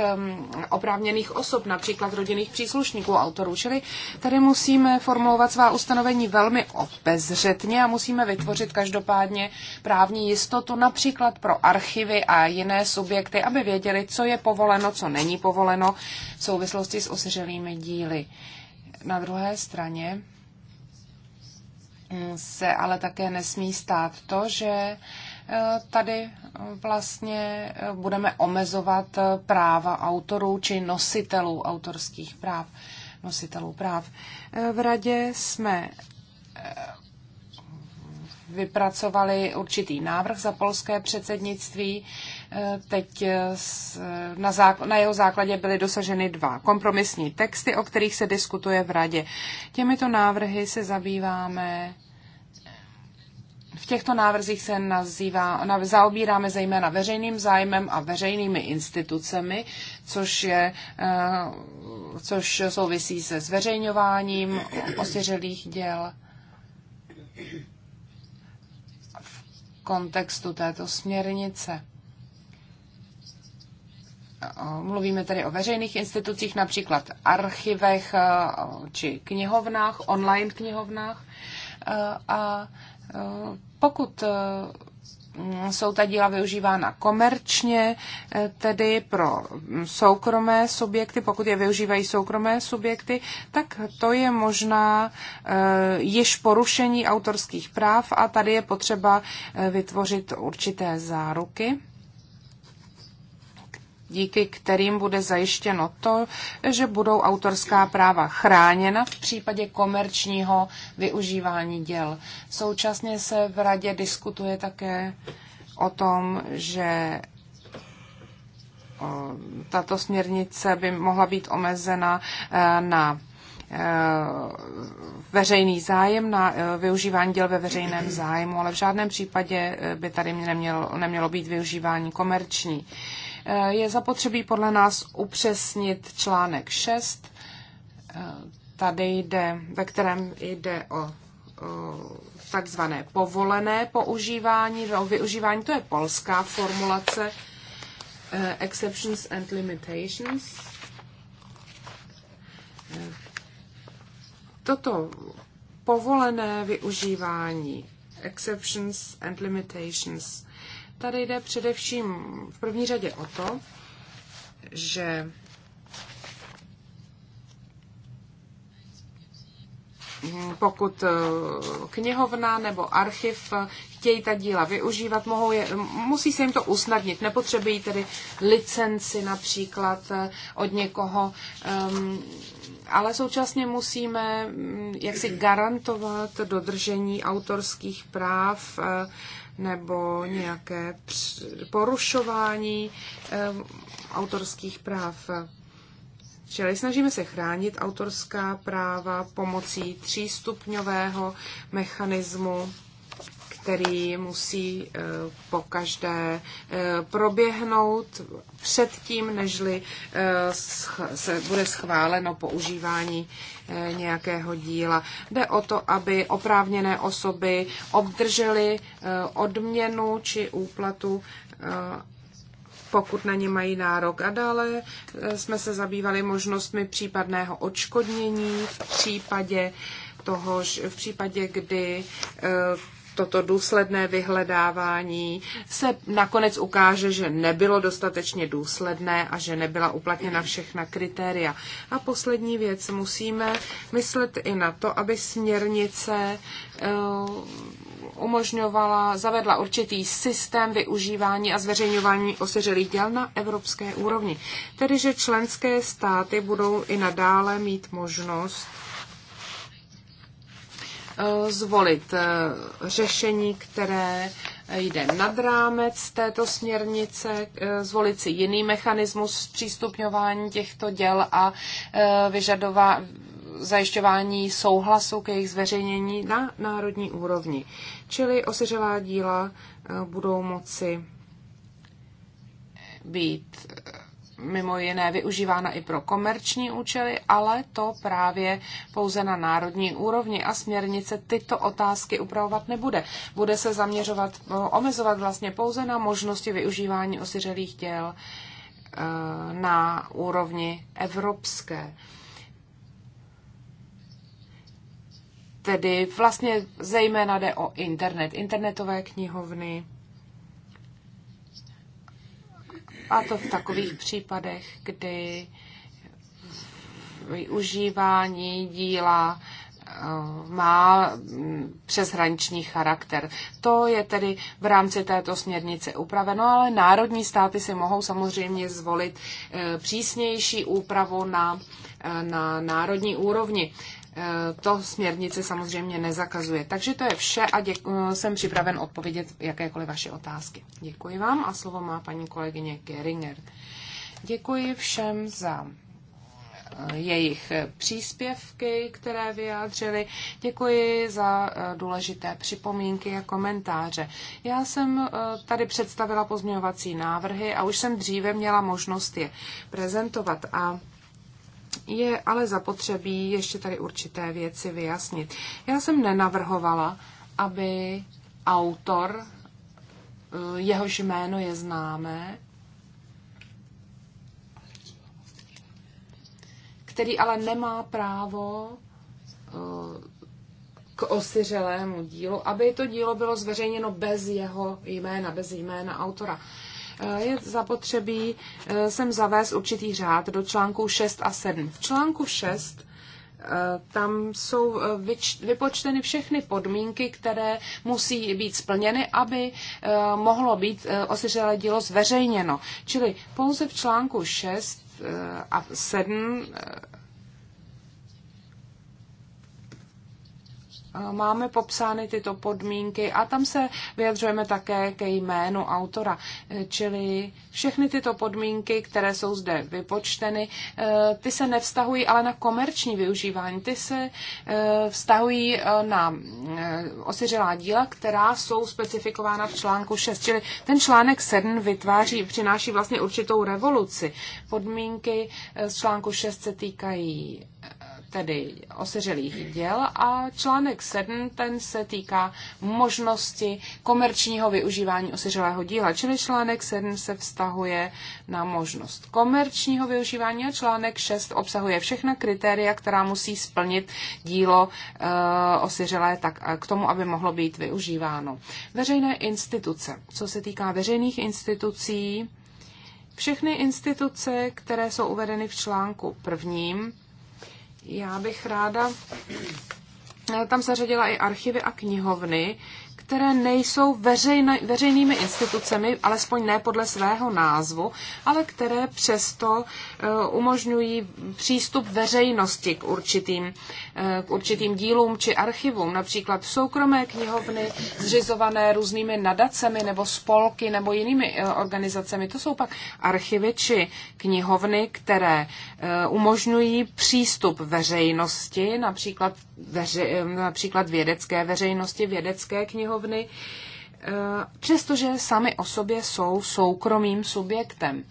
Speaker 2: oprávněných osob, například rodinných příslušníků autorů. Čili tady musíme formulovat svá ustanovení velmi obezřetně a musíme vytvořit každopádně právní jistotu například pro archivy a jiné subjekty, aby věděli, co je povoleno, co není povoleno v souvislosti s osiřelými díly. Na druhé straně mm, se ale také nesmí stát to, že tady vlastně eh, budeme omezovat eh, práva autorů či nositelů autorských práv. Nositelů práv. Eh, v radě jsme vypracovali určitý návrh za polské předsednictví. Teď na, na jeho základě byly dosaženy dva kompromisní texty, o kterých se diskutuje v radě. Těmito návrhy se zabýváme v těchto návrzích se nazývá, na, zaobíráme zejména veřejným zájmem a veřejnými institucemi, což, je, eh, což souvisí se zveřejňováním osiřelých děl v kontextu této směrnice. Mluvíme tedy o veřejných institucích, například archivech eh, či knihovnách, online knihovnách. Eh, a Eh, pokud eh, jsou ta díla využívána komerčně, eh, tedy pro mm, soukromé subjekty, pokud je využívají soukromé subjekty, tak to je možná již porušení autorských práv a tady je potřeba vytvořit určité záruky díky kterým bude zajištěno to, že budou autorská práva chráněna v případě komerčního využívání děl. Současně se v radě diskutuje také o tom, že tato směrnice by mohla být omezena e, na e, veřejný zájem na e, využívání děl ve veřejném zájmu, ale v žádném případě by tady nemělo, nemělo být využívání komerční. Eh, je zapotřebí podle nás upřesnit článek 6. Eh, tady jde, ve kterém jde o takzvané povolené používání, o využívání, to je polská formulace eh, exceptions and limitations. Toto povolené využívání exceptions and limitations tady jde především v první řadě o to, že pokud eh, knihovna nebo archiv eh, chtějí ta díla využívat, mohou je, musí se jim to usnadnit. Nepotřebují tedy licenci například eh, od někoho, ehm, ale současně musíme mm, jaksi garantovat dodržení autorských práv nebo nějaké porušování autorských práv. Čili snažíme se chránit autorská práva pomocí třístupňového mechanismu který musí eh, po každé eh, proběhnout předtím, nežli eh, se bude schváleno používání nějakého díla. Jde o to, aby oprávněné osoby obdržely odměnu či úplatu pokud na ně mají nárok. A dále jsme se zabývali možnostmi případného odškodnění v případě toho, v případě, kdy toto důsledné vyhledávání se nakonec ukáže, že nebylo dostatečně důsledné a že nebyla uplatněna všechna kritéria. A poslední věc, musíme myslet i na to, aby směrnice eh, umožňovala, zavedla určitý systém využívání a zveřejňování osiřelých děl na evropské úrovni. Tedy, že členské státy budou i nadále mít možnost Eh, zvolit eh, řešení, které jde nad rámec této směrnice, eh, zvolit si jiný mechanismus přístupňování těchto děl a vyžadová, zajišťování souhlasu k jejich zveřejnění na národní úrovni. Čili osiřelá díla budou moci být mimo jiné využívána i pro komerční účely, ale to právě pouze na národní úrovni a směrnice tyto otázky upravovat nebude. Bude se zaměřovat, eh, omezovat vlastně pouze na možnosti využívání osiřelých těl eh, na úrovni evropské. Tedy vlastně zejména jde o internet, internetové knihovny, A to v takových případech, kdy využívání díla eh, má mm, přeshraniční charakter. To je tedy v rámci této směrnice upraveno, ale národní státy si mohou samozřejmě zvolit eh, přísnější úpravu na, eh, na národní úrovni. Eh, to směrnice samozřejmě nezakazuje. Takže to je vše a děku, eh, jsem připraven odpovědět jakékoliv vaše otázky. Děkuji vám a slovo má paní kolegyně Geringer. Děkuji všem za eh, jejich příspěvky, které vyjádřili. Děkuji za důležité připomínky a komentáře. Já jsem tady představila pozměňovací návrhy a už jsem dříve měla možnost je prezentovat a je ale zapotřebí ještě tady určité věci vyjasnit. Já jsem nenavrhovala, aby autor, eh, jehož jméno je známé, který ale nemá právo eh, k osiřelému dílu, aby to dílo bylo zveřejněno bez jeho jména, bez jména autora. Eh, je zapotřebí eh, sem zavést určitý řád do článku 6 a 7. V článku 6 eh, tam jsou vypočteny všechny podmínky, které musí být splněny, aby mohlo být osiřelé dílo zveřejněno. Čili pouze v článku 6 a 7 máme popsány tyto podmínky a tam se vyjadřujeme také ke jménu autora. E, čili všechny tyto podmínky, které jsou zde vypočteny, e, ty se nevztahují ale na komerční využívání, ty se e, vztahují na osiřelá díla, která jsou specifikována v článku 6. Čili ten článek 7 vytváří, přináší vlastně určitou revoluci. Podmínky z článku 6 se týkají tedy osiřelých děl a článek 7, ten se týká možnosti komerčního využívání osiřelého díla, čili článek 7 se vztahuje na možnost komerčního využívání a článek 6 obsahuje všechna kritéria, která musí splnit dílo e, osiřelé tak eh, k tomu, aby mohlo být využíváno. Veřejné instituce. Co se týká veřejných institucí, všechny instituce, které jsou uvedeny v článku prvním, já bych ráda eh, tam zařadila i archivy a knihovny které nejsou veřejne, veřejnými institucemi, alespoň ne podle svého názvu, ale které přesto eh, umožňují přístup veřejnosti k určitým, eh, k určitým dílům či archivům, například soukromé knihovny zřizované různými nadacemi nebo spolky nebo jinými eh, organizacemi. To jsou pak archivy či knihovny, které umožňují přístup veřejnosti, například, veři, například vědecké veřejnosti, vědecké knihovny, knihovny, eh, přestože sami o sobě jsou soukromým subjektem.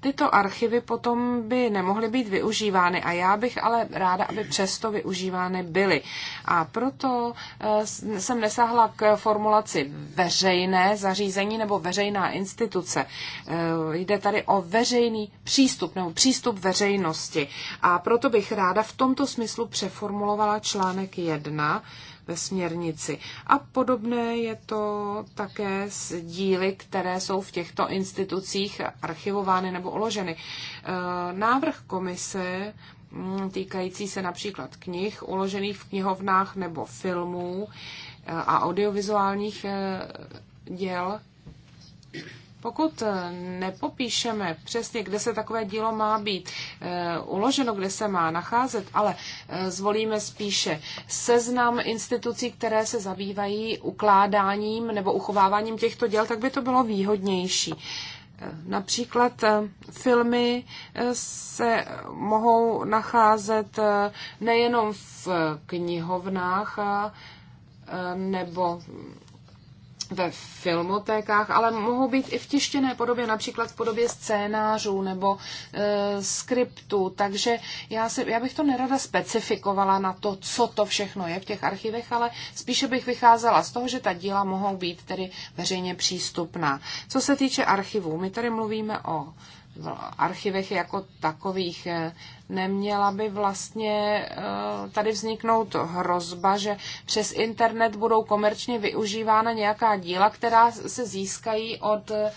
Speaker 2: Tyto archivy potom by nemohly být využívány a já bych ale ráda, aby přesto využívány byly. A proto eh, jsem nesáhla k formulaci veřejné zařízení nebo veřejná instituce. Eh, jde tady o veřejný přístup nebo přístup veřejnosti. A proto bych ráda v tomto smyslu přeformulovala článek 1 ve směrnici. A podobné je to také s díly, které jsou v těchto institucích archivovány nebo uloženy. E, návrh komise mm, týkající se například knih uložených v knihovnách nebo filmů e, a audiovizuálních e, děl pokud eh, nepopíšeme přesně, kde se takové dílo má být eh, uloženo, kde se má nacházet, ale eh, zvolíme spíše seznam institucí, které se zabývají ukládáním nebo uchováváním těchto děl, tak by to bylo výhodnější. Například filmy se mohou nacházet nejenom v knihovnách nebo ve filmotékách, ale mohou být i v tištěné podobě, například v podobě scénářů nebo e, skriptů. Takže já, si, já bych to nerada specifikovala na to, co to všechno je v těch archivech, ale spíše bych vycházela z toho, že ta díla mohou být tedy veřejně přístupná. Co se týče archivů, my tady mluvíme o archivech jako takových. E, Neměla by vlastně eh, tady vzniknout hrozba, že přes internet budou komerčně využívána nějaká díla, která se získají od eh,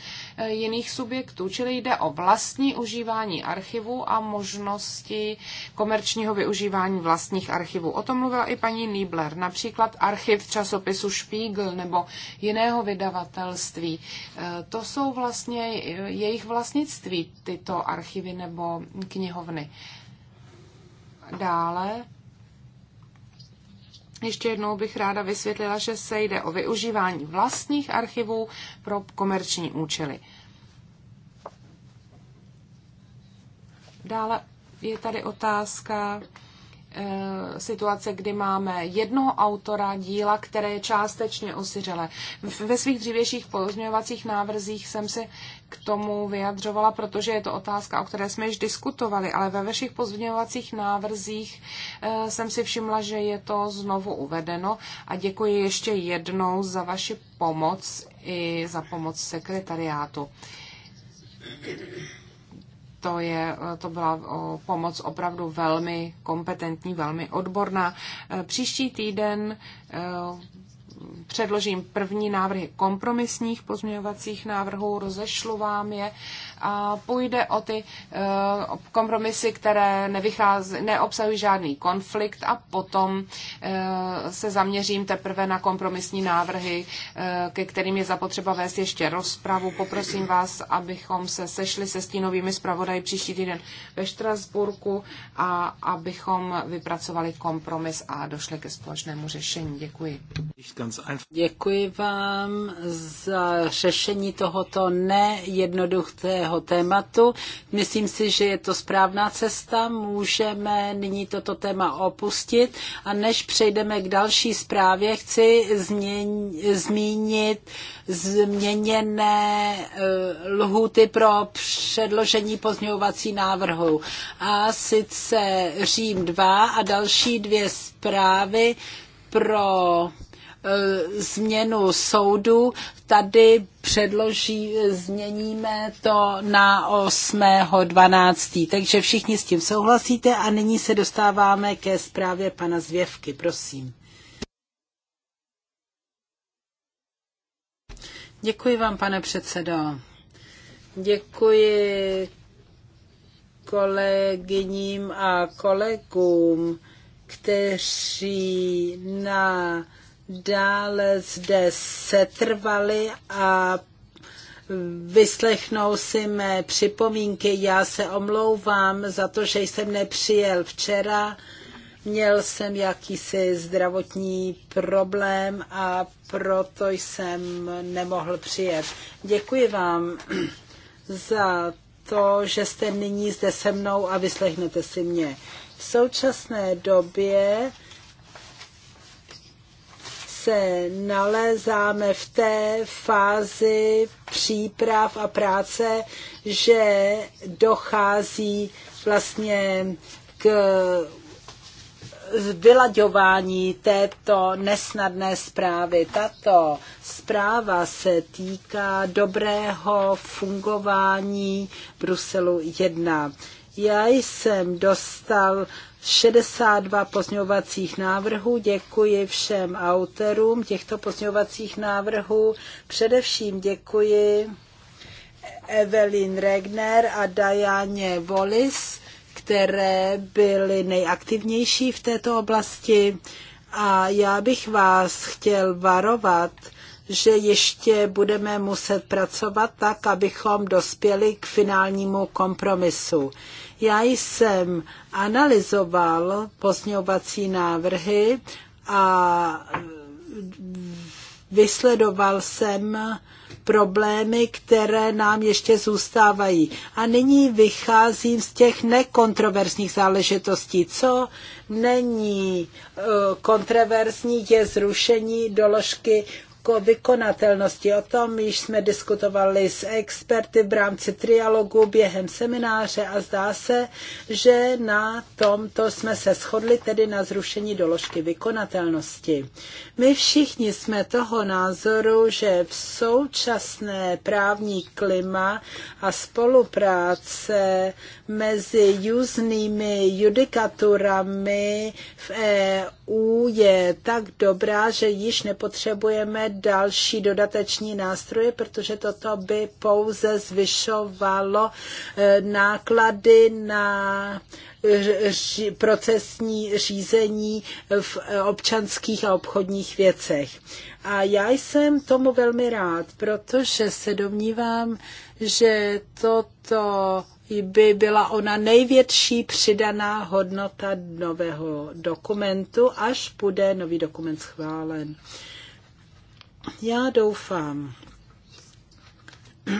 Speaker 2: jiných subjektů. Čili jde o vlastní užívání archivu a možnosti komerčního využívání vlastních archivů. O tom mluvila i paní Niebler. Například archiv časopisu Spiegel nebo jiného vydavatelství. Eh, to jsou vlastně jejich vlastnictví, tyto archivy nebo knihovny dále ještě jednou bych ráda vysvětlila, že se jde o využívání vlastních archivů pro komerční účely. Dále je tady otázka Eh, situace, kdy máme jednoho autora díla, které je částečně osiřelé. Ve svých dřívějších pozměňovacích návrzích jsem se k tomu vyjadřovala, protože je to otázka, o které jsme již diskutovali, ale ve vašich pozměňovacích návrzích eh, jsem si všimla, že je to znovu uvedeno a děkuji ještě jednou za vaši pomoc i za pomoc sekretariátu to, je, to byla pomoc opravdu velmi kompetentní, velmi odborná. E, příští týden e, předložím první návrhy kompromisních pozměňovacích návrhů, rozešlu vám je a půjde o ty eh, kompromisy, které nevychází, neobsahují žádný konflikt a potom eh, se zaměřím teprve na kompromisní návrhy, eh, ke kterým je zapotřeba vést ještě rozpravu. Poprosím vás, abychom se sešli se stínovými zpravodaji příští týden ve Štrasburku a abychom vypracovali kompromis a došli ke společnému řešení. Děkuji. Děkuji vám za řešení
Speaker 1: tohoto nejednoduchého celého tématu. Myslím si, že je to správná cesta. Můžeme nyní toto téma opustit a než přejdeme k další zprávě, chci změn, zmínit změněné eh, lhuty pro předložení pozměňovací návrhu. A sice Řím 2 a další dvě zprávy pro Eh, změnu soudu. Tady předloží, změníme to na 8.12. Takže všichni s tím souhlasíte a nyní se dostáváme ke zprávě pana Zvěvky, prosím. Děkuji vám, pane předsedo. Děkuji kolegyním a kolegům, kteří na dále zde setrvali a vyslechnou si mé připomínky. Já se omlouvám za to, že jsem nepřijel včera. Měl jsem jakýsi zdravotní problém a proto jsem nemohl přijet. Děkuji vám za to, že jste nyní zde se mnou a vyslechnete si mě. V současné době se nalézáme v té fázi příprav a práce, že dochází vlastně k vylaďování této nesnadné zprávy. Tato zpráva se týká dobrého fungování Bruselu 1. Já jsem dostal 62 pozňovacích návrhů. Děkuji všem autorům těchto pozňovacích návrhů. Především děkuji Evelyn Regner a Dajáně Volis, které byly nejaktivnější v této oblasti. A já bych vás chtěl varovat, že ještě budeme muset pracovat tak, abychom dospěli k finálnímu kompromisu. Já jsem analyzoval posňovací návrhy a vysledoval jsem problémy, které nám ještě zůstávají. A nyní vycházím z těch nekontroverzních záležitostí. Co není eh, kontroverzní, je zrušení doložky jako vykonatelnosti. O tom již jsme diskutovali s experty v rámci trialogu během semináře a zdá se, že na tomto jsme se shodli, tedy na zrušení doložky vykonatelnosti. My všichni jsme toho názoru, že v současné právní klima a spolupráce mezi různými judikaturami v EU je tak dobrá, že již nepotřebujeme další dodateční nástroje, protože toto by pouze zvyšovalo eh, náklady na eh, procesní řízení v eh, občanských a obchodních věcech. A já jsem tomu velmi rád, protože se domnívám, že toto by byla ona největší přidaná hodnota nového dokumentu, až bude nový dokument schválen. Já doufám.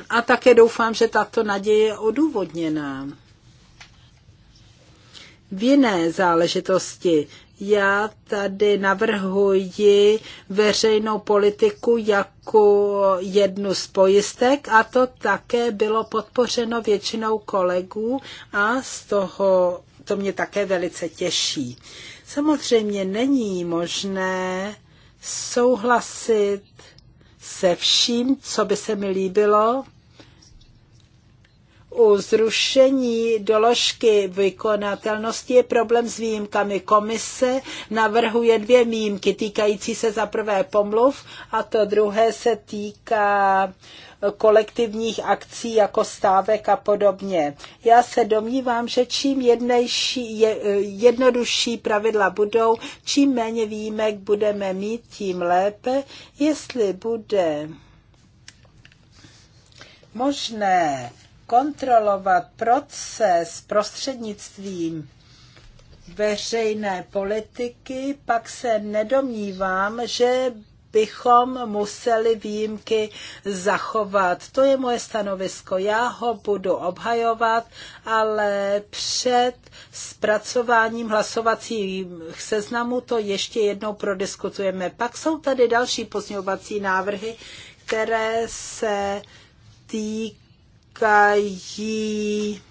Speaker 1: A také doufám, že tato naděje je odůvodněná. V jiné záležitosti já tady navrhuji veřejnou politiku jako jednu z pojistek a to také bylo podpořeno většinou kolegů a z toho to mě také velice těší. Samozřejmě není možné souhlasit se vším, co by se mi líbilo, u zrušení doložky vykonatelnosti je problém s výjimkami. Komise navrhuje dvě výjimky týkající se za prvé pomluv a to druhé se týká kolektivních akcí jako stávek a podobně. Já se domnívám, že čím jednejší, jednodušší pravidla budou, čím méně výjimek budeme mít, tím lépe. Jestli bude možné kontrolovat proces prostřednictvím veřejné politiky, pak se nedomnívám, že bychom museli výjimky zachovat. To je moje stanovisko. Já ho budu obhajovat, ale před zpracováním hlasovacích seznamů to ještě jednou prodiskutujeme. Pak jsou tady další pozňovací návrhy, které se týkají týkají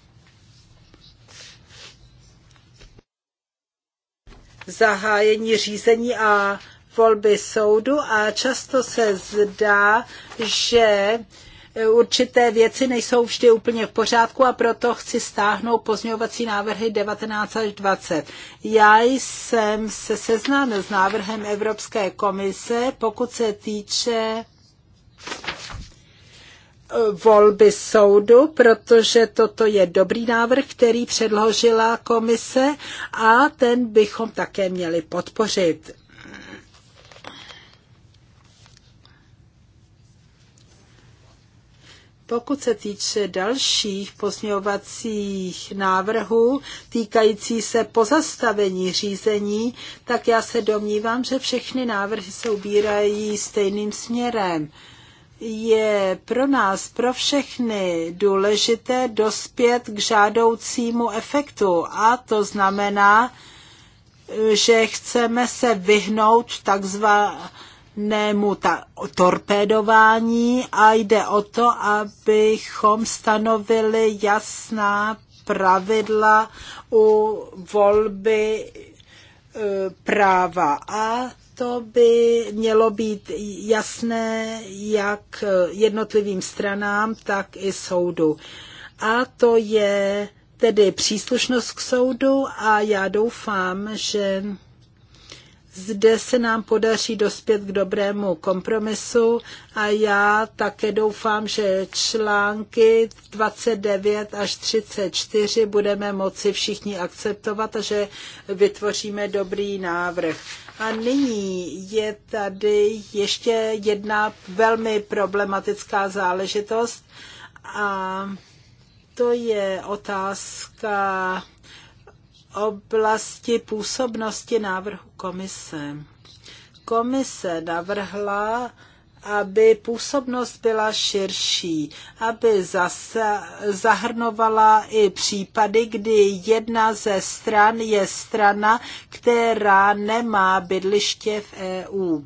Speaker 1: zahájení řízení a volby soudu a často se zdá, že určité věci nejsou vždy úplně v pořádku a proto chci stáhnout pozměňovací návrhy 19 až 20. Já jsem se seznámil s návrhem Evropské komise, pokud se týče volby soudu, protože toto je dobrý návrh, který předložila komise a ten bychom také měli podpořit. Pokud se týče dalších pozměňovacích návrhů týkající se pozastavení řízení, tak já se domnívám, že všechny návrhy se ubírají stejným směrem je pro nás, pro všechny důležité dospět k žádoucímu efektu. A to znamená, že chceme se vyhnout takzvanému ta- torpédování a jde o to, abychom stanovili jasná pravidla u volby e, práva. A to by mělo být jasné jak jednotlivým stranám, tak i soudu. A to je tedy příslušnost k soudu a já doufám, že zde se nám podaří dospět k dobrému kompromisu a já také doufám, že články 29 až 34 budeme moci všichni akceptovat a že vytvoříme dobrý návrh. A nyní je tady ještě jedna velmi problematická záležitost a to je otázka oblasti působnosti návrhu komise. Komise navrhla aby působnost byla širší, aby zase zahrnovala i případy, kdy jedna ze stran je strana, která nemá bydliště v EU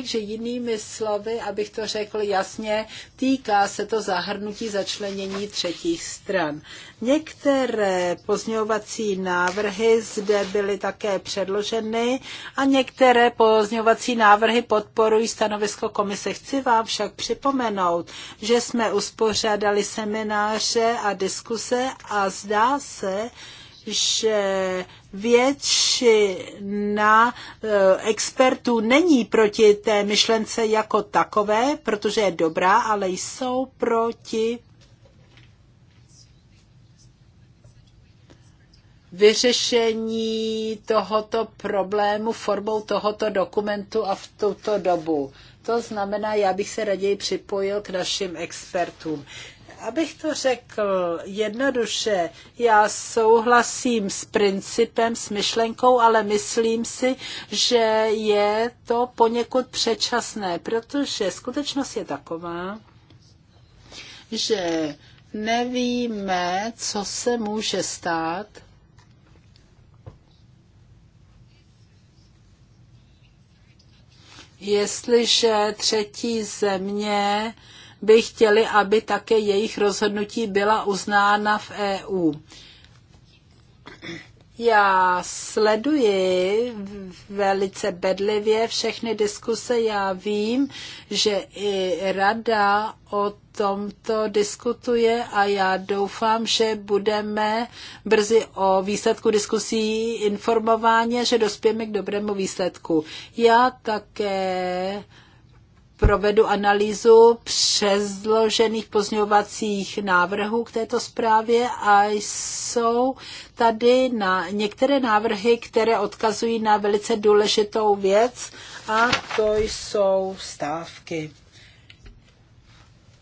Speaker 1: takže jinými slovy, abych to řekl jasně, týká se to zahrnutí začlenění třetích stran. Některé pozňovací návrhy zde byly také předloženy a některé pozňovací návrhy podporují stanovisko komise. Chci vám však připomenout, že jsme uspořádali semináře a diskuse a zdá se, že většina e, expertů není proti té myšlence jako takové, protože je dobrá, ale jsou proti vyřešení tohoto problému formou tohoto dokumentu a v tuto dobu. To znamená, já bych se raději připojil k našim expertům. Abych to řekl jednoduše, já souhlasím s principem, s myšlenkou, ale myslím si, že je to poněkud předčasné, protože skutečnost je taková, že nevíme, co se může stát, jestliže třetí země by chtěli, aby také jejich rozhodnutí byla uznána v EU. Já sleduji velice bedlivě všechny diskuse. Já vím, že i rada o tomto diskutuje a já doufám, že budeme brzy o výsledku diskusí informováni, že dospějeme k dobrému výsledku. Já také provedu analýzu přezložených pozňovacích návrhů k této zprávě a jsou tady na některé návrhy, které odkazují na velice důležitou věc a to jsou stávky.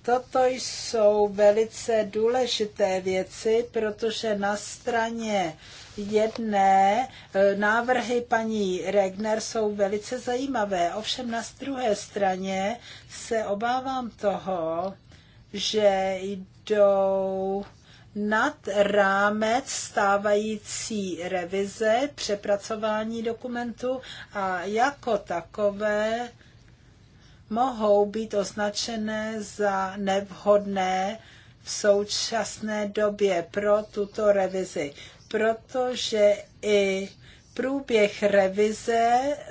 Speaker 1: Toto jsou velice důležité věci, protože na straně jedné e, návrhy paní Regner jsou velice zajímavé. Ovšem na druhé straně se obávám toho, že jdou nad rámec stávající revize, přepracování dokumentu a jako takové mohou být označené za nevhodné v současné době pro tuto revizi protože i průběh revize eh,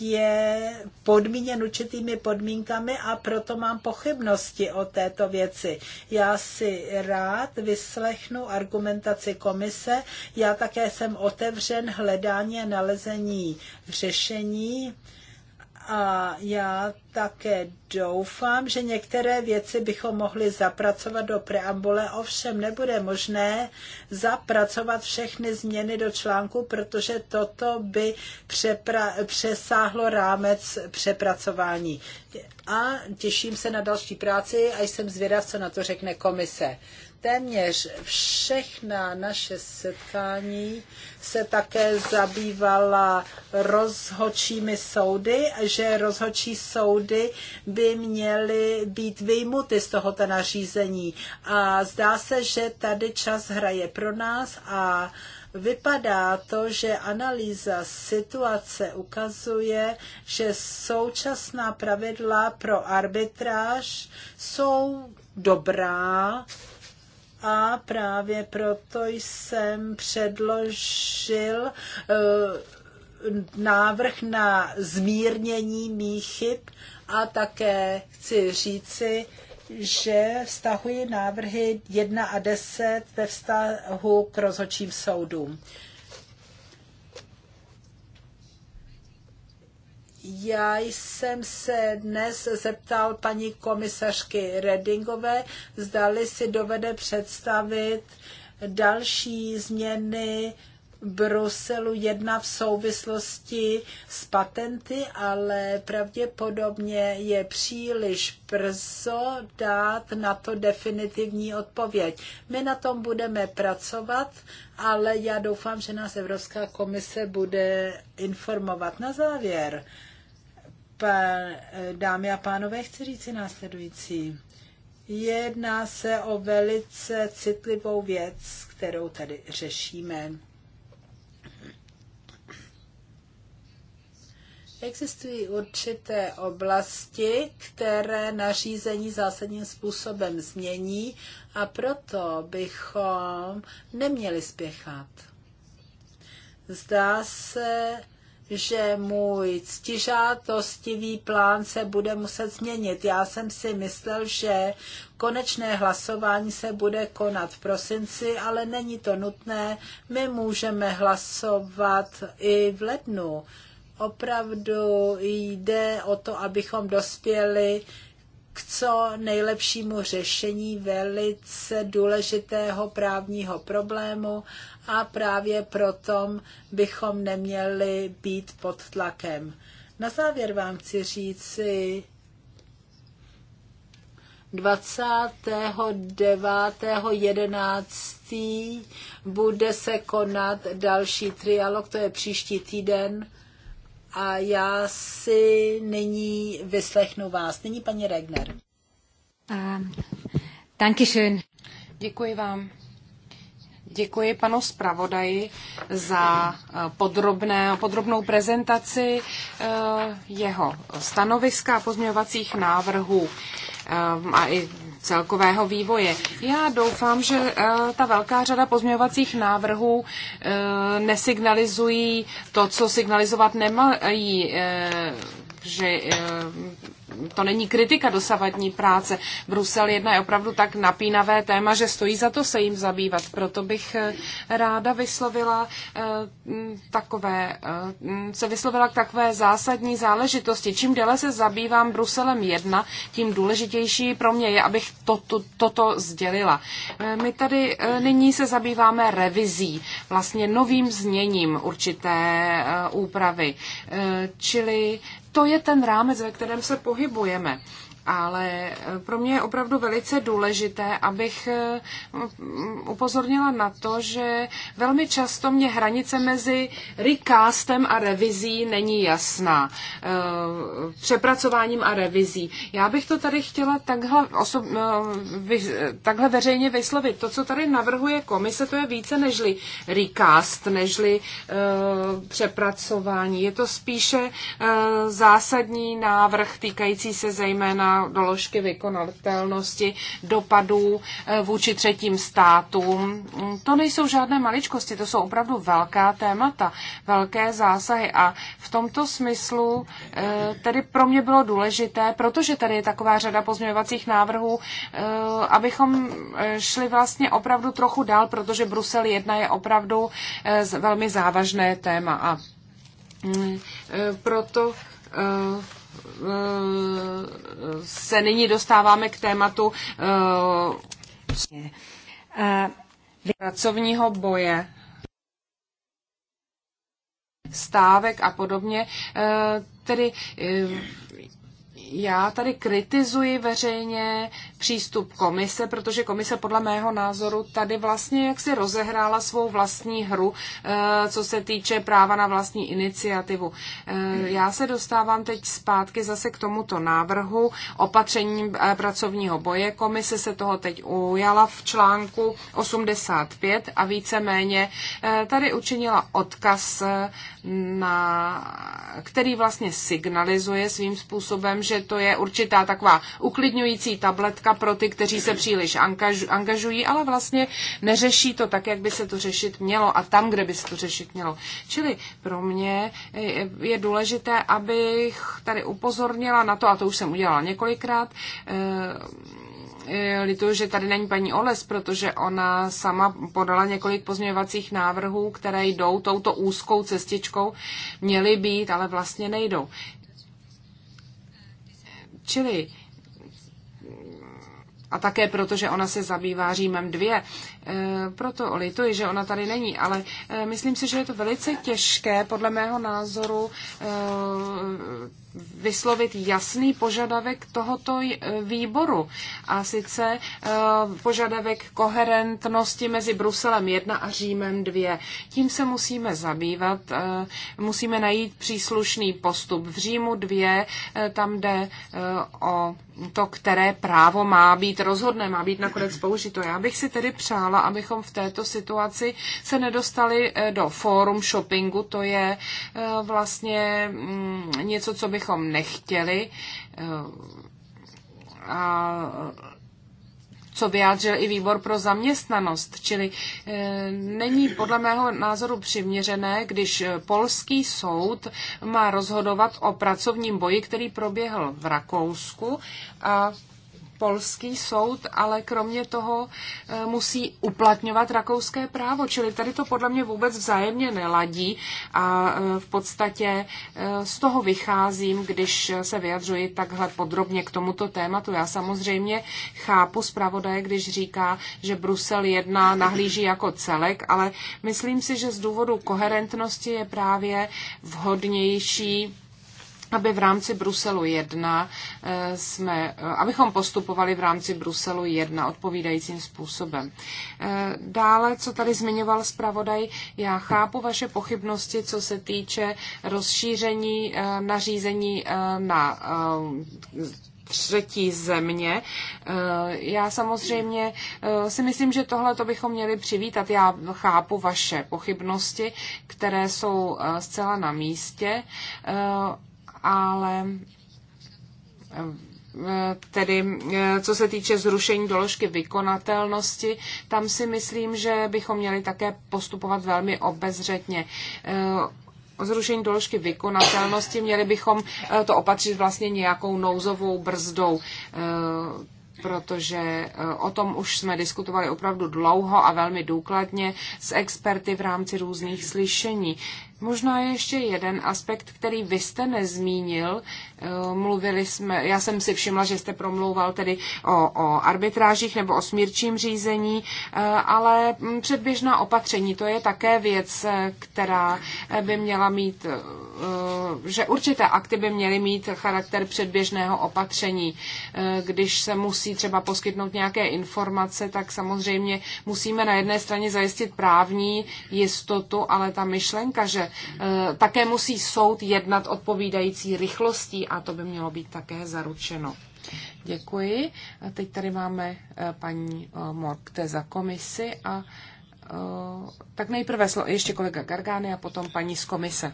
Speaker 1: je podmíněn určitými podmínkami a proto mám pochybnosti o této věci. Já si rád vyslechnu argumentaci komise. Já také jsem otevřen hledání a nalezení řešení a já také doufám, že některé věci bychom mohli zapracovat do preambule, ovšem nebude možné zapracovat všechny změny do článku, protože toto by přesáhlo rámec přepracování. A těším se na další práci a jsem zvědav, co na to řekne komise téměř všechna naše setkání se také zabývala rozhodčími soudy, že rozhodčí soudy by měly být vyjmuty z tohoto nařízení. A zdá se, že tady čas hraje pro nás a Vypadá to, že analýza situace ukazuje, že současná pravidla pro arbitráž jsou dobrá a právě proto jsem předložil eh, návrh na zmírnění mých chyb a také chci říci, že vztahuji návrhy 1 a 10 ve vztahu k rozhodčím soudům. Já jsem se dnes zeptal paní komisařky Redingové, zdali si dovede představit další změny Bruselu jedna v souvislosti s patenty, ale pravděpodobně je příliš brzo dát na to definitivní odpověď. My na tom budeme pracovat, ale já doufám, že nás Evropská komise bude informovat na závěr. Dámy a pánové, chci říci následující. Jedná se o velice citlivou věc, kterou tady řešíme. Existují určité oblasti, které nařízení zásadním způsobem změní a proto bychom neměli spěchat. Zdá se, že můj ctižátostivý plán se bude muset změnit. Já jsem si myslel, že konečné hlasování se bude konat v prosinci, ale není to nutné. My můžeme hlasovat i v lednu. Opravdu jde o to, abychom dospěli k co nejlepšímu řešení velice důležitého právního problému a právě proto bychom neměli být pod tlakem. Na závěr vám chci říci, 29.11. bude se konat další trialog, to je příští týden a já si nyní vyslechnu vás. Nyní paní Regner.
Speaker 2: Um, schön. Děkuji vám. Děkuji panu zpravodaji za eh, podrobné, podrobnou prezentaci eh, jeho stanoviska a pozměňovacích návrhů. Ehm, a i celkového vývoje. Já doufám, že eh, ta velká řada pozměňovacích návrhů eh, nesignalizují to, co signalizovat nemají eh, že to není kritika dosavadní práce. Brusel 1 je opravdu tak napínavé téma, že stojí za to se jim zabývat. Proto bych eh, ráda vyslovila eh, takové, eh, se vyslovila k takové zásadní záležitosti. Čím déle se zabývám Bruselem 1, tím důležitější pro mě je, abych to, to, toto sdělila. My tady nyní se zabýváme revizí, vlastně novým zněním určité úpravy. Čili to je ten rámec, ve kterém se pohybujeme ale eh, pro mě je opravdu velice důležité, abych eh, upozornila na to, že velmi často mě hranice mezi recastem a revizí není jasná. Eh, přepracováním a revizí. Já bych to tady chtěla takhle, osob, takhle veřejně vyslovit. To, co tady navrhuje komise, to je více nežli recast, nežli přepracování. Je to spíše zásadní návrh týkající se zejména doložky vykonatelnosti dopadů eh, vůči třetím státům. To nejsou žádné maličkosti, to jsou opravdu velká témata, velké zásahy a v tomto smyslu eh, tedy pro mě bylo důležité, protože tady je taková řada pozměňovacích návrhů, eh, abychom šli vlastně opravdu trochu dál, protože Brusel 1 je opravdu velmi závažné téma a mm, proto Eh, se nyní dostáváme k tématu eh, eh, pracovního boje stávek a podobně. Tedy já tady kritizuji veřejně přístup komise, protože komise podle mého názoru tady vlastně jak si rozehrála svou vlastní hru, eh, co se týče práva na vlastní iniciativu. Eh, já se dostávám teď zpátky zase k tomuto návrhu opatření eh, pracovního boje. Komise se toho teď ujala v článku 85 a víceméně tady učinila odkaz na, který vlastně signalizuje svým způsobem, že to je určitá taková uklidňující tabletka překážka pro ty, kteří se příliš angažují, ale vlastně neřeší to tak, jak by se to řešit mělo a tam, kde by se to řešit mělo. Čili pro mě eh, je důležité, abych tady upozornila na to, a to už jsem udělala několikrát, eh, eh, lituju, že tady není paní Oles, protože ona sama podala několik pozměňovacích návrhů, které jdou touto úzkou cestičkou, měly být, ale vlastně nejdou. Čili a také proto, že ona se zabývá Římem 2. E, proto lituji, že ona tady není, ale e, myslím si, že je to velice těžké, podle mého názoru, e, vyslovit jasný požadavek tohoto eh, výboru. A sice eh, požadavek koherentnosti mezi Bruselem 1 a Římem 2. Tím se musíme zabývat, eh, musíme najít příslušný postup. V Římu 2 tam jde o to, které právo má být rozhodné, má být nakonec použito. Já bych si tedy přála, abychom v této situaci se nedostali do forum shoppingu, to je vlastně mm, něco, co by bychom nechtěli. Eh, a co vyjádřil i výbor pro zaměstnanost. Čili e, není podle mého názoru přiměřené, když polský soud má rozhodovat o pracovním boji, který proběhl v Rakousku a polský soud, ale kromě toho eh, musí uplatňovat rakouské právo. Čili tady to podle mě vůbec vzájemně neladí a eh, v podstatě eh, z toho vycházím, když se vyjadřuji takhle podrobně k tomuto tématu. Já samozřejmě chápu zpravodaje, když říká, že Brusel jedná nahlíží jako celek, ale myslím si, že z důvodu koherentnosti je právě vhodnější aby v rámci Bruselu 1 eh, jsme, eh, abychom postupovali v rámci Bruselu 1 odpovídajícím způsobem. Eh, dále, co tady zmiňoval zpravodaj, já chápu vaše pochybnosti, co se týče rozšíření nařízení na třetí země. Já samozřejmě si myslím, že tohle to bychom měli přivítat. Já chápu vaše pochybnosti, které jsou zcela na místě ale eh, tedy eh, co se týče zrušení doložky vykonatelnosti, tam si myslím, že bychom měli také postupovat velmi obezřetně o eh, zrušení doložky vykonatelnosti, měli bychom to opatřit vlastně nějakou nouzovou brzdou protože o tom už jsme diskutovali opravdu dlouho a velmi důkladně s experty v rámci různých slyšení. Možná je ještě jeden aspekt, který vy jste nezmínil. Eh, mluvili jsme, já jsem si všimla, že jste promlouval tedy o, o arbitrážích nebo o smírčím řízení, eh, ale mm, předběžná opatření, to je také věc, eh, která by měla mít, že určité akty by měly mít charakter předběžného opatření. Když se musí třeba poskytnout nějaké informace, tak samozřejmě musíme na jedné straně zajistit právní jistotu, ale ta myšlenka, že Eh, také musí soud jednat odpovídající rychlostí a to by mělo být také zaručeno. Děkuji. A teď tady máme eh, paní eh, Morkte za komisi a tak nejprve ještě kolega Gargány a potom paní z komise.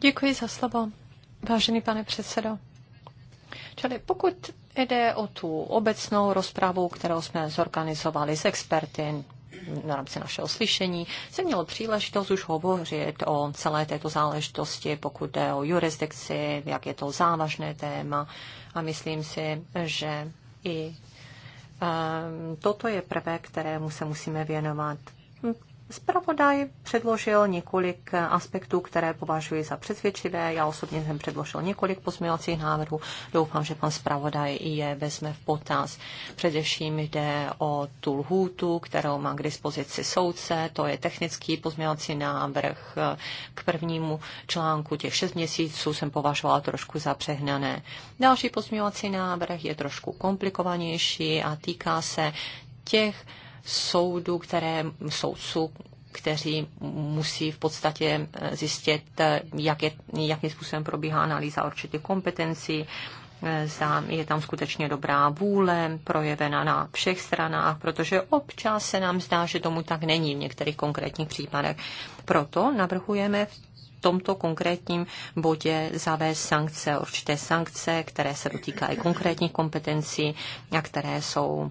Speaker 2: Děkuji za slovo, vážený pane předsedo. Čili pokud jde
Speaker 3: o tu obecnou rozpravu, kterou jsme zorganizovali s experty v rámci našeho slyšení jsem měl příležitost už hovořit o celé této záležitosti, pokud jde o jurisdikci, jak je to závažné téma a myslím si, že i um, toto je prvé, kterému se musíme věnovat Spravodaj předložil několik aspektů, které považuji za přesvědčivé. Já osobně jsem předložil několik pozměňovacích návrhů. Doufám, že pan zpravodaj je vezme v potaz. Především jde o tu lhůtu, kterou má k dispozici soudce. To je technický pozměňovací návrh k prvnímu článku těch šest měsíců. Jsem považovala trošku za přehnané. Další pozměňovací návrh je trošku komplikovanější a týká se těch soudu, které soudců, kteří musí v podstatě eh, zjistit, eh, jak je, jakým způsobem probíhá analýza určitých kompetencí, eh, je tam skutečně dobrá vůle projevena na všech stranách, protože občas se nám zdá, že tomu tak není v některých konkrétních případech. Proto navrhujeme v tomto konkrétním bodě zavést sankce, určité sankce, které se dotýkají konkrétních kompetencí a které jsou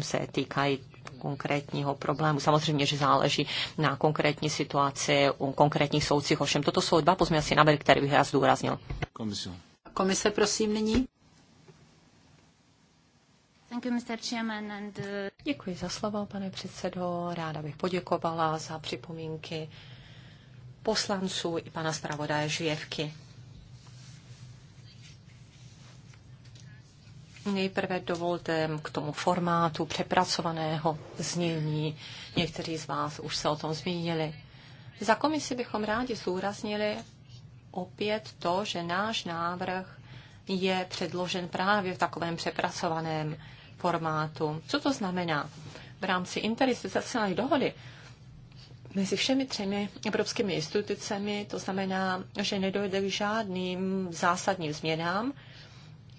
Speaker 3: se týkají konkrétního problému. Samozřejmě, že záleží na konkrétní situaci, u konkrétních soudcích. Ovšem, toto jsou dva pozměňovací návrhy, které bych já zdůraznil. Komise. Komise, prosím, nyní. Uh, Děkuji za slovo, pane předsedo. Ráda bych poděkovala za připomínky poslanců i pana zpravodaje Žijevky. Nejprve dovolte k tomu formátu přepracovaného znění. Někteří z vás už se o tom zmínili. Za komisi bychom rádi zúraznili opět to, že náš návrh je předložen právě v takovém přepracovaném formátu. Co to znamená? V rámci interinstitucionální dohody mezi všemi třemi evropskými institucemi to znamená, že nedojde k žádným zásadním změnám,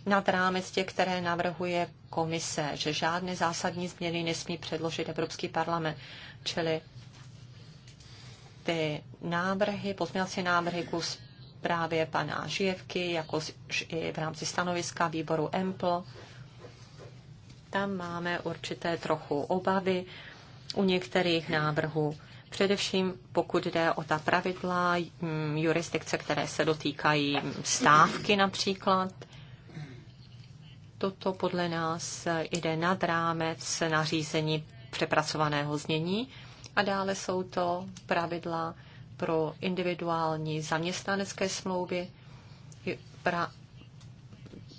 Speaker 3: nad rámec těch, které navrhuje komise, že žádné zásadní změny nesmí předložit Evropský parlament, čili ty návrhy, pozměňovací návrhy ku zprávě pana Žijevky, jako i v rámci stanoviska výboru EMPL. Tam máme určité trochu obavy u některých návrhů. Především pokud jde o ta pravidla mm, jurisdikce, které se dotýkají stávky například, toto podle nás jde nad rámec nařízení přepracovaného znění a dále jsou to pravidla pro individuální zaměstnanecké smlouvy, pra,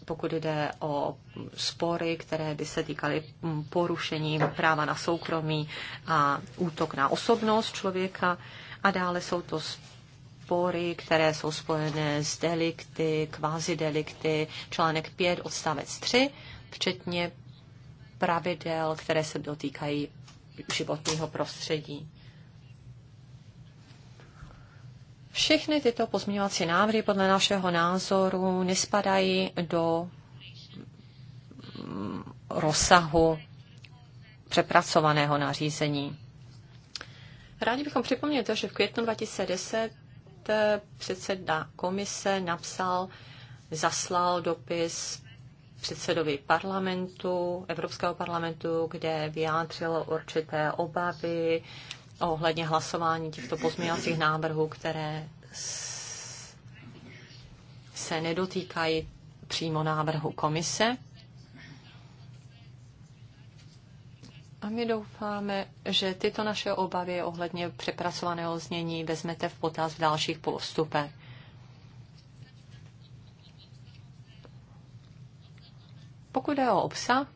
Speaker 3: pokud jde o spory, které by se týkaly porušení práva na soukromí a útok na osobnost člověka. A dále jsou to spory, které jsou spojené s delikty, delikty, článek 5, odstavec 3, včetně pravidel, které se dotýkají životního prostředí. Všechny tyto pozměňovací návrhy podle našeho názoru nespadají do mm, rozsahu přepracovaného nařízení. Rádi bychom připomněli to, že v květnu 2010 předseda komise napsal, zaslal dopis předsedovi parlamentu, Evropského parlamentu, kde vyjádřil určité obavy ohledně hlasování těchto pozměňovacích návrhů, které se nedotýkají přímo návrhu komise. A my doufáme, že tyto naše obavy ohledně přepracovaného znění vezmete v potaz v dalších postupech. Pokud je o obsah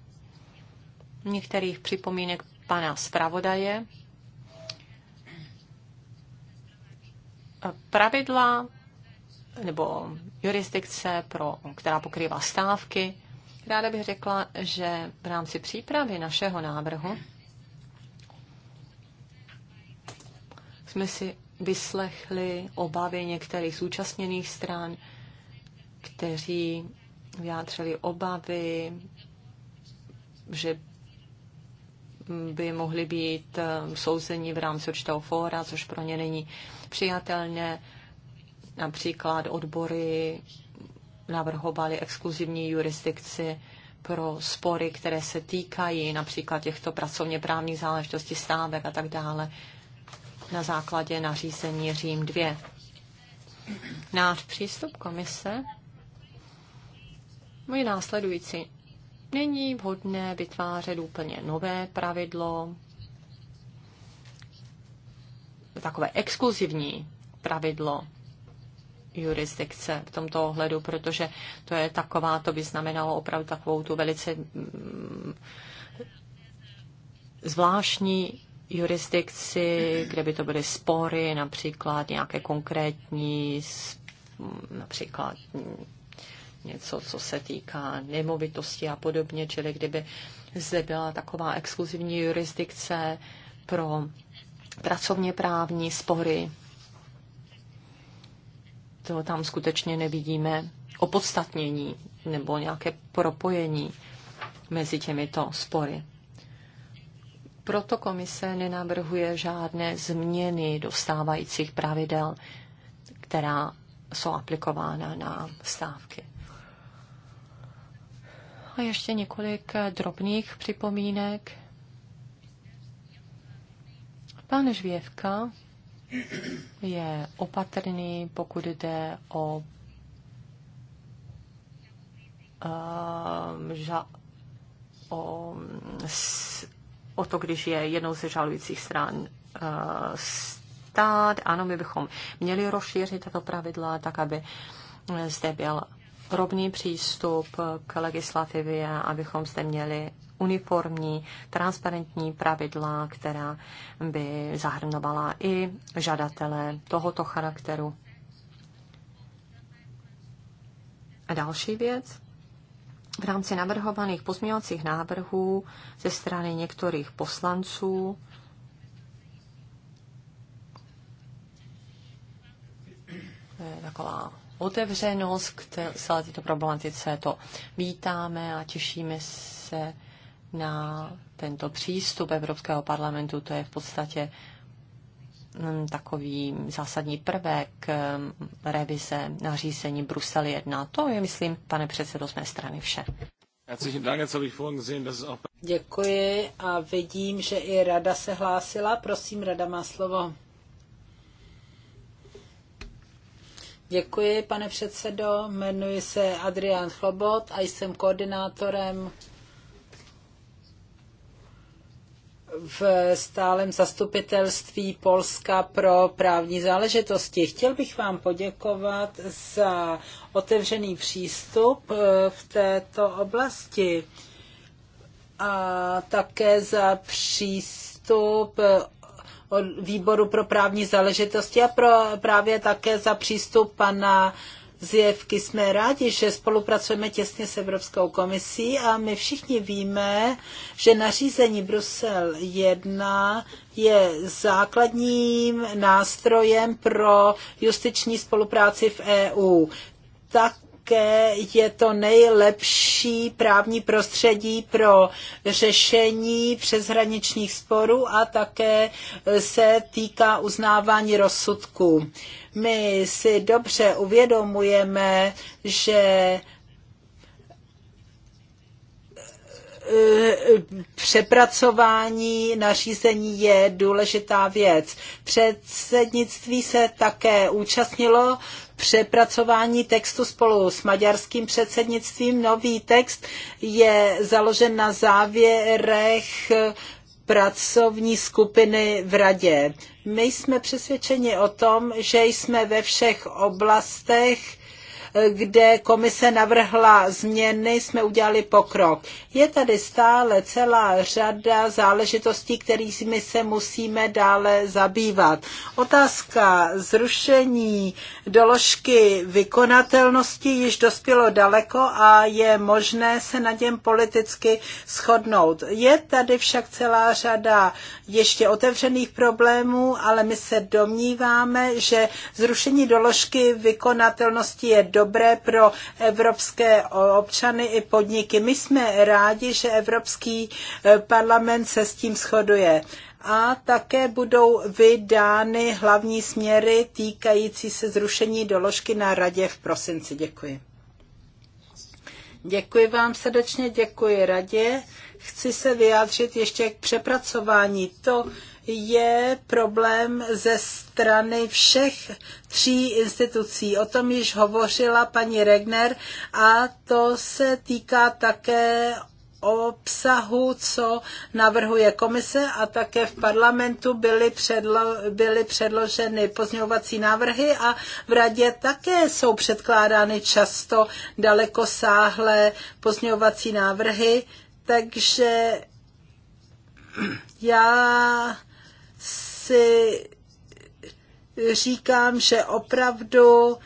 Speaker 3: některých připomínek pana zpravodaje, pravidla nebo jurisdikce, pro, která pokrývá stávky, Ráda bych řekla, že v rámci přípravy našeho návrhu jsme si vyslechli obavy některých zúčastněných stran, kteří vyjádřili obavy, že by mohli být eh, souzení v rámci určitého fóra, což pro ně není přijatelné. Například odbory navrhovali exkluzivní jurisdikci pro spory, které se týkají například těchto pracovně právních záležitostí stávek a tak dále na základě nařízení Řím 2. Náš přístup komise je následující. Není vhodné vytvářet úplně nové pravidlo, takové exkluzivní pravidlo jurisdikce v tomto ohledu, protože to je taková, to by znamenalo opravdu takovou tu velice mm, zvláštní jurisdikci, kde by to byly spory, například nějaké konkrétní, mm, například mm, něco, co se týká nemovitosti a podobně, čili kdyby zde byla taková exkluzivní jurisdikce pro pracovně právní spory, to tam skutečně nevidíme opodstatnění nebo nějaké propojení mezi těmito spory. Proto komise nenabrhuje žádné změny dostávajících pravidel, která jsou aplikována na stávky. A ještě několik drobných připomínek. Pan Žvěvka je opatrný, pokud jde o um, ža- o, o to, když je jednou ze žalujících stran uh, stát. Ano, my bychom měli rozšířit tato pravidla tak, aby zde byl rovný přístup k legislativě, abychom zde měli uniformní, transparentní pravidla, která by zahrnovala i žadatele tohoto charakteru. A další věc. V rámci navrhovaných pozměňovacích návrhů ze strany některých poslanců taková otevřenost k celé této problematice, to vítáme a těšíme se na tento přístup Evropského parlamentu. To je v podstatě mm, takový zásadní prvek mm, revize nařízení Brusel 1. To je, myslím, pane předsedo, z mé strany vše.
Speaker 1: Děkuji a vidím, že i Rada se hlásila. Prosím, Rada má slovo. Děkuji, pane předsedo. Jmenuji se Adrián Chlobot a jsem koordinátorem v stálem zastupitelství Polska pro právní záležitosti. Chtěl bych vám poděkovat za otevřený přístup eh, v této oblasti a také za přístup eh, od výboru pro právní záležitosti a pro, právě také za přístup pana zjev jsme rádi, že spolupracujeme těsně s Evropskou komisí a my všichni víme, že nařízení Brusel 1 je základním nástrojem pro justiční spolupráci v EU. Tak také je to nejlepší právní prostředí pro řešení přeshraničních sporů a také se týká uznávání rozsudků. My si dobře uvědomujeme, že eh, přepracování nařízení je důležitá věc. Předsednictví se také účastnilo přepracování textu spolu s maďarským předsednictvím. Nový text je založen na závěrech pracovní skupiny v radě. My jsme přesvědčeni o tom, že jsme ve všech oblastech kde komise navrhla změny, jsme udělali pokrok. Je tady stále celá řada záležitostí, kterými se musíme dále zabývat. Otázka zrušení doložky vykonatelnosti již dospělo daleko a je možné se na něm politicky shodnout. Je tady však celá řada ještě otevřených problémů, ale my se domníváme, že zrušení doložky vykonatelnosti je do dobré pro evropské občany i podniky. My jsme rádi, že Evropský eh, parlament se s tím shoduje a také budou vydány hlavní směry týkající se zrušení doložky na radě v prosinci. Děkuji. Děkuji vám srdečně, děkuji radě. Chci se vyjádřit ještě k přepracování. To je problém ze strany všech tří institucí. O tom již hovořila paní Regner a to se týká také obsahu, co navrhuje komise a také v parlamentu byly, předlo, byly předloženy pozměňovací návrhy a v radě také jsou předkládány často daleko sáhlé pozměňovací návrhy, takže já si říkám, že opravdu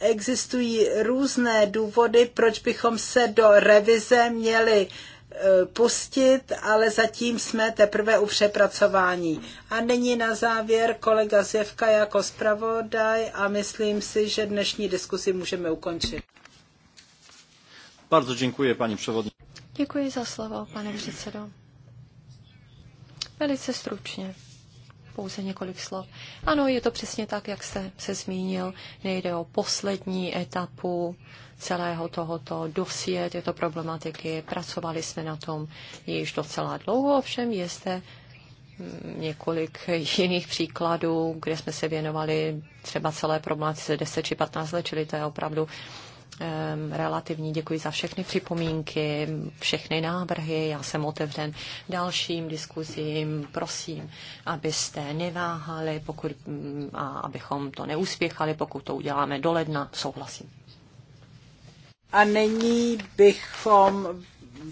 Speaker 1: existují různé důvody, proč bychom se do revize měli e, pustit, ale zatím jsme teprve u přepracování. A nyní na závěr kolega Zjevka jako zpravodaj a myslím si, že dnešní diskusi můžeme ukončit.
Speaker 3: Bardzo děkuji, paní převodní. Děkuji za slovo, pane předsedo. Velice stručně pouze několik slov. Ano, je to přesně tak, jak jste se zmínil. Nejde o poslední etapu celého tohoto dosie, této problematiky. Pracovali jsme na tom již docela dlouho, ovšem je zde mm, několik jiných příkladů, kde jsme se věnovali třeba celé problematice 10 či 15 let, čili to je opravdu relativní. Děkuji za všechny připomínky, všechny návrhy. Já jsem otevřen dalším diskuzím. Prosím, abyste neváhali pokud, mm, a abychom to neuspěchali, pokud to uděláme do ledna. Souhlasím.
Speaker 1: A nyní bychom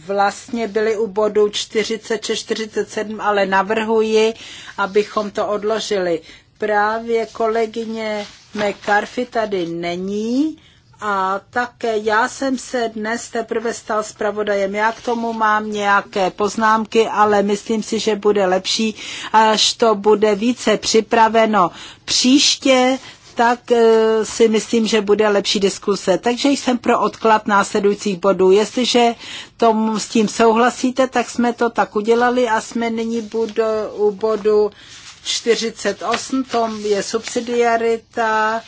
Speaker 1: vlastně byli u bodu 46, 47, ale navrhuji, abychom to odložili. Právě kolegyně McCarthy tady není, a také já jsem se dnes teprve stal zpravodajem. Já k tomu mám nějaké poznámky, ale myslím si, že bude lepší, až to bude více připraveno příště, tak eh, si myslím, že bude lepší diskuse. Takže jsem pro odklad následujících bodů. Jestliže tom, s tím souhlasíte, tak jsme to tak udělali a jsme nyní budu, u bodu 48, tom je subsidiarita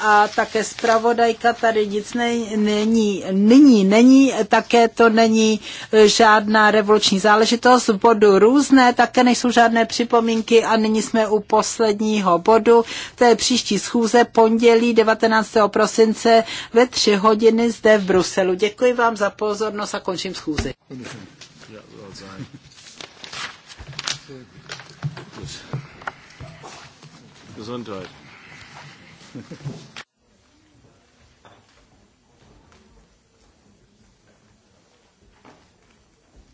Speaker 1: a také zpravodajka tady nic ne, není, nyní není, také to není e, žádná revoluční záležitost. bodu různé, také nejsou žádné připomínky a nyní jsme u posledního bodu, to je příští schůze pondělí 19. prosince ve 3 hodiny zde v Bruselu. Děkuji vám za pozornost a končím schůzi.
Speaker 2: Gesundheit.